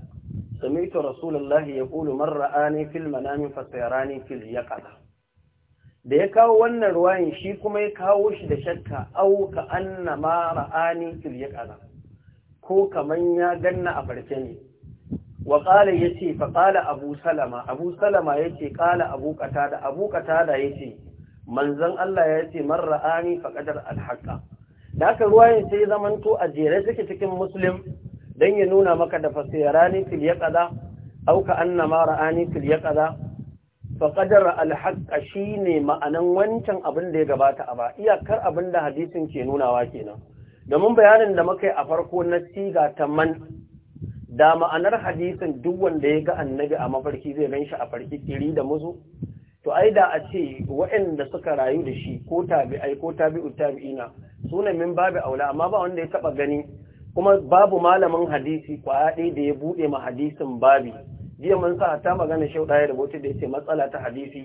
سمعت رسول الله يقول من رآني في المنام فسيراني في اليقظة da ya kawo wannan ruwayin shi kuma ya kawo shi da shakka au ka anna ma ra'ani fil yaqara ko kaman ya ganna a farke ne wa qala yace fa qala abu salama abu salama yace qala abu qatada abu qatada yace manzon Allah yace man ra'ani qadar al haqa da haka ruwayin sai zamanto a jere take cikin muslim dan ya nuna maka da fasirani fil yaqada au ka anna ma ra'ani fil yaqada faƙadar alhaƙa shi ne ma'anan wancan abin da ya gabata a ba iyakar abin da hadisin ke nunawa kenan domin bayanin da muka yi a farko na siga ta man da ma'anar hadisin duk wanda ya ga annabi a mafarki zai gan shi a farki kiri da muzu to ai da a ce waɗanda suka rayu da shi ko tabi'ai ko tabi'u tabi'ina sunan min babu aula amma ba wanda ya taɓa gani kuma babu malamin hadisi kwaya ɗaya da ya buɗe ma hadisin babi jiya mun sa ta magana shau daya da bautar da yace matsala ta hadisi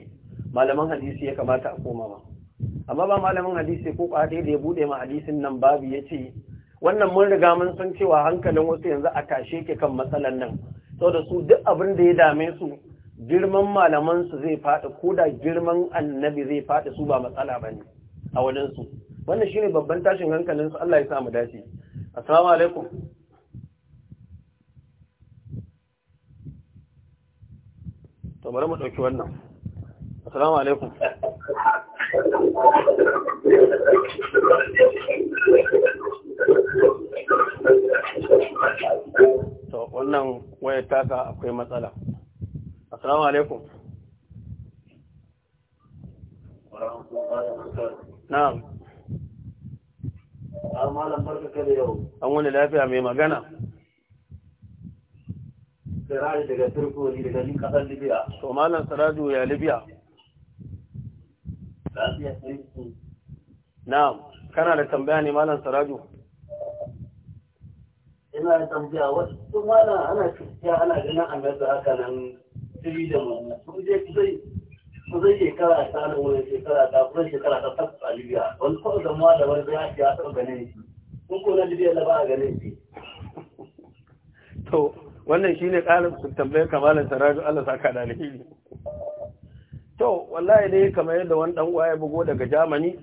malaman hadisi ya kamata a koma ma amma ba malamin hadisi ko kwade da ya bude ma hadisin nan babu yace wannan mun riga mun san cewa hankalin wasu yanzu a tashe ke kan matsalan nan saboda su duk abin da ya dame su girman malaman su zai fada ko da girman annabi zai faɗi su ba matsala bane a wajen su wannan shine babban tashin hankalin su Allah ya sa mu dace assalamu alaikum to bari mu ɗauki wannan assalamu alaikum to wannan waya taka akwai matsala assalamu alaikum na'am ah, an wani lafiya mai magana siraj daga ne daga jin kasar libya to malam siraju ya libya na'am kana da tambaya ne malam siraju ina da tambaya wasu malam ana cuta ana ganin an gaza haka nan tiri da mu kun je ku zai ku zai shekara ta nan wani shekara ta kuma shekara ta takwas a libya wani kawai zama da wani zai ya taɓa ganin shi kun ko na libya da ba a ganin shi to wannan shi ne ƙalin su tambaye kamalin sarari Allah ka to ne to wallahi dai kamar yadda wani ɗan'uwa ya bugo daga jamani.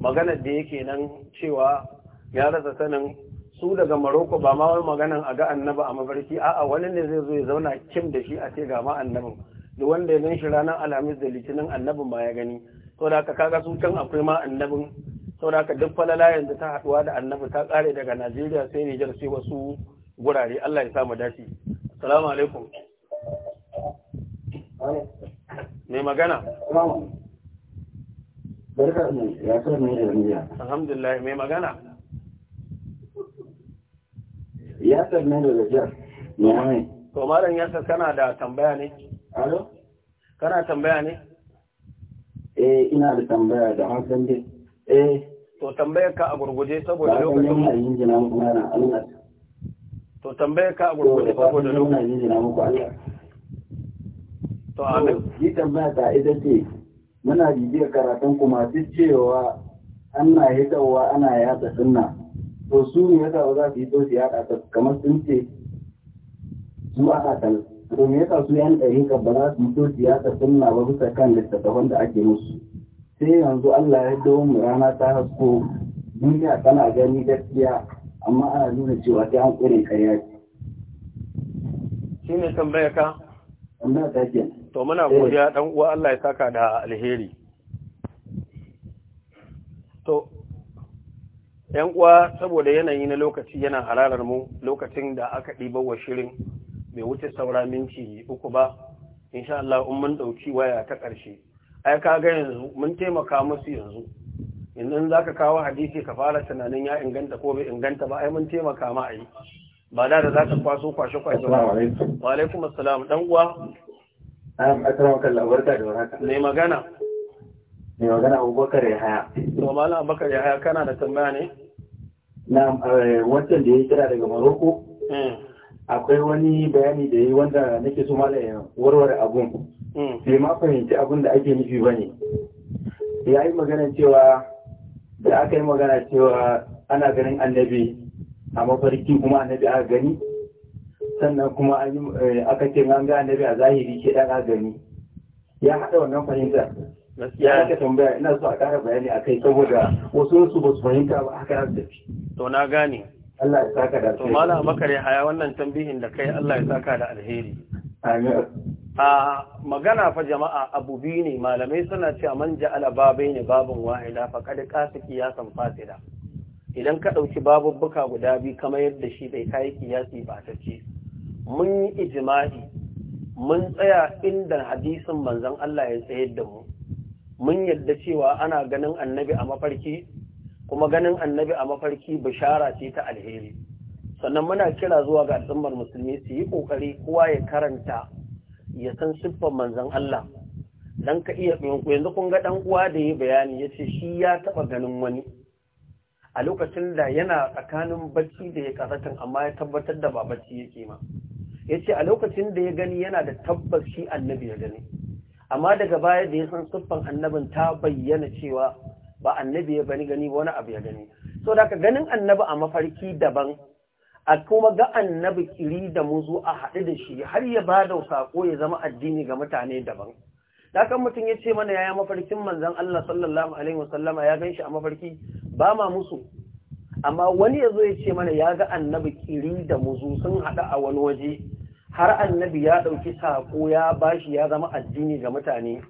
maganar da yake nan cewa ya rasa sanin su daga maroko ba ma wani maganan a ga annaba a mafarki a'a wani ne zai zo ya zauna kim da shi a ce ga ma annabin da wanda ya nan shi ranar alhamis da litinin annabin ma ya gani da haka kaga su can akwai ma annabin da haka duk falala yanzu ta haɗuwa da annabi ta kare daga Najeriya sai Nijar sai wasu gurare Allah ya sa mu dace assalamu alaikum Me magana ya da alhamdulillah me magana ya san sarne da lafiyar mai to malam yasa kana da tambaya ne alo kana tambaya ne eh ina da tambaya da hakan dai eh to tambayar ka a gurguje saboda lokacin mu to tambayar ka a gurgurda farko da lokaci ne na muku Allah to amin yi tambaya ta ita ce muna bibiyar karatun kuma duk cewa ana hidawa ana yatsa sunna to su ne yasa ba za su yi to su yaɗa ta kamar sun ce su aka tal to me yasa su yan ɗari ka ba za su yi to su yaɗa sunna ba bisa kan littattafan da ake musu sai yanzu Allah ya dawo mu rana ta hasko duniya tana gani gaskiya amma ana nuna cewa ta hankulin karya ce shi ne tambaya ka? ta ke to muna godiya eh. dan uwa Allah ya saka da alheri to yan uwa saboda yanayi na lokaci yana hararar mu lokacin da aka ɗiba wa shirin bai wuce saura minti uku ba sha Allah mun ɗauki waya ta ƙarshe ai ka ga yanzu mun taimaka musu yanzu yanzu za ka kawo hadisi ka fara tunanin ya inganta ko bai inganta ba ai mun taimaka ma a yi ba da za ka kwaso kwashe kwashe ba wa alaikum assalam dan uwa assalamu alaikum barka da warhaka mai magana mai magana Abubakar Yahaya to malam Abubakar Yahaya kana da tambaya ne na eh, wancan da ya kira daga maroko hmm. akwai wani bayani da yi wanda nake so malam warware abun Sai hmm. ma fahimci abun da ake nufi bane ya yi magana cewa da aka yi magana cewa ana ganin annabi a mafarki kuma annabi aka gani sannan kuma eh, aka ce an ga annabi a zahiri ke dan aka gani ya haɗa wannan fahimtar ya aka tambaya ina so a ƙara bayani a kai saboda wasu su ba su fahimta ba haka ya tafi to na gane Allah ya saka da alheri to bakare haya wannan tambihin da kai Allah ya saka da alheri amin a magana fa jama'a abu biyu ne malamai suna cewa manja ala babai ne babin wahida fa kad qasa kiyasan fasida idan ka dauki babubbuka guda biyu kamar yadda shi bai kai kiyasi ba ta ce mun yi ijma'i mun tsaya inda hadisin manzon Allah ya tsayar da mu mun yadda cewa ana ganin annabi a mafarki kuma ganin annabi a mafarki bishara ce ta alheri sannan muna kira zuwa ga al'ummar musulmi su yi kokari kowa ya karanta ya san siffar manzon Allah dan ka iya yanzu kun ga dan uwa da ya bayani ya ce shi ya taɓa ganin wani a lokacin da yana tsakanin bacci da ya kasatin amma ya tabbatar da ba bacci ya ma ya ce a lokacin da ya gani yana da tabbas shi annabi ya gani amma daga baya da ya san siffan annabin ta bayyana cewa ba annabi ya bani gani wani abu ya gani so da ganin annabi a mafarki daban a kuma ga annabi kiri da muzu a haɗu da shi har ya ba da sako ya zama addini ga mutane daban kan mutum ya ce mana yaya mafarkin manzan Allah sallallahu alaihi wasallama ya ganshi a mafarki ba ma musu amma wani ya zo ya ce mana ya ga annabi kiri da muzu sun haɗu a wani waje har annabi ya ɗauki sako ya ba shi ya zama addini ga mutane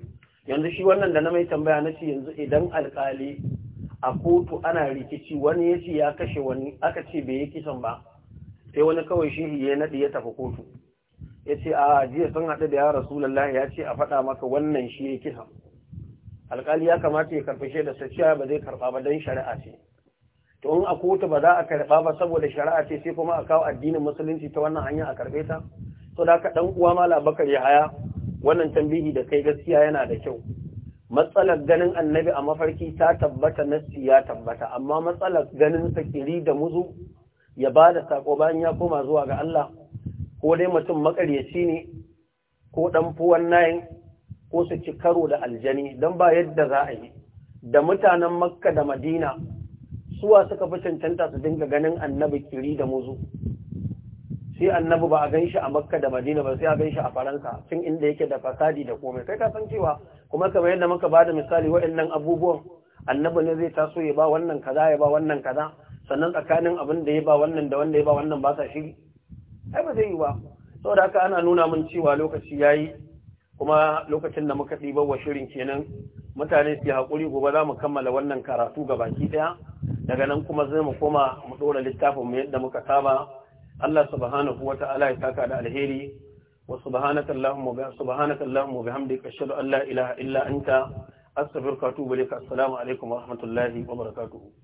yanzu shi wannan da na mai tambaya na ce yanzu idan alƙali a kotu ana rikici wani ya ce ya kashe wani aka ce bai yi kisan ba sai wani kawai shi ya naɗi ya tafi kotu ya ce a jiya sun haɗu da ya rasulallah ya ce a faɗa maka wannan shi ya kisa alƙali ya kamata ya karfashe shaida sai ba zai karɓa ba don shari'a ce to in a kotu ba za a karɓa ba saboda shari'a ce sai kuma a kawo addinin musulunci ta wannan hanya a karɓe ta to da ka ɗan uwa mala bakar ya haya wannan tambihi da kai gaskiya yana da kyau matsalar ganin annabi a mafarki ta tabbata nassi ya tabbata amma matsalar ganin sakiri da muzu ya ba da sako bayan ya koma zuwa ga Allah ko dai mutum makaryaci ne ko dan fuwan nayin ko su ci karo da aljani don ba yadda za a yi da mutanen makka da madina suwa suka fi cancanta su dinga ganin annabi kiri da muzu sai annabi ba a gan a makka da madina ba sai a gan shi a faransa cin inda yake da fasadi da komai kai ka san cewa kuma kamar yadda muka ba da misali waɗannan abubuwan annabi ne zai taso ya ba wannan kaza ya ba wannan kaza sannan tsakanin abin da ya ba wannan da wanda ya ba wannan ba sa shiri ai ba zai yi ba saboda haka ana nuna min cewa lokaci ya yi. kuma lokacin da muka ɗiba wa shirin kenan mutane su haƙuri gobe za mu kammala wannan karatu ga baki ɗaya daga nan kuma zai mu koma mu ɗora littafin mu yadda muka saba Allah subhanahu wa ta'ala ya saka da alheri wa subhanaka allahumma wa subhanaka allahumma wa bihamdika ashhadu an la ilaha illa anta astaghfiruka wa atubu ilaik assalamu wa rahmatullahi wa barakatuh